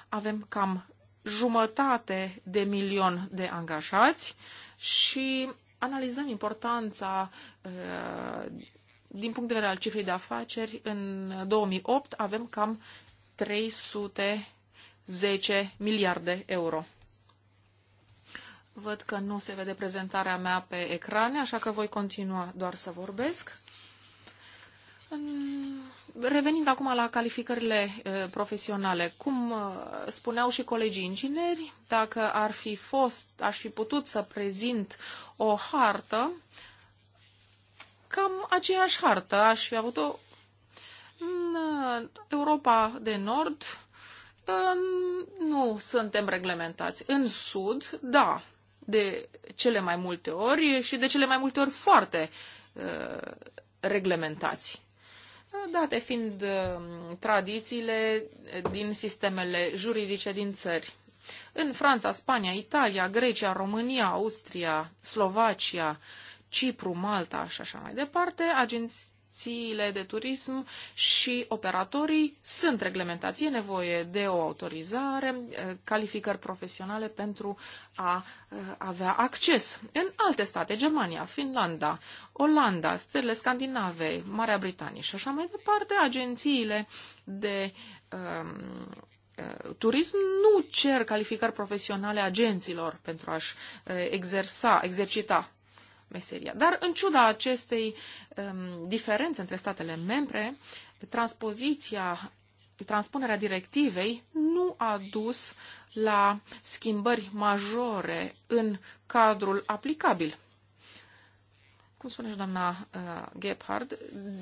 avem cam jumătate de milion de angajați și analizăm importanța uh, din punct de vedere al cifrei de afaceri. În 2008 avem cam 310 miliarde euro. Văd că nu se vede prezentarea mea pe ecrane, așa că voi continua doar să vorbesc. Revenind acum la calificările profesionale, cum spuneau și colegii ingineri, dacă ar fi fost, aș fi putut să prezint o hartă, cam aceeași hartă aș fi avut-o în Europa de Nord, nu suntem reglementați. În Sud, da, de cele mai multe ori și de cele mai multe ori foarte reglementați date fiind uh, tradițiile uh, din sistemele juridice din țări. În Franța, Spania, Italia, Grecia, România, Austria, Slovacia, Cipru, Malta și așa mai departe, agenții agențiile de turism și operatorii sunt reglementați. E nevoie de o autorizare, eh, calificări profesionale pentru a eh, avea acces. În alte state, Germania, Finlanda, Olanda, țările scandinave, Marea Britanie și așa mai departe, agențiile de um, turism nu cer calificări profesionale agenților pentru a-și exersa, exercita meseria. Dar în ciuda acestei um, diferențe între statele membre, transpoziția transpunerea directivei nu a dus la schimbări majore în cadrul aplicabil. Cum spune și doamna uh, Gebhard,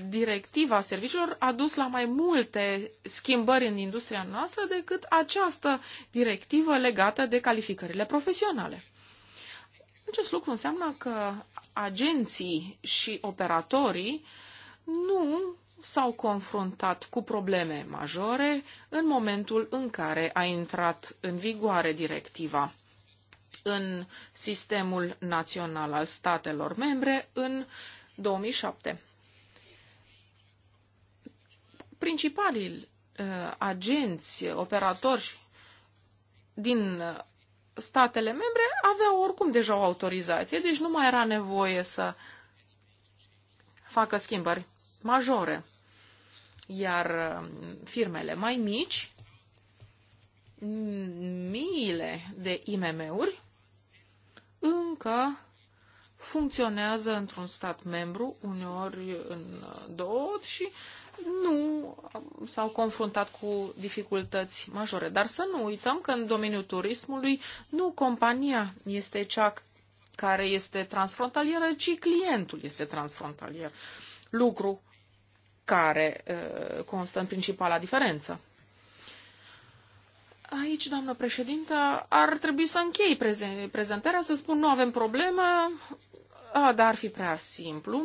directiva serviciilor a dus la mai multe schimbări în industria noastră decât această directivă legată de calificările profesionale. Acest lucru înseamnă că agenții și operatorii nu s-au confruntat cu probleme majore în momentul în care a intrat în vigoare directiva în sistemul național al statelor membre în 2007. Principalii uh, agenți, operatori din statele membre aveau oricum deja o autorizație, deci nu mai era nevoie să facă schimbări majore. Iar uh, firmele mai mici, miile de IMM-uri, încă funcționează într-un stat membru, uneori în uh, două și nu s-au confruntat cu dificultăți majore. Dar să nu uităm că în domeniul turismului nu compania este cea care este transfrontalieră, ci clientul este transfrontalier. Lucru care constă în principala diferență. Aici, doamnă președintă, ar trebui să închei prezentarea, să spun nu avem probleme, dar ar fi prea simplu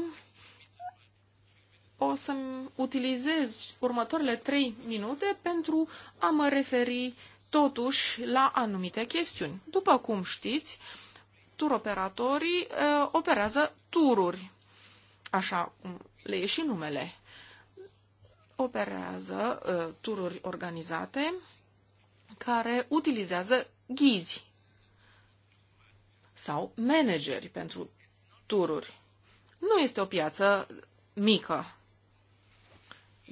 o să-mi utilizez următoarele trei minute pentru a mă referi totuși la anumite chestiuni. După cum știți, turoperatorii uh, operează tururi, așa cum le e și numele. Operează uh, tururi organizate care utilizează ghizi sau manageri pentru tururi. Nu este o piață mică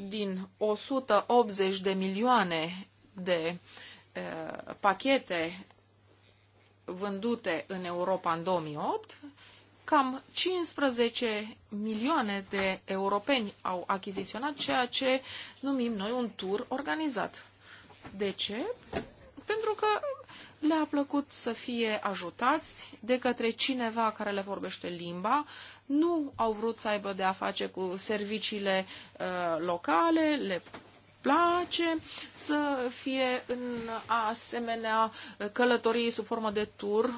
din 180 de milioane de uh, pachete vândute în Europa în 2008, cam 15 milioane de europeni au achiziționat ceea ce numim noi un tur organizat. De ce? Pentru că le-a plăcut să fie ajutați de către cineva care le vorbește limba, nu au vrut să aibă de a face cu serviciile uh, locale, le place să fie în asemenea călătorii sub formă de tur.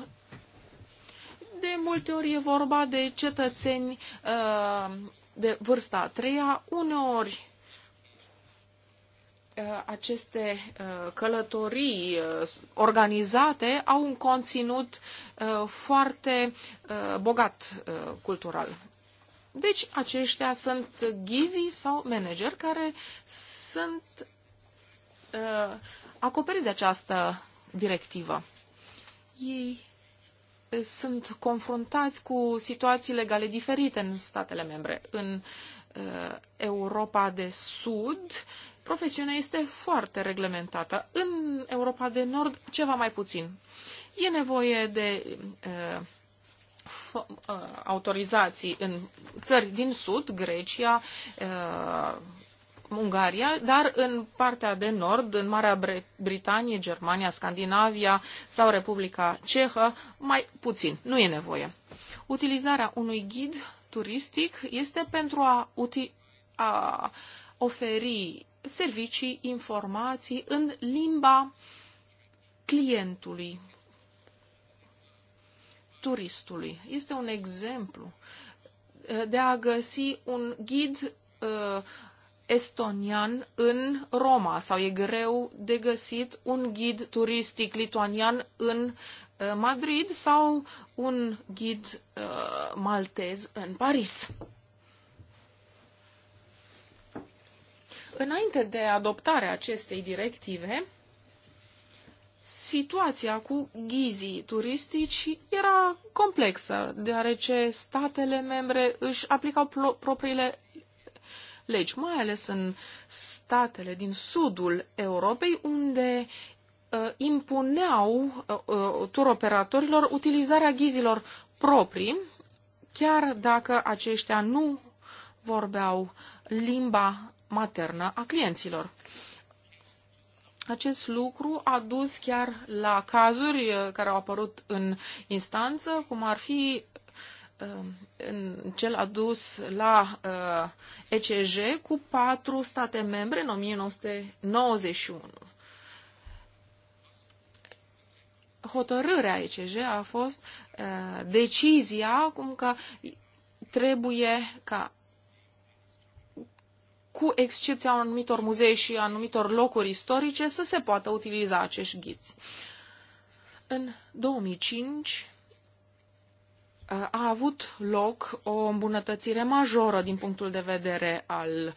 De multe ori e vorba de cetățeni uh, de vârsta a treia, uneori Uh, aceste uh, călătorii uh, organizate au un conținut foarte bogat cultural. Deci aceștia sunt ghizii sau manageri care sunt acoperiți de această directivă. Ei sunt confruntați cu situații legale diferite în statele membre. În Europa de Sud profesiunea este foarte reglementată. În Europa de Nord, ceva mai puțin. E nevoie de uh, uh, autorizații în țări din Sud, Grecia, uh, Ungaria, dar în partea de nord, în Marea Britanie, Germania, Scandinavia sau Republica Cehă, mai puțin. Nu e nevoie. Utilizarea unui ghid turistic este pentru a, uti- a oferi servicii, informații în limba clientului, turistului. Este un exemplu eh, de a găsi un ghid uh, estonian în Roma sau e greu de găsit un ghid turistic lituanian în eh, Madrid sau un ghid uh, maltez în Paris. înainte de adoptarea acestei directive, situația cu ghizii turistici era complexă, deoarece statele membre își aplicau propriile legi, mai ales în statele din sudul Europei, unde uh, impuneau uh, ă, ă, turoperatorilor utilizarea ghizilor proprii, chiar dacă aceștia nu vorbeau limba maternă a clienților. Acest lucru a dus chiar la cazuri uh, care au apărut în instanță, cum ar fi um, în cel adus la uh, cu patru state membre în 1991. Hotărârea ECG a fost uh, decizia cum că trebuie ca cu excepția anumitor muzee și anumitor locuri istorice, să se poată utiliza acești ghiți. În 2005 a avut loc o îmbunătățire majoră din punctul de vedere al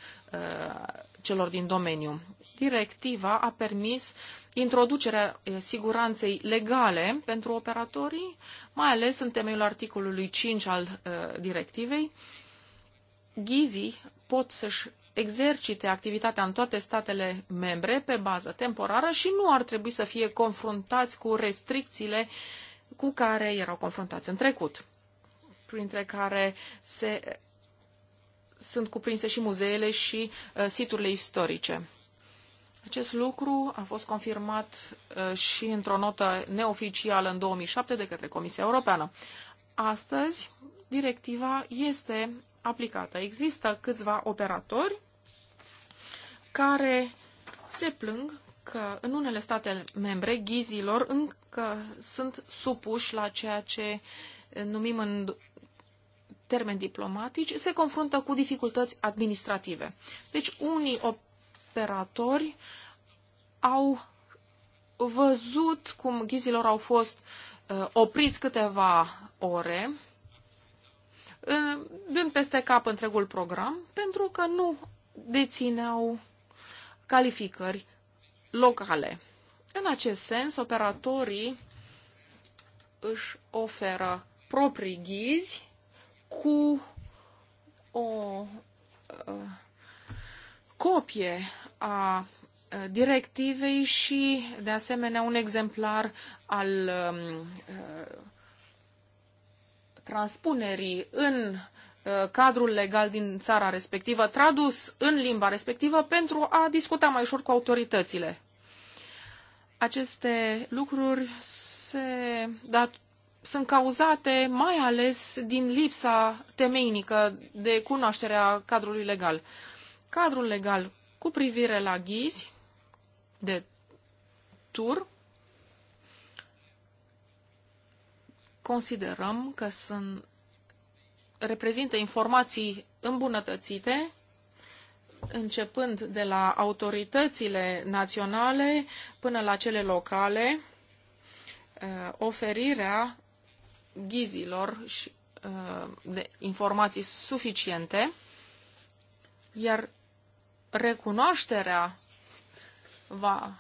celor din domeniu. Directiva a permis introducerea siguranței legale pentru operatorii, mai ales în temeiul articolului 5 al directivei. Ghizii pot să-și exercite activitatea în toate statele membre pe bază temporară și nu ar trebui să fie confruntați cu restricțiile cu care erau confruntați în trecut, printre care se, sunt cuprinse și muzeele și uh, siturile istorice. Acest lucru a fost confirmat uh, și într-o notă neoficială în 2007 de către Comisia Europeană. Astăzi, directiva este aplicată. Există câțiva operatori care se plâng că în unele state membre ghizilor încă sunt supuși la ceea ce numim în termeni diplomatici, se confruntă cu dificultăți administrative. Deci unii operatori au văzut cum ghizilor au fost uh, opriți câteva ore, uh, dând peste cap întregul program, pentru că nu dețineau calificări locale. În acest sens, operatorii își oferă proprii ghizi cu o uh, copie a uh, directivei și, de asemenea, un exemplar al um, uh, transpunerii în Uh, cadrul legal din țara respectivă, tradus în limba respectivă, pentru a discuta mai ușor cu autoritățile. Aceste lucruri se dat, sunt cauzate mai ales din lipsa temeinică de cunoașterea cadrului legal. Cadrul legal cu privire la ghizi de tur, considerăm că sunt reprezintă informații îmbunătățite, începând de la autoritățile naționale până la cele locale, uh, oferirea ghizilor și uh, de informații suficiente, iar recunoașterea va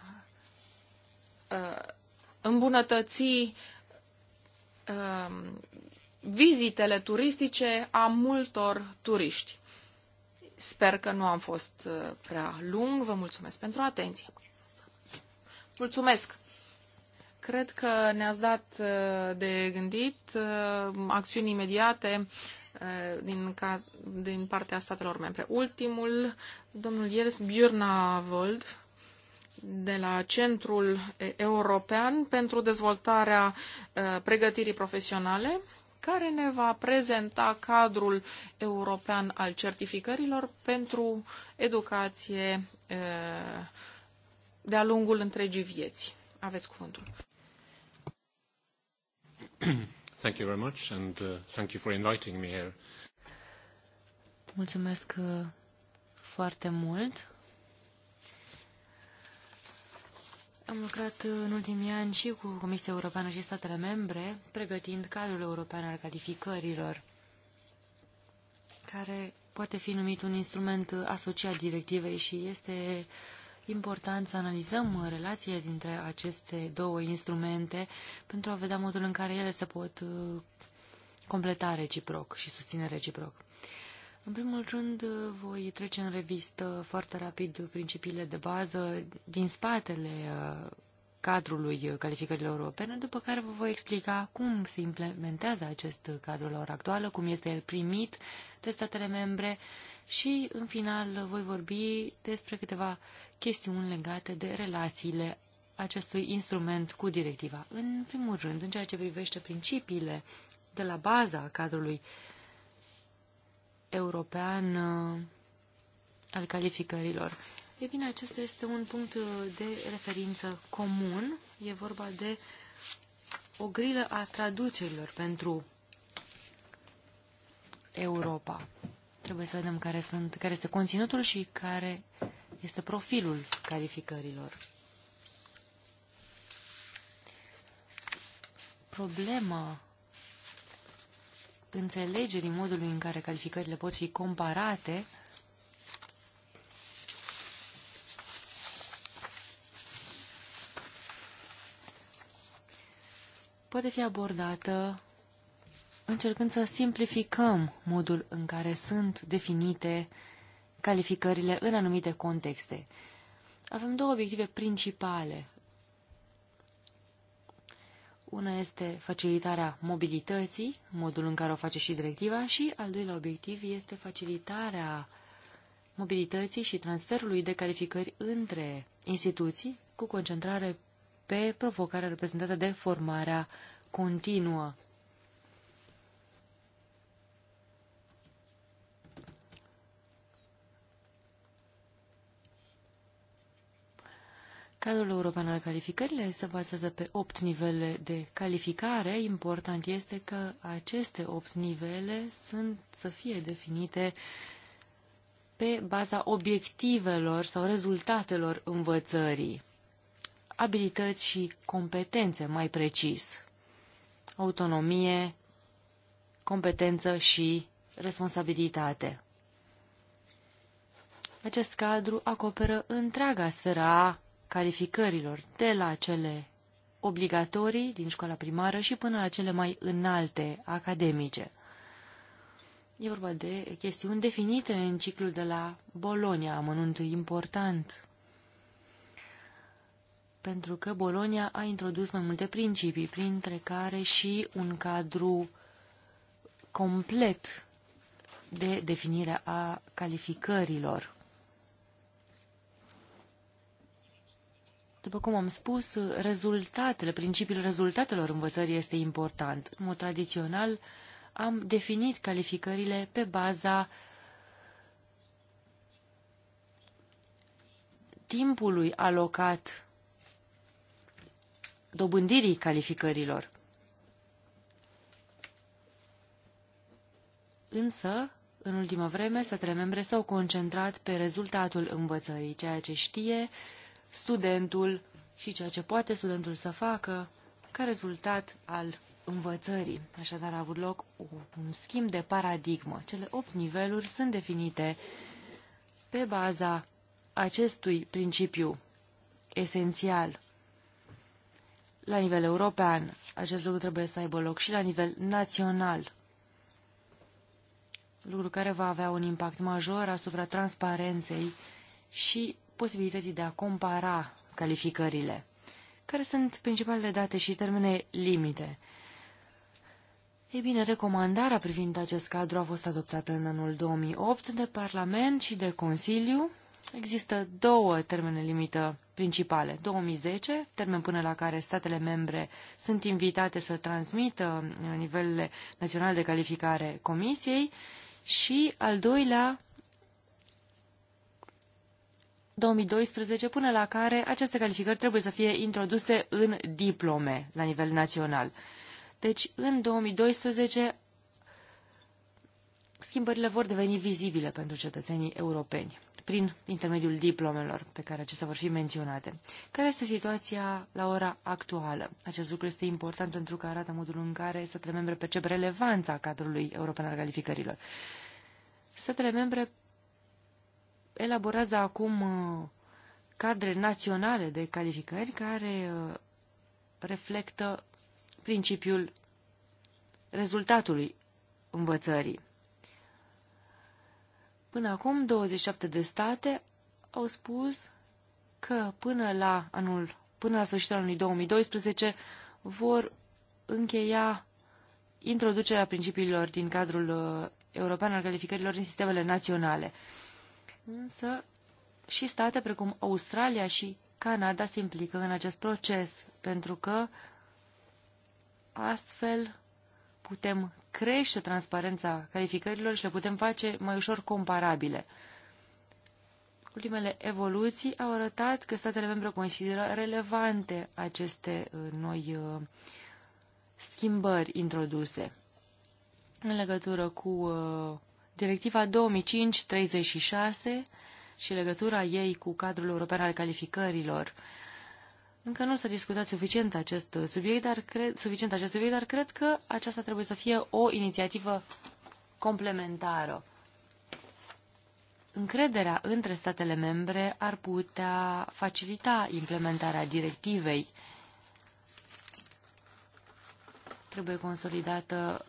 uh, îmbunătăți vizitele turistice a multor turiști. Sper că nu am fost uh, prea lung. Vă mulțumesc pentru atenție. Mulțumesc! Cred că ne-ați dat uh, de gândit uh, acțiuni imediate din, ca, din partea statelor membre. Ultimul, domnul Jens Björnavold, de la Centrul European pentru Dezvoltarea Pregătirii Profesionale care ne va prezenta cadrul european al certificărilor pentru educație de-a lungul întregii vieți. Aveți cuvântul. Thank you very much and uh, thank you for inviting me here. Mulțumesc uh, foarte mult Am lucrat în ultimii ani și cu Comisia Europeană și statele membre, pregătind cadrul european al calificărilor, care poate fi numit un instrument asociat directivei și este important să analizăm relația dintre aceste două instrumente pentru a vedea modul în care ele se pot uh, completa reciproc și susține reciproc. În primul rând, voi trece în revistă foarte rapid principiile de bază din spatele uh, cadrului calificărilor europene, după care vă voi explica cum se implementează acest cadru la ora actuală, cum este el primit de statele membre și, în final, voi vorbi despre câteva chestiuni legate de relațiile acestui instrument cu directiva. În primul rând, în ceea ce privește principiile de la baza cadrului european uh, al calificărilor. E bine, acesta este un punct uh, de referință comun. E vorba de o grilă a traducerilor pentru Europa. Trebuie să vedem care, sunt, care este conținutul și care este profilul calificărilor. Problema înțelegerii modului în care calificările pot fi comparate, poate fi abordată încercând să simplificăm modul în care sunt definite calificările în anumite contexte. Avem două obiective principale una este facilitarea mobilității, modul în care o face și directiva, și al doilea obiectiv este facilitarea mobilității și transferului de calificări între instituții, cu concentrare pe provocarea reprezentată de formarea continuă. Cadrul european al calificărilor se bazează pe opt nivele de calificare. Important este că aceste opt nivele sunt să fie definite pe baza obiectivelor sau rezultatelor învățării, abilități și competențe mai precis, autonomie, competență și responsabilitate. Acest cadru acoperă întreaga sfera calificărilor, de la cele obligatorii din școala primară și până la cele mai înalte, academice. E vorba de chestiuni definite în ciclul de la Bolonia, amănunt important, pentru că Bolonia a introdus mai multe principii, printre care și un cadru complet de definire a calificărilor. După cum am spus, rezultatele, principiul rezultatelor învățării este important. În mod tradițional, am definit calificările pe baza timpului alocat dobândirii calificărilor. Însă, în ultima vreme, statele membre s-au concentrat pe rezultatul învățării, ceea ce știe uh, studentul și ceea ce poate studentul să facă ca rezultat al învățării. Așadar a avut loc un schimb de paradigmă. Cele opt niveluri sunt definite pe baza acestui principiu esențial. La nivel european, acest lucru trebuie să aibă loc și la nivel național, lucru care va avea un impact major asupra transparenței și posibilității de a compara calificările. Care sunt principalele date și termene limite? Ei bine, recomandarea privind acest cadru a fost adoptată în anul 2008 de Parlament și de Consiliu. Există două termene limită principale. 2010, termen până la care statele membre sunt invitate să transmită uh, nivelele naționale de calificare Comisiei și al doilea 2012, până la care aceste calificări trebuie să fie introduse în diplome la nivel național. Deci, în 2012, schimbările vor deveni vizibile pentru cetățenii europeni prin intermediul diplomelor pe care acestea vor fi menționate. Care este situația la ora actuală? Acest lucru este important pentru că arată modul în care statele membre percep relevanța cadrului european al calificărilor. Statele membre elaborează acum uh, cadre naționale de calificări care uh, reflectă principiul rezultatului învățării. Până acum, 27 de state au spus că până la anul, până la sfârșitul anului 2012 vor încheia introducerea principiilor din cadrul uh, european al calificărilor în sistemele naționale însă și state precum Australia și Canada se implică în acest proces, pentru că astfel putem crește transparența calificărilor și le putem face mai ușor comparabile. Ultimele evoluții au arătat că statele membre consideră relevante aceste uh, noi uh, schimbări introduse în legătură cu uh, Directiva 2005-36 și legătura ei cu cadrul european al calificărilor. Încă nu s-a discutat suficient acest subiect, dar cred, suficient acest subiect, dar cred că aceasta trebuie să fie o inițiativă complementară. Încrederea între statele membre ar putea facilita implementarea directivei. Trebuie consolidată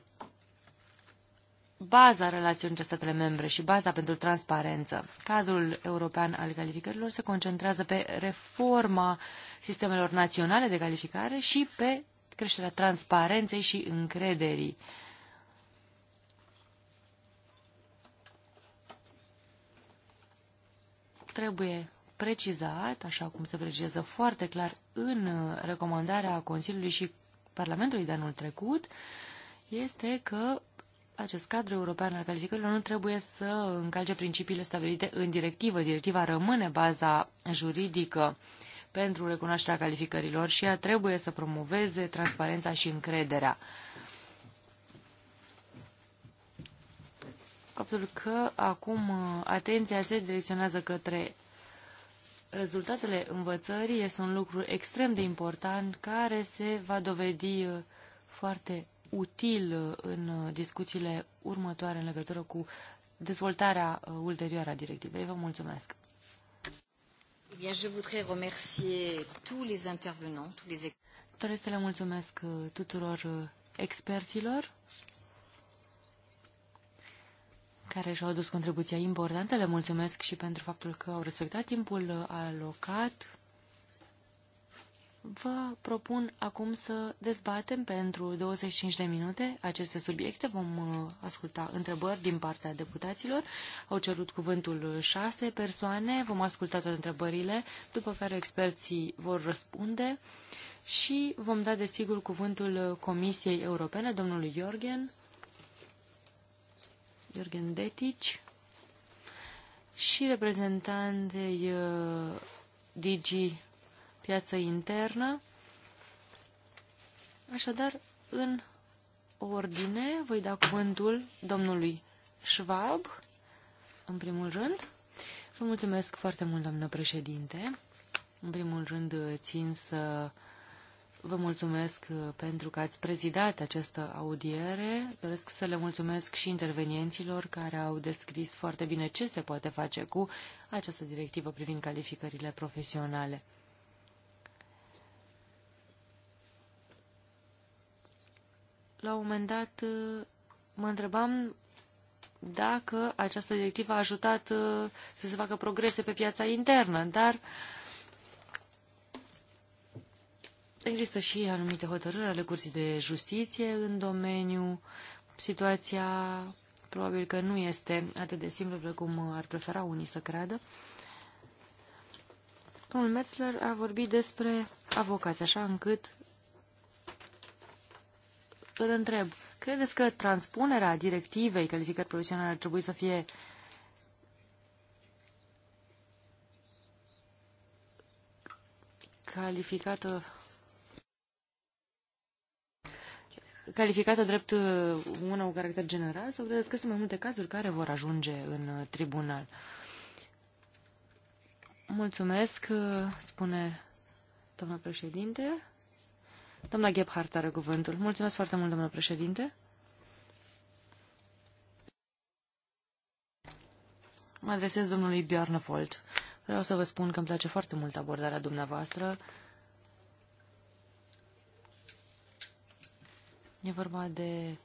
baza relației între statele membre și baza pentru transparență. Cazul european al calificărilor se concentrează pe reforma sistemelor naționale de calificare și pe creșterea transparenței și încrederii. Trebuie precizat, așa cum se precizează foarte clar în recomandarea Consiliului și Parlamentului de anul trecut, este că acest cadru european al calificărilor nu trebuie să încalce principiile stabilite în directivă. Directiva rămâne baza juridică pentru recunoașterea calificărilor și ea trebuie să promoveze transparența și încrederea. Faptul că acum uh, atenția se direcționează către rezultatele învățării este un lucru extrem de important care se va dovedi uh, foarte util uh, în uh, discuțiile următoare în legătură cu dezvoltarea uh, ulterioară a directivei. Vă mulțumesc! Eh bien, je voudrais remercier tous les intervenants, tous les... Doresc să le mulțumesc tuturor experților care și-au adus contribuția importantă. Le mulțumesc și pentru faptul că au respectat timpul alocat. Vă propun acum să dezbatem pentru 25 de minute aceste subiecte. Vom uh, asculta întrebări din partea deputaților. Au cerut cuvântul șase persoane. Vom asculta toate întrebările, după care experții vor răspunde și vom da, desigur, cuvântul Comisiei Europene, domnului Jorgen, Jorgen Detici și reprezentantei uh, DG piață internă. Așadar, în ordine, voi da cuvântul domnului Schwab, în primul rând. Vă mulțumesc foarte mult, doamnă președinte. În primul rând, țin să vă mulțumesc pentru că ați prezidat această audiere. Doresc să le mulțumesc și intervenienților care au descris foarte bine ce se poate face cu această directivă privind calificările profesionale. la un moment dat uh, mă întrebam dacă această directivă a ajutat uh, să se facă progrese pe piața internă, dar există și anumite hotărâri ale Curții de Justiție în domeniu. Situația probabil că nu este atât de simplă precum ar prefera unii să creadă. Domnul Metzler a vorbit despre avocați, așa încât îl întreb, credeți că transpunerea directivei calificări profesionale ar trebui să fie calificată calificată drept uh, una cu caracter general sau credeți că sunt mai multe cazuri care vor ajunge în uh, tribunal? Mulțumesc, uh, spune doamna președinte. Doamna Gebhardt are cuvântul. Mulțumesc foarte mult, domnule președinte. Mă adresez domnului Bjarnefold. Vreau să vă spun că îmi place foarte mult abordarea dumneavoastră. E vorba de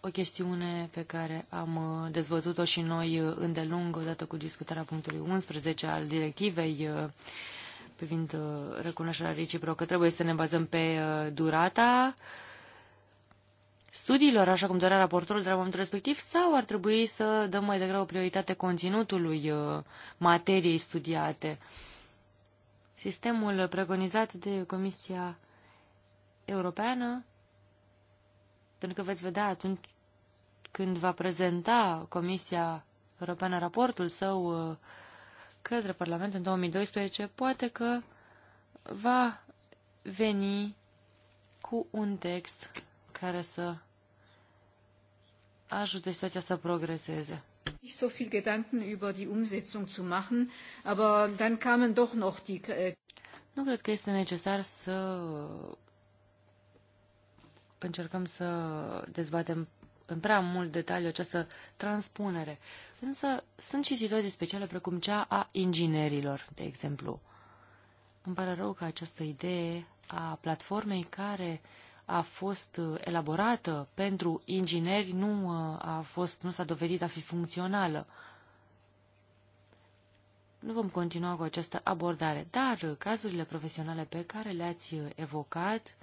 o chestiune pe care am uh, dezbătut-o și noi uh, îndelung odată cu discutarea punctului 11 al directivei uh, privind uh, recunoașterea reciprocă. Trebuie să ne bazăm pe uh, durata studiilor, așa cum dorea raportorul de la momentul respectiv, sau ar trebui să dăm mai degrabă prioritate conținutului uh, materiei studiate? Sistemul preconizat de Comisia Europeană, pentru că veți vedea atunci când va prezenta Comisia Europeană raportul său, către Parlament în 2012, poate că va veni cu un text care să ajute situația să progreseze. Nicht so viel Gedanken über die Umsetzung zu machen, aber dann kamen doch noch die äh, Nu cred că este necesar să încercăm să dezbatem în prea mult detaliu această transpunere. Însă sunt și situații speciale precum cea a inginerilor, de exemplu. Îmi pare rău că această idee a platformei care a fost uh, elaborată pentru ingineri nu uh, a fost, nu s-a dovedit a fi funcțională. Nu vom continua cu această abordare, dar cazurile profesionale pe care le-ați evocat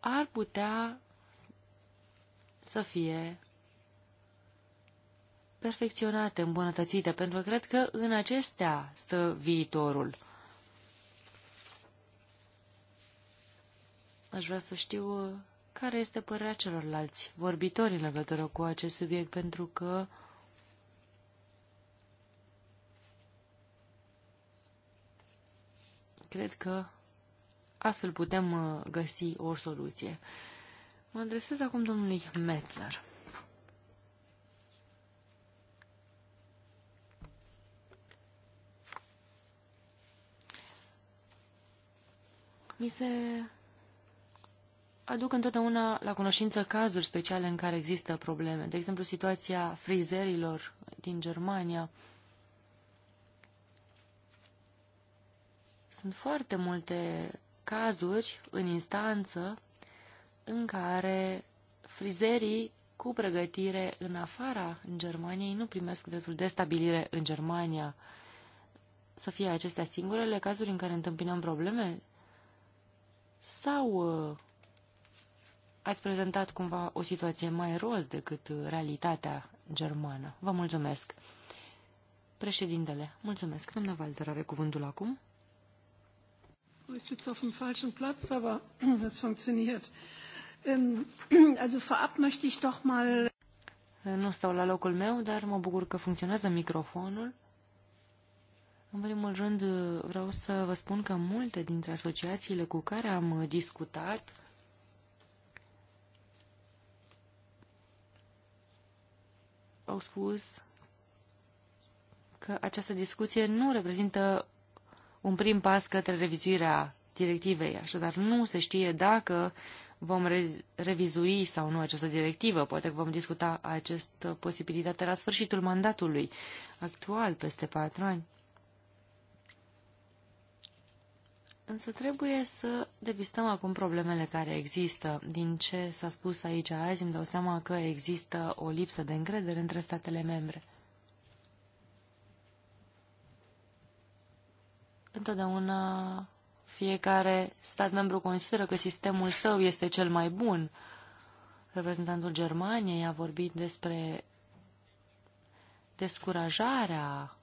ar putea să fie perfecționate, îmbunătățite, pentru că cred că în acestea stă viitorul. Aș vrea să știu uh, care este părerea celorlalți vorbitori în legătură cu acest subiect, pentru că cred că astfel putem uh, găsi o soluție. Mă adresez acum domnului Metzler. Mi se aduc întotdeauna la cunoștință cazuri speciale în care există probleme. De exemplu, situația frizerilor din Germania. Sunt foarte multe cazuri în instanță în care frizerii cu pregătire în afara în Germaniei nu primesc dreptul de stabilire în Germania. Să fie acestea singurele cazuri în care întâmpinăm probleme? Sau uh, ați prezentat cumva o situație mai roz decât uh, realitatea germană? Vă mulțumesc. Președintele, mulțumesc. Doamna Walter are cuvântul acum. Ich sitze auf dem falschen Platz, aber (clears throat) das funktioniert. Ähm, (clears throat) äh, nu stau la locul meu, dar mă bucur că funcționează microfonul. În primul rând, uh, vreau să vă spun că multe dintre asociațiile cu care am uh, discutat au spus că această discuție nu reprezintă un prim pas către revizuirea directivei, așadar nu se știe dacă vom re revizui sau nu această directivă. Poate că vom discuta această posibilitate la sfârșitul mandatului actual, peste patru ani. Însă trebuie să depistăm acum problemele care există. Din ce s-a spus aici azi, îmi dau seama că există o lipsă de încredere între statele membre. Întotdeauna fiecare stat membru consideră că sistemul său este cel mai bun. Reprezentantul Germaniei a vorbit despre descurajarea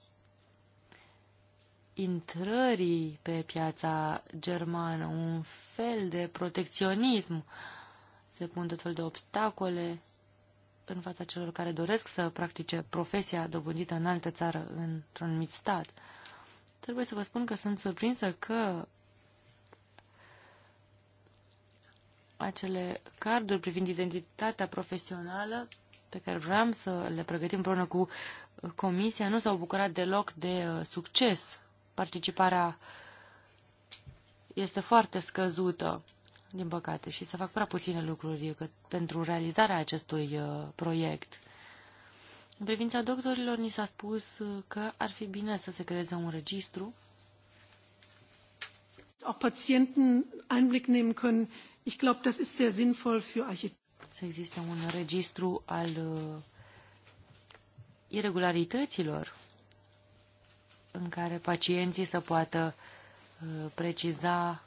intrării pe piața germană, un fel de protecționism. Se pun tot fel de obstacole în fața celor care doresc să practice profesia dobândită în altă țară, într-un anumit stat. Trebuie să vă spun că sunt surprinsă că acele carduri privind identitatea profesională pe care vreau să le pregătim împreună cu uh, Comisia nu s-au bucurat deloc de uh, succes. Participarea este foarte scăzută, din păcate, și se fac prea puține lucruri pentru realizarea acestui uh, proiect. În privința doctorilor, ni s-a spus că ar fi bine să se creeze un registru. Auch Patienten Einblick nehmen können Ich glaube, das ist sehr sinnvoll für Architekten. Să existe un registru al uh, irregularităților în care pacienții să poată uh, preciza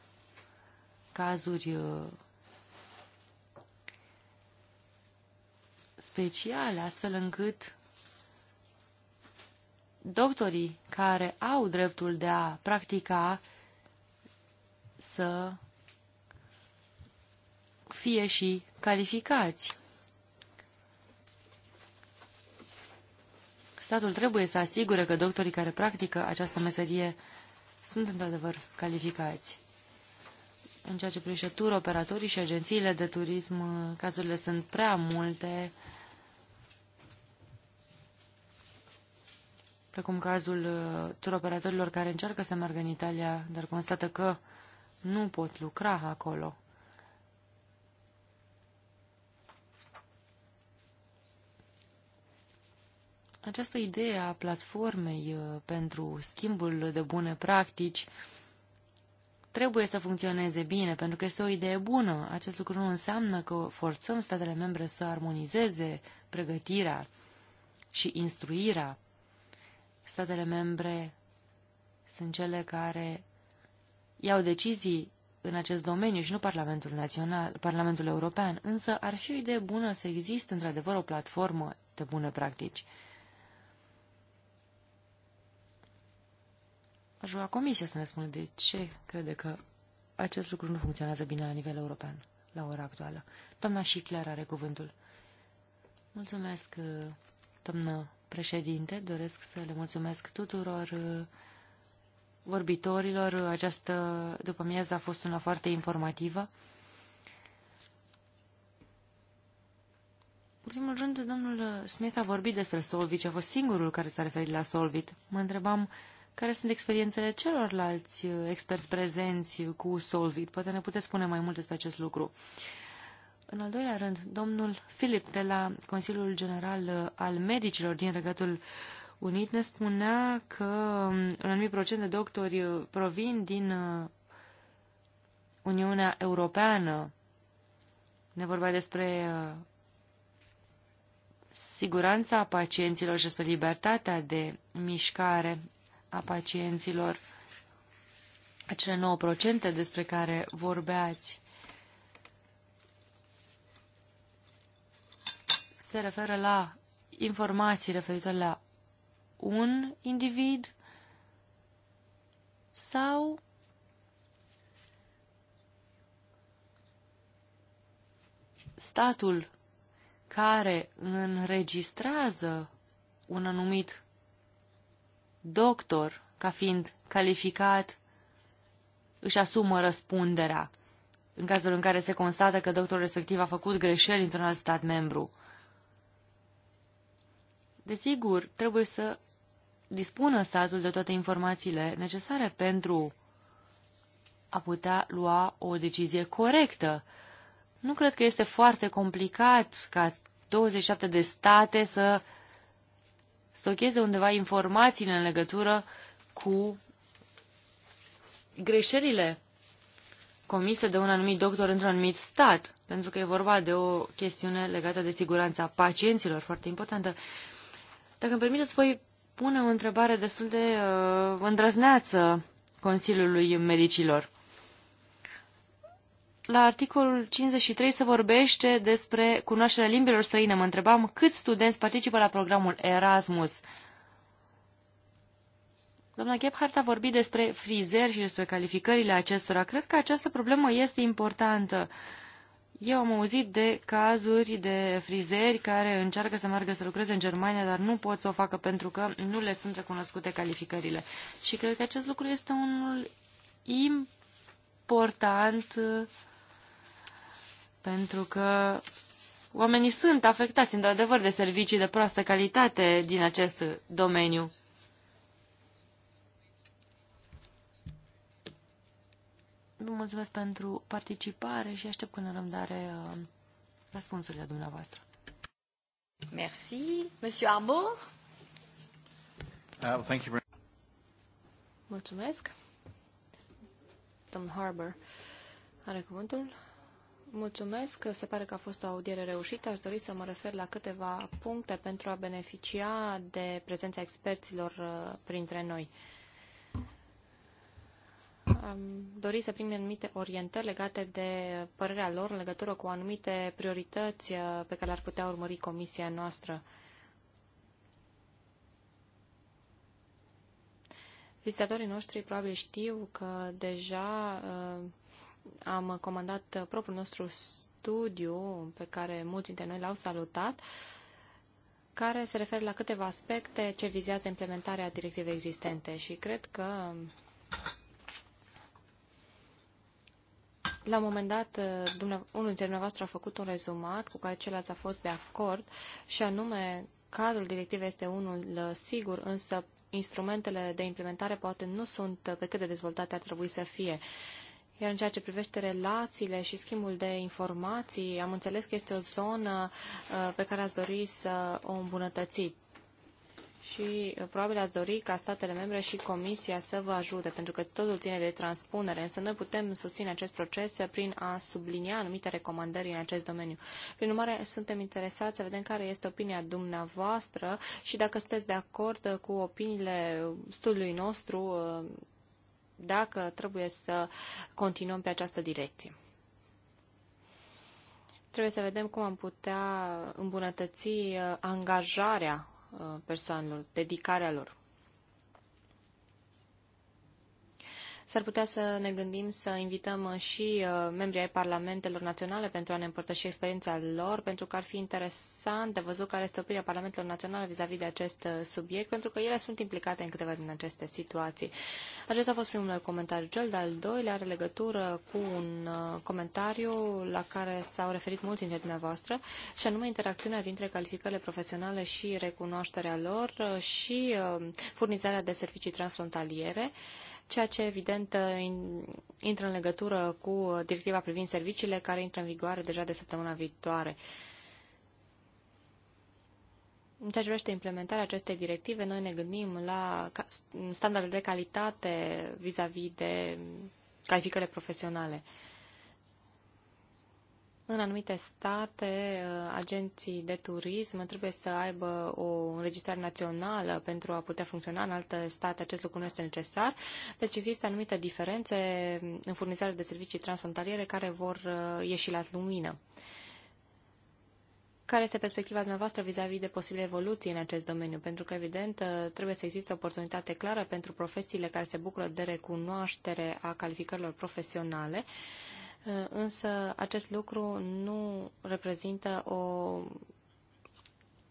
cazuri uh, speciale, astfel încât doctorii care au dreptul de a practica să fie și calificați. Statul trebuie să asigure că doctorii care practică această meserie sunt într-adevăr calificați. În ceea ce privește tur, operatorii și agențiile de turism, cazurile sunt prea multe, precum cazul uh, operatorilor care încearcă să meargă în Italia, dar constată că nu pot lucra acolo. Această idee a platformei uh, pentru schimbul de bune practici trebuie să funcționeze bine, pentru că este o idee bună. Acest lucru nu înseamnă că forțăm statele membre să armonizeze pregătirea și instruirea. Statele membre sunt cele care iau decizii în acest domeniu și nu Parlamentul, Național, Parlamentul European, însă ar fi o idee bună să existe într-adevăr o platformă de bune practici. Aș vrea Comisia să ne spună de ce crede că acest lucru nu funcționează bine la nivel european, la ora actuală. Doamna Schickler are cuvântul. Mulțumesc, doamnă președinte. Doresc să le mulțumesc tuturor uh, vorbitorilor. Această după a fost una foarte informativă. În primul rând, domnul Smith a vorbit despre Solvit și a fost singurul care s-a referit la Solvit. Mă întrebam uh, care sunt experiențele celorlalți uh, experți prezenți cu Solvit? Poate ne puteți spune mai mult despre acest lucru. În al doilea rând, domnul Filip de la Consiliul General uh, al Medicilor din Regatul Unit ne spunea că um, un anumit procent de doctori uh, provin din Uniunea Europeană. Ne vorbea despre siguranța pacienților și despre libertatea de mișcare a pacienților, acele 9% despre care vorbeați, se referă la informații referitoare la un individ sau statul care înregistrează un anumit doctor ca fiind calificat își asumă răspunderea în cazul în care se constată că doctorul respectiv a făcut greșeli într-un alt stat membru. Desigur, trebuie să dispună statul de toate informațiile necesare pentru a putea lua o decizie corectă. Nu cred că este foarte complicat ca 27 de state să stocheze undeva informațiile în legătură cu greșelile comise de un anumit doctor într-un anumit stat, pentru că e vorba de o chestiune legată de siguranța pacienților, foarte importantă. Dacă îmi permiteți, voi pune o întrebare destul de uh, îndrăzneață Consiliului Medicilor la articolul 53 se vorbește despre cunoașterea limbilor străine. Mă întrebam câți studenți participă la programul Erasmus. Doamna Gebhardt a vorbit despre frizeri și despre calificările acestora. Cred că această problemă este importantă. Eu am auzit de cazuri de frizeri care încearcă să meargă să lucreze în Germania, dar nu pot să o facă pentru că nu le sunt recunoscute calificările. Și cred că acest lucru este unul important pentru că oamenii sunt afectați, într-adevăr, de servicii de proastă calitate din acest domeniu. Vă mulțumesc pentru participare și aștept cu nerăbdare uh, răspunsurile dumneavoastră. Merci. Monsieur Arbour? Uh, thank you very Mulțumesc. Domnul Harbour are cuvântul. Mulțumesc, se pare că a fost o audiere reușită. Aș dori să mă refer la câteva puncte pentru a beneficia de prezența experților uh, printre noi. Am dorit să primim anumite orientări legate de părerea lor în legătură cu anumite priorități uh, pe care ar putea urmări comisia noastră. Vizitatorii noștri probabil știu că deja uh, am comandat propriul nostru studiu pe care mulți dintre noi l-au salutat, care se referă la câteva aspecte ce vizează implementarea directivei existente și cred că la un moment dat, unul dintre dumneavoastră a făcut un rezumat cu care celălalt a fost de acord și anume cadrul directivei este unul uh, sigur, însă instrumentele de implementare poate nu sunt uh, pe cât de dezvoltate ar trebui să fie. Uh, iar în ceea ce privește relațiile și schimbul de informații, am înțeles că este o zonă uh, pe care ați dori să o îmbunătățiți. Și uh, probabil ați dori ca statele membre și Comisia să vă ajute, pentru că totul ține de transpunere, însă noi putem susține acest proces prin a sublinia anumite recomandări în acest domeniu. Prin urmare, suntem interesați să vedem care este opinia dumneavoastră și dacă sunteți de acord cu opiniile studiului nostru uh, dacă trebuie să continuăm pe această direcție. Trebuie să vedem cum am putea îmbunătăți uh, angajarea uh, persoanelor, dedicarea lor. S-ar putea să ne gândim să invităm uh, și uh, membrii ai parlamentelor naționale pentru a ne împărtăși experiența lor, pentru că ar fi interesant de văzut care este opinia parlamentelor naționale vis-a-vis de acest uh, subiect, pentru că ele sunt implicate în câteva din aceste situații. Acesta a fost primul meu comentariu. Cel de-al doilea are legătură cu un comentariu la care s-au referit mulți dintre dumneavoastră, și anume interacțiunea dintre calificările profesionale și recunoașterea lor și furnizarea de servicii transfrontaliere ceea ce evident uh, intră în legătură cu uh, directiva privind serviciile care intră în vigoare deja de săptămâna viitoare. În ceea ce privește implementarea acestei directive, noi ne gândim la standarde de calitate vis-a-vis -vis de calificările profesionale. În anumite state, uh, agenții de turism trebuie să aibă o înregistrare națională pentru a putea funcționa. În alte state acest lucru nu este necesar. Deci există anumite diferențe în furnizarea de servicii transfrontaliere care vor uh, ieși la lumină. Care este perspectiva dumneavoastră vis-a-vis de posibile evoluții în acest domeniu? Pentru că, evident, uh, trebuie să existe oportunitate clară pentru profesiile care se bucură de recunoaștere a calificărilor profesionale însă acest lucru nu reprezintă o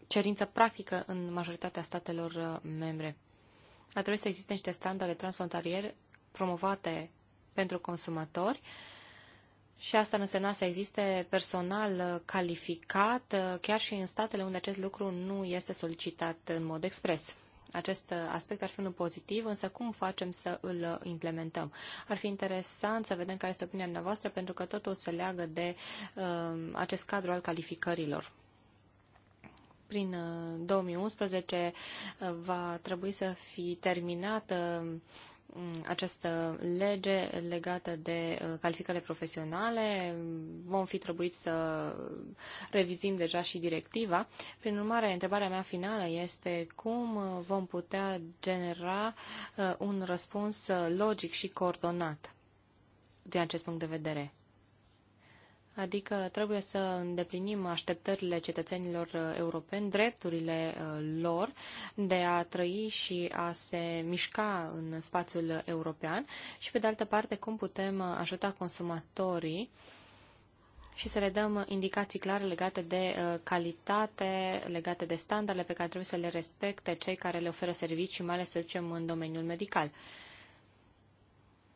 cerință practică în majoritatea statelor uh, membre. A trebuit să existe niște standarde transfrontaliere promovate pentru consumatori și asta nu însemna să existe personal uh, calificat, uh, chiar și în statele unde acest lucru nu este solicitat în mod expres. Acest uh, aspect ar fi unul pozitiv, însă cum facem să îl uh, implementăm? Ar fi interesant să vedem care este opinia noastră, pentru că totul se leagă de uh, acest cadru al calificărilor prin 2011 uh, va trebui să fi terminată această lege legată de uh, calificările profesionale. Vom fi trebuit să revizim deja și directiva. Prin urmare, întrebarea mea finală este cum uh, vom putea genera uh, un răspuns logic și coordonat din acest punct de vedere. Adică trebuie să îndeplinim așteptările cetățenilor uh, europeni, drepturile uh, lor de a trăi și a se mișca în spațiul european și, pe de altă parte, cum putem uh, ajuta consumatorii și să le dăm indicații clare legate de calitate, legate de standarde pe care trebuie să le respecte cei care le oferă servicii, mai ales, să zicem, în domeniul medical.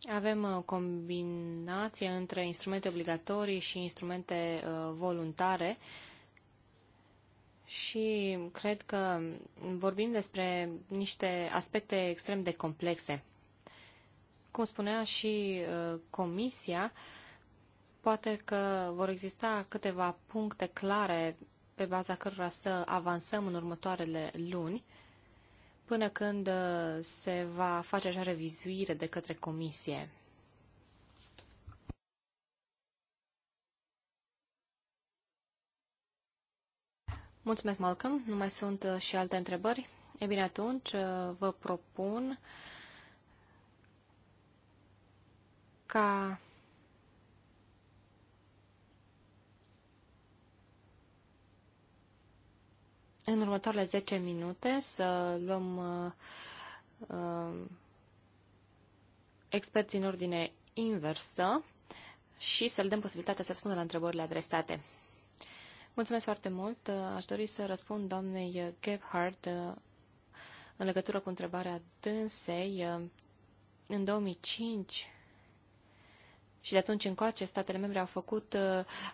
Avem o uh, combinație între instrumente obligatorii și instrumente uh, voluntare și cred că vorbim despre niște aspecte extrem de complexe. Cum spunea și uh, Comisia, poate că vor exista câteva puncte clare pe baza cărora să avansăm în următoarele luni până când uh, se va face așa revizuire de către comisie. Mulțumesc, Malcolm. Nu mai sunt uh, și alte întrebări? E bine, atunci uh, vă propun ca în următoarele 10 minute să luăm uh, uh, experții în ordine inversă și să le dăm posibilitatea să răspundă la întrebările adresate. Mulțumesc foarte mult. Uh, aș dori să răspund doamnei Gebhardt uh, în legătură cu întrebarea dânsei. Uh, în 2005 și de atunci încoace, statele membre au făcut uh,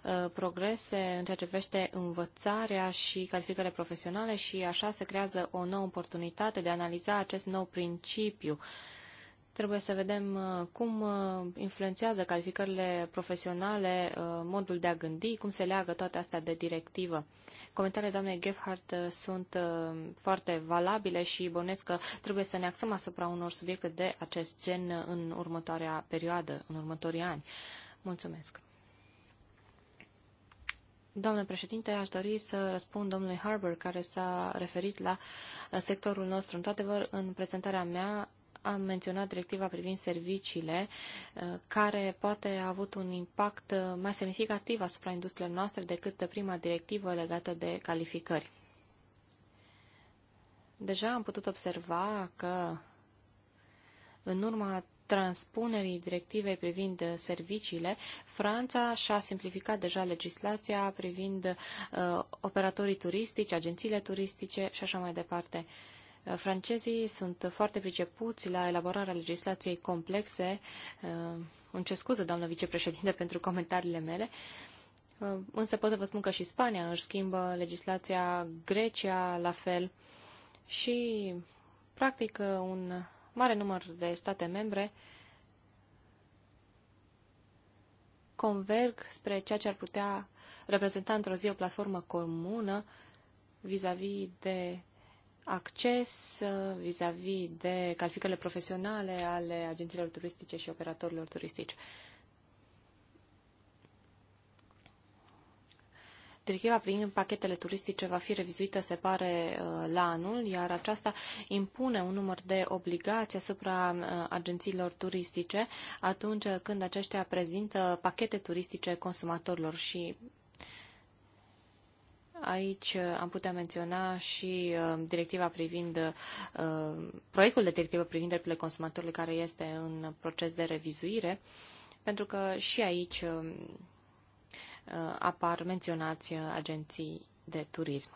uh, progrese în ceea ce privește învățarea și calificările profesionale și așa se creează o nouă oportunitate de a analiza acest nou principiu Trebuie să vedem uh, cum uh, influențează calificările profesionale uh, modul de a gândi, cum se leagă toate astea de directivă. Comentariile doamnei Gephardt sunt foarte valabile și bănesc că trebuie să ne axăm asupra unor subiecte de acest gen în următoarea perioadă, în următorii ani. Mulțumesc! Domnule președinte, aș dori să răspund domnului Harbour, care s-a referit la sectorul nostru. Într-adevăr, în prezentarea mea am menționat directiva privind serviciile, uh, care poate a avut un impact uh, mai semnificativ asupra industriei noastre decât prima directivă legată de calificări. Deja am putut observa că în urma transpunerii directivei privind uh, serviciile, Franța și-a simplificat deja legislația privind uh, operatorii turistici, agențiile turistice și așa mai departe. Uh, Uh, francezii sunt foarte pricepuți la elaborarea legislației complexe. Uh, îmi ce scuză, doamnă vicepreședinte, (laughs) pentru comentariile mele. Uh, însă pot să vă spun că și Spania își schimbă legislația, Grecia la fel și, practic, un mare număr de state membre converg spre ceea ce ar putea reprezenta într-o zi o platformă comună vis-a-vis -vis de acces uh, vis-a-vis -vis de calificările profesionale ale agențiilor turistice și operatorilor turistici. Directiva privind pachetele turistice va fi revizuită, se pare, uh, la anul, iar aceasta impune un număr de obligații asupra uh, agențiilor turistice atunci când aceștia prezintă pachete turistice consumatorilor și Aici uh, am putea menționa și uh, directiva privind uh, proiectul de directivă privind drepturile consumatorului care este în proces de revizuire, pentru că și aici apar menționați agenții de turism.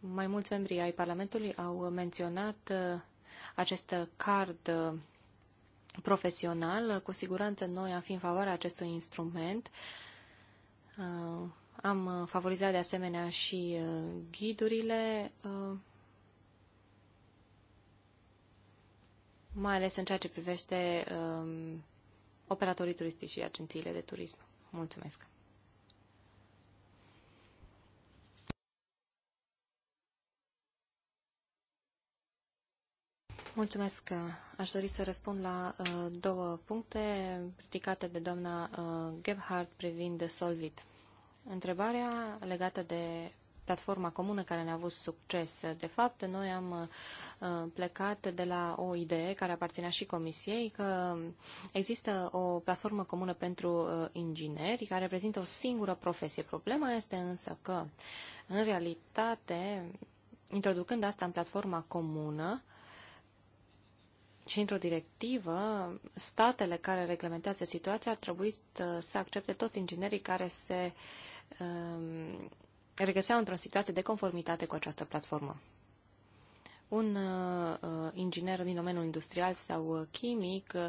Mai mulți membri ai Parlamentului au menționat acest card profesional. Cu siguranță noi am fi în favoarea acestui instrument. Uh, am favorizat de asemenea și uh, ghidurile, uh, mai ales în ceea ce privește um, operatorii turistici și agențiile de turism. Mulțumesc! Mulțumesc. Aș dori să răspund la uh, două puncte ridicate de doamna uh, Gebhardt privind Solvit. Întrebarea legată de platforma comună care ne-a avut succes. De fapt, noi am uh, plecat de la o idee care aparținea și Comisiei că există o platformă comună pentru ingineri care reprezintă o singură profesie. Problema este însă că, în realitate, introducând asta în platforma comună, și într-o directivă, statele care reglementează situația ar trebui să accepte toți inginerii care se um, regăseau într-o situație de conformitate cu această platformă. Un uh, uh inginer din domeniul industrial sau uh, chimic uh,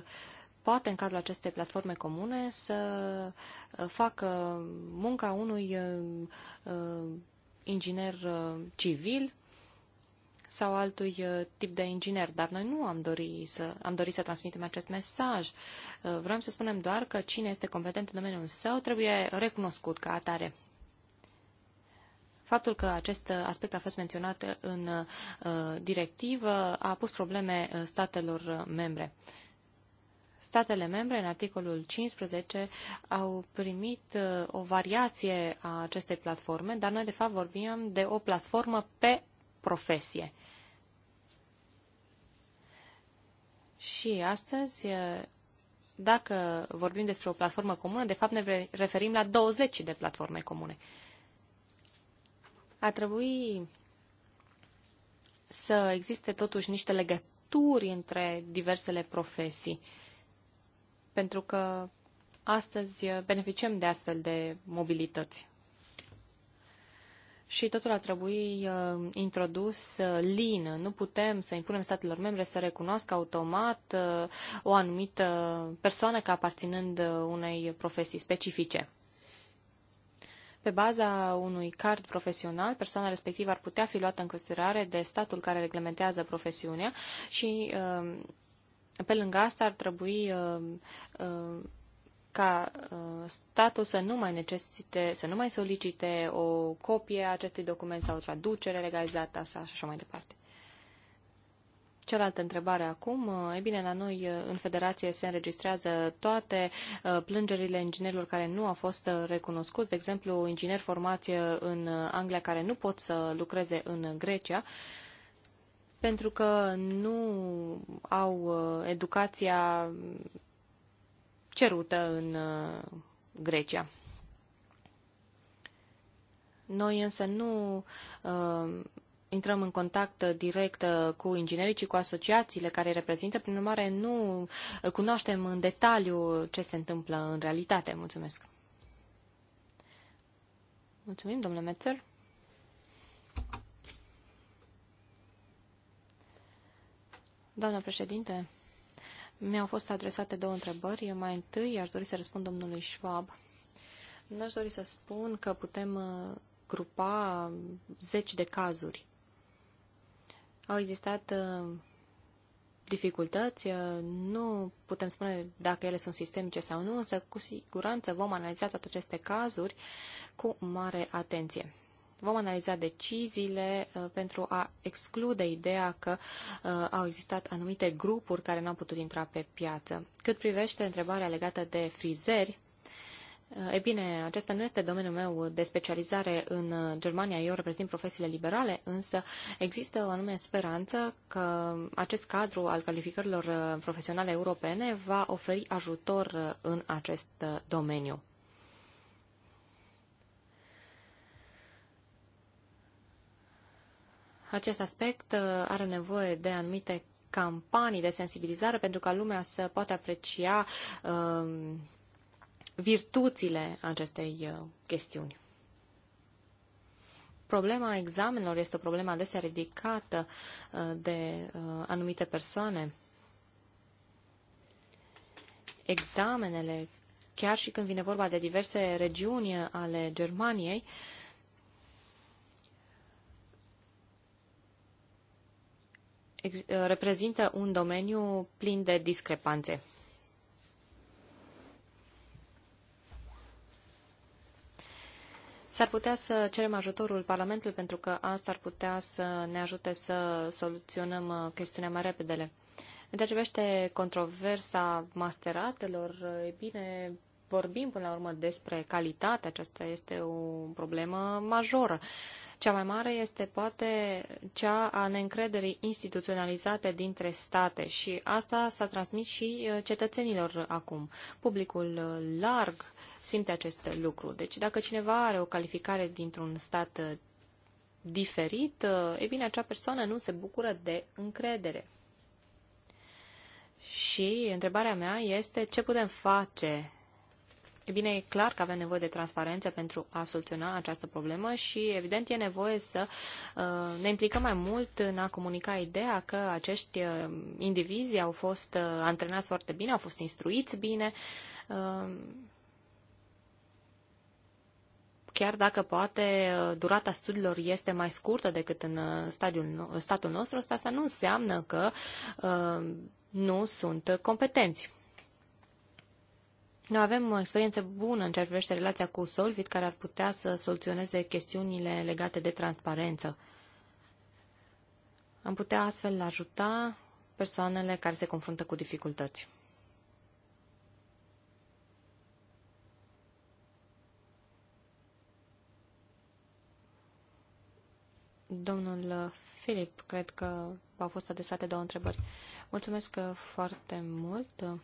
poate în cadrul acestei platforme comune să facă munca unui inginer civil sau altui uh, tip de inginer, dar noi nu am dorit să, am dorit să transmitem acest mesaj. Uh, vreau să spunem doar că cine este competent în domeniul său trebuie recunoscut ca atare. Faptul că acest aspect a fost menționat în uh, directivă a pus probleme statelor membre. Statele membre, în articolul 15, au primit o variație a acestei platforme, dar noi, de fapt, vorbim de o platformă pe profesie. Și astăzi, dacă vorbim despre o platformă comună, de fapt ne referim la 20 de platforme comune. Ar trebui să existe totuși niște legături între diversele profesii, pentru că astăzi beneficiem de astfel de mobilități și totul ar trebui uh, introdus uh, lin. Nu putem să impunem statelor membre să recunoască automat uh, o anumită persoană ca aparținând uh, unei profesii specifice. Pe baza unui card profesional, persoana respectivă ar putea fi luată în considerare de statul care reglementează profesiunea și, uh, pe lângă asta, ar trebui uh, ca uh, statul să nu mai necesite, să nu mai solicite o copie a acestui document sau o traducere legalizată sa și așa mai departe. Cealaltă întrebare acum, uh, e bine, la noi uh, în federație se înregistrează toate plângerile inginerilor care nu au fost recunoscuți, de exemplu, ingineri formați în Anglia care nu pot să lucreze în Grecia, pentru că nu au educația cerută în uh, Grecia. Noi însă nu uh, intrăm în contact direct uh, cu inginerii, ci cu asociațiile care îi reprezintă. Prin urmare, nu uh, cunoaștem în detaliu ce se întâmplă în realitate. Mulțumesc. Mulțumim, domnule Metzer. Doamna președinte, mi-au fost adresate două întrebări. Eu mai întâi aș dori să răspund domnului Schwab. N-aș dori să spun că putem uh, grupa zeci de cazuri. Au existat uh, dificultăți, uh, nu putem spune dacă ele sunt sistemice sau nu, însă cu siguranță vom analiza toate aceste cazuri cu mare atenție. Vom analiza deciziile uh, pentru a exclude ideea că uh, au existat anumite grupuri care nu au putut intra pe piață. Cât privește întrebarea legată de frizeri, uh, E bine, acesta nu este domeniul meu de specializare în Germania, eu reprezint profesiile liberale, însă există o anume speranță că acest cadru al calificărilor profesionale europene va oferi ajutor în acest domeniu. Acest aspect uh, are nevoie de anumite campanii de sensibilizare pentru ca lumea să poată aprecia um, virtuțile acestei uh, chestiuni. Problema examenelor este o problemă adesea ridicată uh, de anumite persoane. Examenele, chiar și când vine vorba de diverse regiuni ale Germaniei, uh, Uh, reprezintă un domeniu plin de discrepanțe. S-ar putea să cerem ajutorul Parlamentului pentru că asta ar putea să ne ajute să soluționăm uh, chestiunea mai repede. În ceea ce privește controversa masteratelor, uh, e bine, vorbim până la urmă despre calitate, aceasta este o problemă majoră. Cea mai mare este poate cea a neîncrederii instituționalizate dintre state și asta s-a transmis și uh, cetățenilor acum. Publicul uh, larg simte acest lucru. Deci dacă cineva are o calificare dintr-un stat uh, diferit, e bine, acea persoană nu se bucură de încredere. Și întrebarea mea este ce putem face E bine, e clar că avem nevoie de transparență pentru a soluționa această problemă și, evident, e nevoie să uh, ne implicăm mai mult în a comunica ideea că acești uh, indivizi au fost uh, antrenați foarte bine, au fost instruiți bine, chiar dacă poate durata studiilor este mai scurtă decât în stadiul, statul nostru, asta nu înseamnă că nu sunt competenți. Noi avem o experiență bună în ceea ce privește relația cu Solvit, care ar putea să soluționeze chestiunile legate de transparență. Am putea astfel ajuta persoanele care se confruntă cu dificultăți. Domnul Filip, cred că au fost adresate două întrebări. Mulțumesc foarte mult.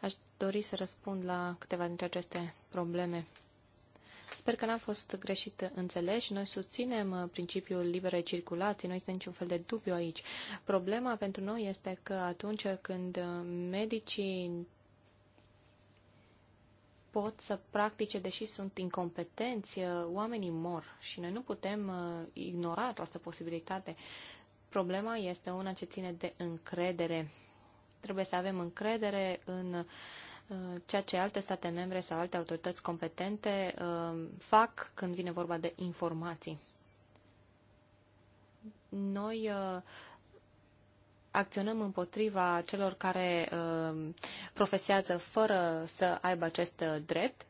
Aș dori să răspund la câteva dintre aceste probleme. Sper că n-am fost greșit înțeleși. Noi susținem uh, principiul liberei circulații, nu este niciun fel de dubiu aici. Problema pentru noi este că atunci când uh, medicii pot să practice, deși sunt incompetenți, uh, oamenii mor și noi nu putem ignora această posibilitate. Problema este una ce ține de încredere Trebuie să avem încredere în uh, ceea ce alte state membre sau alte autorități competente uh, fac când vine vorba de informații. Noi uh, acționăm împotriva celor care profesează fără să aibă acest drept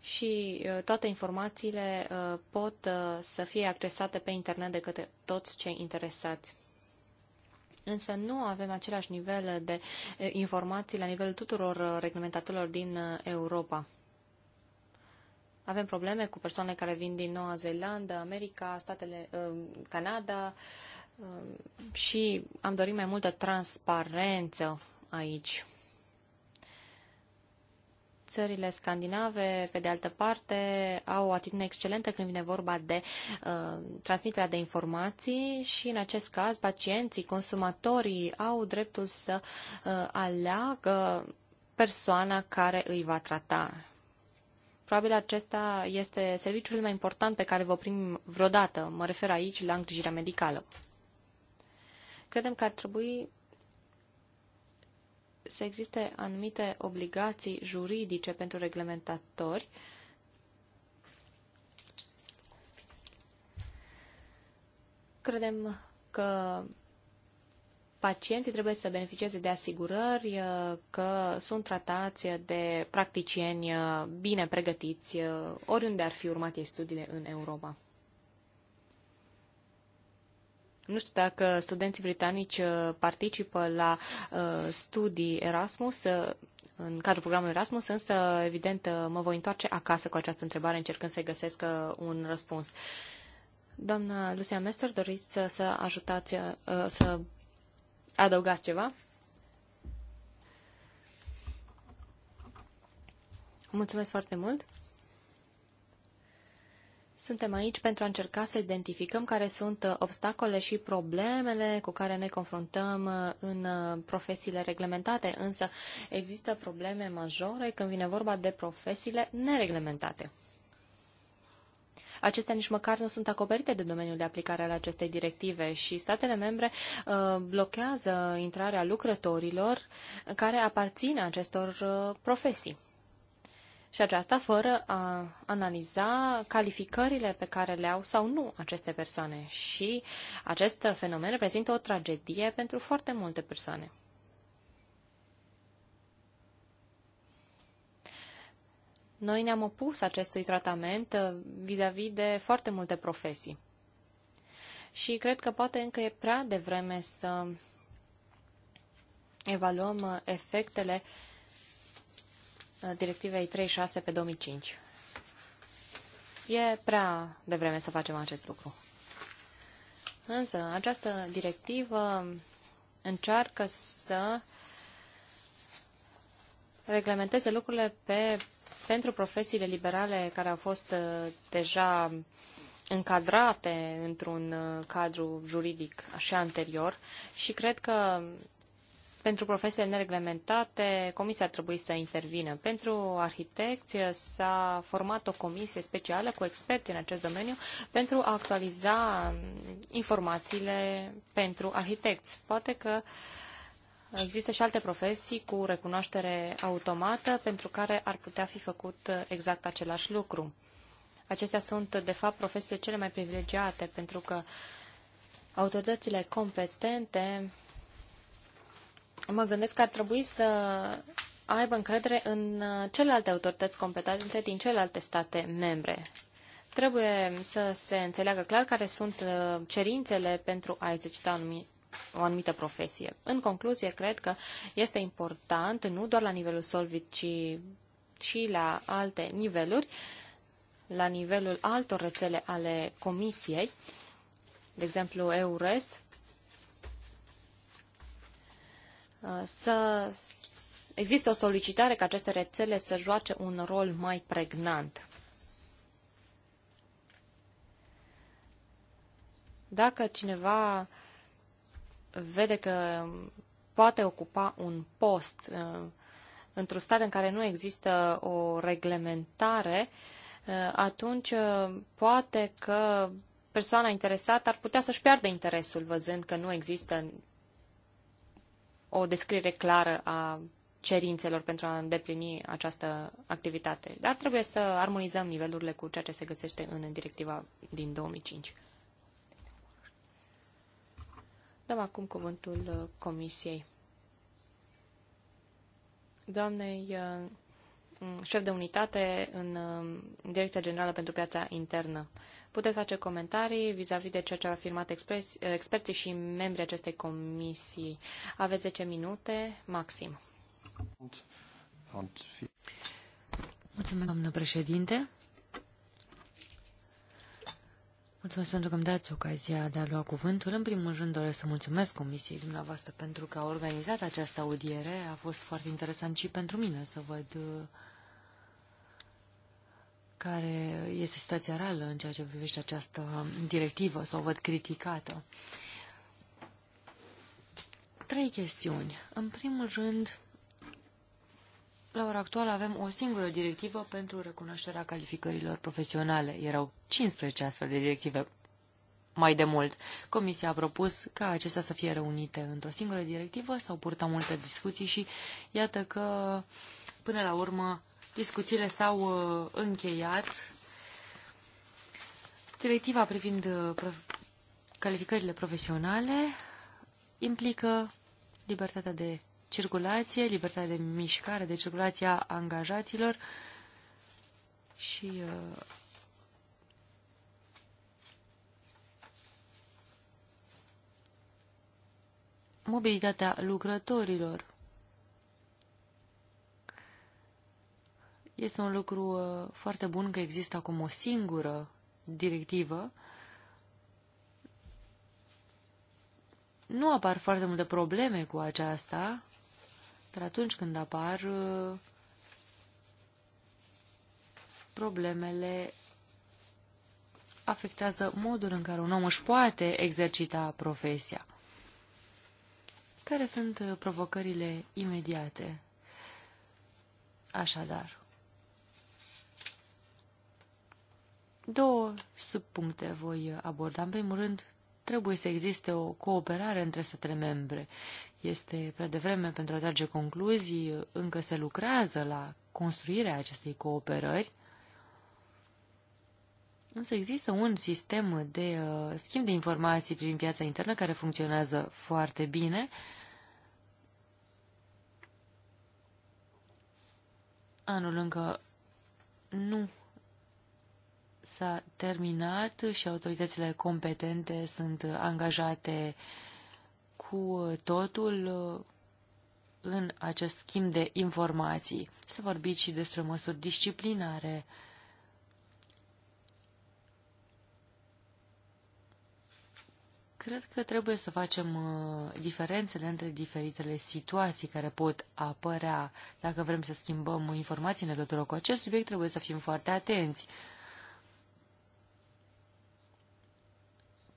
și toate informațiile pot să fie accesate pe internet de către toți cei interesați. Însă nu avem același nivel de informații la nivelul tuturor uh, reglementatorilor din uh, Europa. Avem probleme cu persoane care vin din Noua Zeelandă, America, Statele, uh, Canada și am dorit mai multă transparență aici. Țările scandinave, pe de altă parte, au o atitudine excelentă când vine vorba de uh, transmiterea de informații și, în acest caz, pacienții, consumatorii au dreptul să uh, aleagă persoana care îi va trata. Probabil acesta este serviciul mai important pe care vă primim vreodată. Mă refer aici la îngrijirea medicală. Credem că ar trebui să existe anumite obligații juridice pentru reglementatori Credem că pacienții trebuie să beneficieze de asigurări că sunt tratați de practicieni bine pregătiți oriunde ar fi urmat ei studiile în Europa. Nu știu dacă studenții britanici uh, participă la uh, studii Erasmus uh, în cadrul programului Erasmus, însă, evident, mă voi întoarce acasă cu această întrebare, încercând să-i găsesc un răspuns. Doamna Lucia Mester, doriți să, să ajutați, să adăugați ceva? Mulțumesc foarte mult! Suntem aici pentru a încerca să identificăm care sunt uh, obstacole și problemele cu care ne confruntăm uh, în uh, profesiile reglementate, însă există probleme majore când vine vorba de profesiile nereglementate. Acestea nici măcar nu sunt acoperite de domeniul de aplicare al acestei directive și statele membre blochează intrarea lucrătorilor care aparțin acestor profesii. Și aceasta fără a analiza calificările pe care le au sau nu aceste persoane. Și acest fenomen reprezintă o tragedie pentru foarte multe persoane. Noi ne-am opus acestui tratament uh, vis-a-vis -vis de foarte multe profesii. Și cred că poate încă e prea devreme să evaluăm uh, efectele uh, directivei 36 pe 2005. E prea devreme să facem acest lucru. Însă, această directivă încearcă să reglementeze lucrurile pe, pentru profesiile liberale care au fost uh, deja încadrate într-un uh, cadru juridic așa anterior și cred că pentru profesiile nereglementate, comisia ar trebui să intervină. Pentru arhitecți s-a format o comisie specială cu experți în acest domeniu pentru a actualiza um, informațiile pentru arhitecți. Poate că există și alte profesii cu recunoaștere automată pentru care ar putea fi făcut uh, exact același lucru. Acestea sunt, de fapt, profesiile cele mai privilegiate pentru că autoritățile competente mă gândesc că ar trebui să aibă încredere în uh, celelalte autorități competente din celelalte state membre. Trebuie să se înțeleagă clar care sunt uh, cerințele pentru a exercita o anumită profesie. În concluzie, cred că este important, nu doar la nivelul Solvit, ci și la alte niveluri, la nivelul altor rețele ale Comisiei, de exemplu EURES, să există o solicitare ca aceste rețele să joace un rol mai pregnant. Dacă cineva vede că poate ocupa un post uh, într-un stat în care nu există o reglementare, uh, atunci uh, poate că persoana interesată ar putea să-și piardă interesul văzând că nu există o descriere clară a cerințelor pentru a îndeplini această activitate. Dar trebuie să armonizăm nivelurile cu ceea ce se găsește în directiva din 2005. Dăm acum cuvântul uh, Comisiei. Doamnei uh, Mm, șef de unitate în mm, Direcția Generală pentru Piața Internă. Puteți face comentarii vis-a-vis -vis de ceea ce au afirmat expres, experții și membrii acestei comisii. Aveți 10 minute maxim. Mulțumesc, doamnă președinte. Mulțumesc pentru că îmi dați ocazia de a lua cuvântul. În primul rând doresc să mulțumesc Comisiei dumneavoastră pentru că a organizat această audiere. A fost foarte interesant și pentru mine să văd uh, care este situația reală în ceea ce privește această directivă sau o văd criticată. Trei chestiuni. În primul rând, la ora actuală avem o singură directivă pentru recunoașterea calificărilor profesionale. Erau 15 astfel de directive mai de mult. Comisia a propus ca acestea să fie reunite într-o singură directivă, s-au purtat multe discuții și iată că până la urmă Discuțiile s-au uh, încheiat. Directiva privind uh, calificările profesionale implică libertatea de circulație, libertatea de mișcare, de circulația angajaților și uh, mobilitatea lucrătorilor. Este un lucru uh, foarte bun că există acum o singură directivă. Nu apar foarte multe probleme cu aceasta, dar atunci când apar uh, problemele afectează modul în care un om își poate exercita profesia. Care sunt uh, provocările imediate? Așadar, Două subpuncte voi aborda. În primul rând, trebuie să existe o cooperare între statele membre. Este prea devreme pentru a trage concluzii, încă se lucrează la construirea acestei cooperări, însă există un sistem de uh, schimb de informații prin piața internă care funcționează foarte bine. Anul încă nu s-a terminat și autoritățile competente sunt angajate cu totul uh, în acest schimb de informații. Să vorbiți și despre măsuri disciplinare. Cred că trebuie să facem uh, diferențele între diferitele situații care pot apărea. Dacă vrem să schimbăm informații în legătură cu acest subiect, trebuie să fim foarte atenți.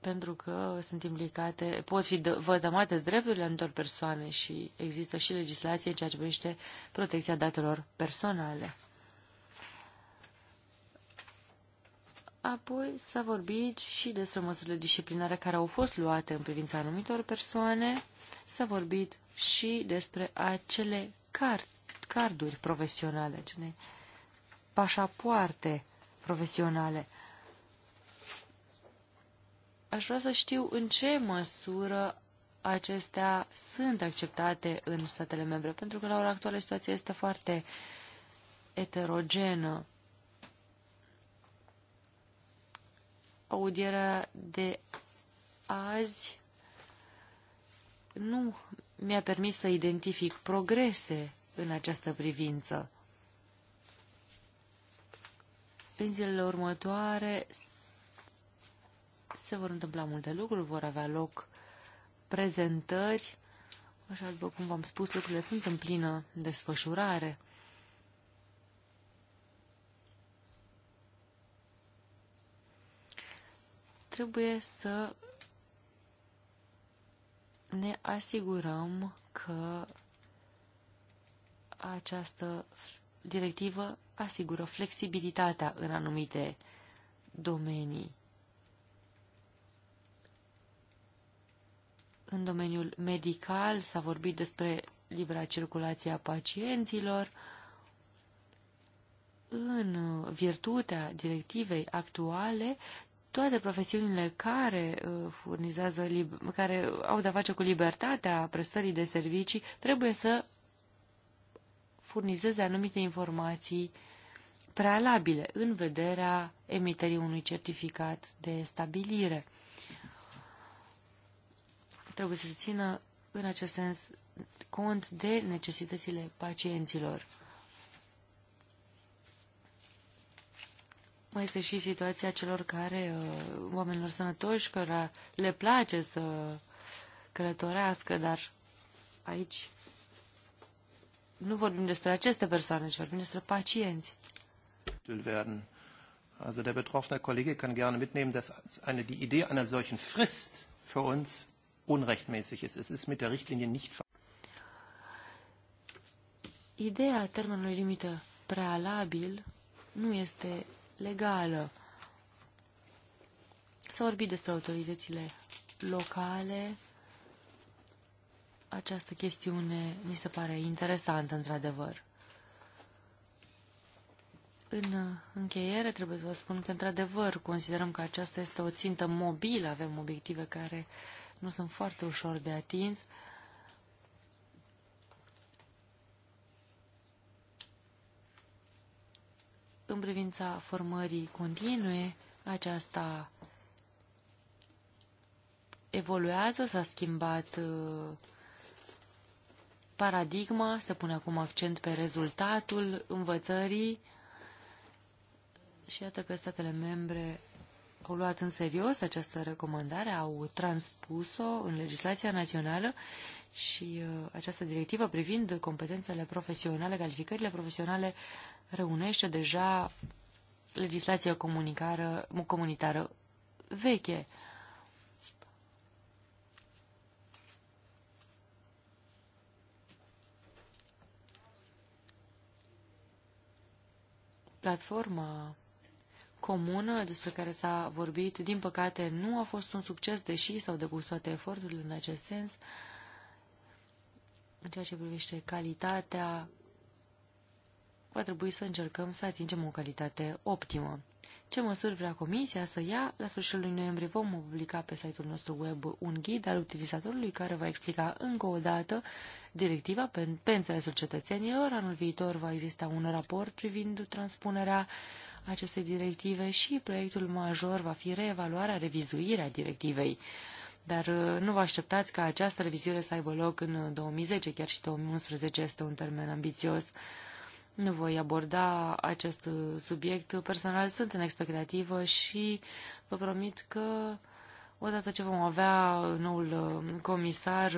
pentru că sunt implicate, pot fi vădămate drepturile anumitor persoane și există și legislație în ceea ce privește protecția datelor personale. Apoi s-a vorbit și despre măsurile disciplinare care au fost luate în privința anumitor persoane, s-a vorbit și despre acele card, carduri profesionale, acele pașapoarte profesionale aș vrea să știu în ce măsură acestea sunt acceptate în statele membre, pentru că la ora actuală situația este foarte eterogenă. Audierea de azi nu mi-a permis să identific progrese în această privință. În zilele următoare se vor întâmpla multe lucruri, vor avea loc prezentări, așa după cum v-am spus, lucrurile sunt în plină desfășurare. Trebuie să ne asigurăm că această directivă asigură flexibilitatea în anumite domenii. în domeniul medical, s-a vorbit despre libera circulație a pacienților. În virtutea directivei actuale, toate profesiunile care uh, furnizează, care au de-a face cu libertatea prestării de servicii, trebuie să furnizeze anumite informații prealabile în vederea emiterii unui certificat de stabilire trebuie să țină în acest sens cont de necesitățile pacienților. Mai este și situația celor care, uh, oamenilor sănătoși, care le place să călătorească, dar aici nu vorbim despre aceste persoane, ci vorbim despre pacienți. Also der betroffene Kollege kann gerne mitnehmen, dass eine, die Idee einer solchen Frist für uns unrechtmäßig ist. Es ist mit der Richtlinie nicht Ideea termenului limită prealabil nu este legală. S-a vorbit despre autoritățile locale. Această chestiune mi se pare interesantă, într-adevăr. În încheiere, trebuie să vă spun că, într-adevăr, considerăm că aceasta este o țintă mobilă. Avem obiective care uh, nu sunt foarte ușor de atins. În privința formării continue, aceasta evoluează, s-a schimbat uh, paradigma, se pune acum accent pe rezultatul învățării și iată că statele membre au luat în serios această recomandare, au transpus-o în legislația națională și uh, această directivă privind competențele profesionale, calificările profesionale, reunește deja legislația comunicară, comunitară veche. Platforma comună despre care s-a vorbit, din păcate, nu a fost un succes, deși s-au depus toate eforturile în acest sens, în ceea ce privește calitatea, va trebui să încercăm să atingem o calitate optimă. Ce măsuri vrea Comisia să ia? La sfârșitul lui noiembrie vom publica pe site-ul nostru web un ghid al utilizatorului care va explica încă o dată directiva pe, înțelesul cetățenilor. Anul viitor va exista un raport privind transpunerea acestei directive și proiectul major va fi reevaluarea, revizuirea directivei. Dar uh, nu vă așteptați ca această revizuire să aibă loc în 2010, uh, chiar și 2011 este un termen ambițios. Nu voi aborda acest uh, subiect. Personal sunt în expectativă și vă promit că odată ce vom avea noul comisar,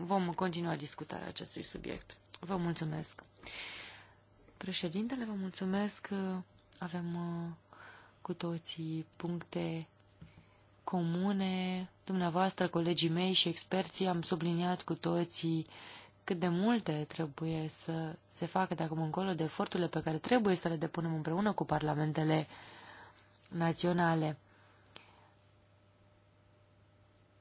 vom continua discutarea acestui subiect. Vă mulțumesc. Președintele, vă mulțumesc avem uh, cu toții puncte comune. Dumneavoastră, colegii mei și experții am subliniat cu toții cât de multe trebuie să se facă de acum încolo de eforturile pe care trebuie să le depunem împreună cu parlamentele naționale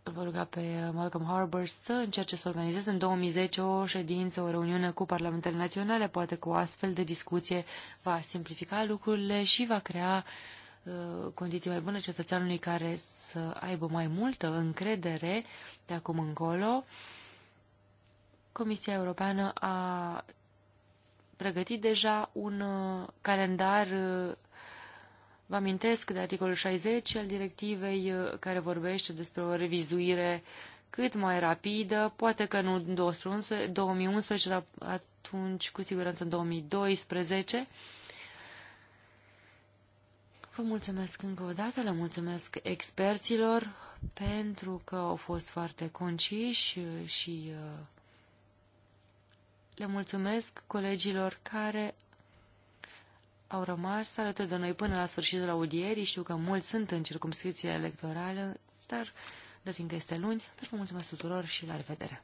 vă ruga pe uh, Malcolm Harbour să încerce să organizeze în 2010 o ședință, o reuniune cu parlamentele naționale. Poate cu o astfel de discuție va simplifica lucrurile și va crea uh, condiții mai bune cetățeanului care să aibă mai multă încredere de acum încolo. Comisia Europeană a pregătit deja un uh, calendar uh, Vă amintesc de articolul 60 al directivei uh, care vorbește despre o revizuire cât mai rapidă, poate că nu în 2011, dar atunci cu siguranță în 2012. Vă mulțumesc încă o dată, le mulțumesc experților pentru că au fost foarte conciși uh, și uh, le mulțumesc colegilor care au rămas alături de noi până la sfârșitul audierii. Știu că mulți sunt în circumscripție electorală, dar, de fiindcă este luni, vă mulțumesc tuturor și la revedere!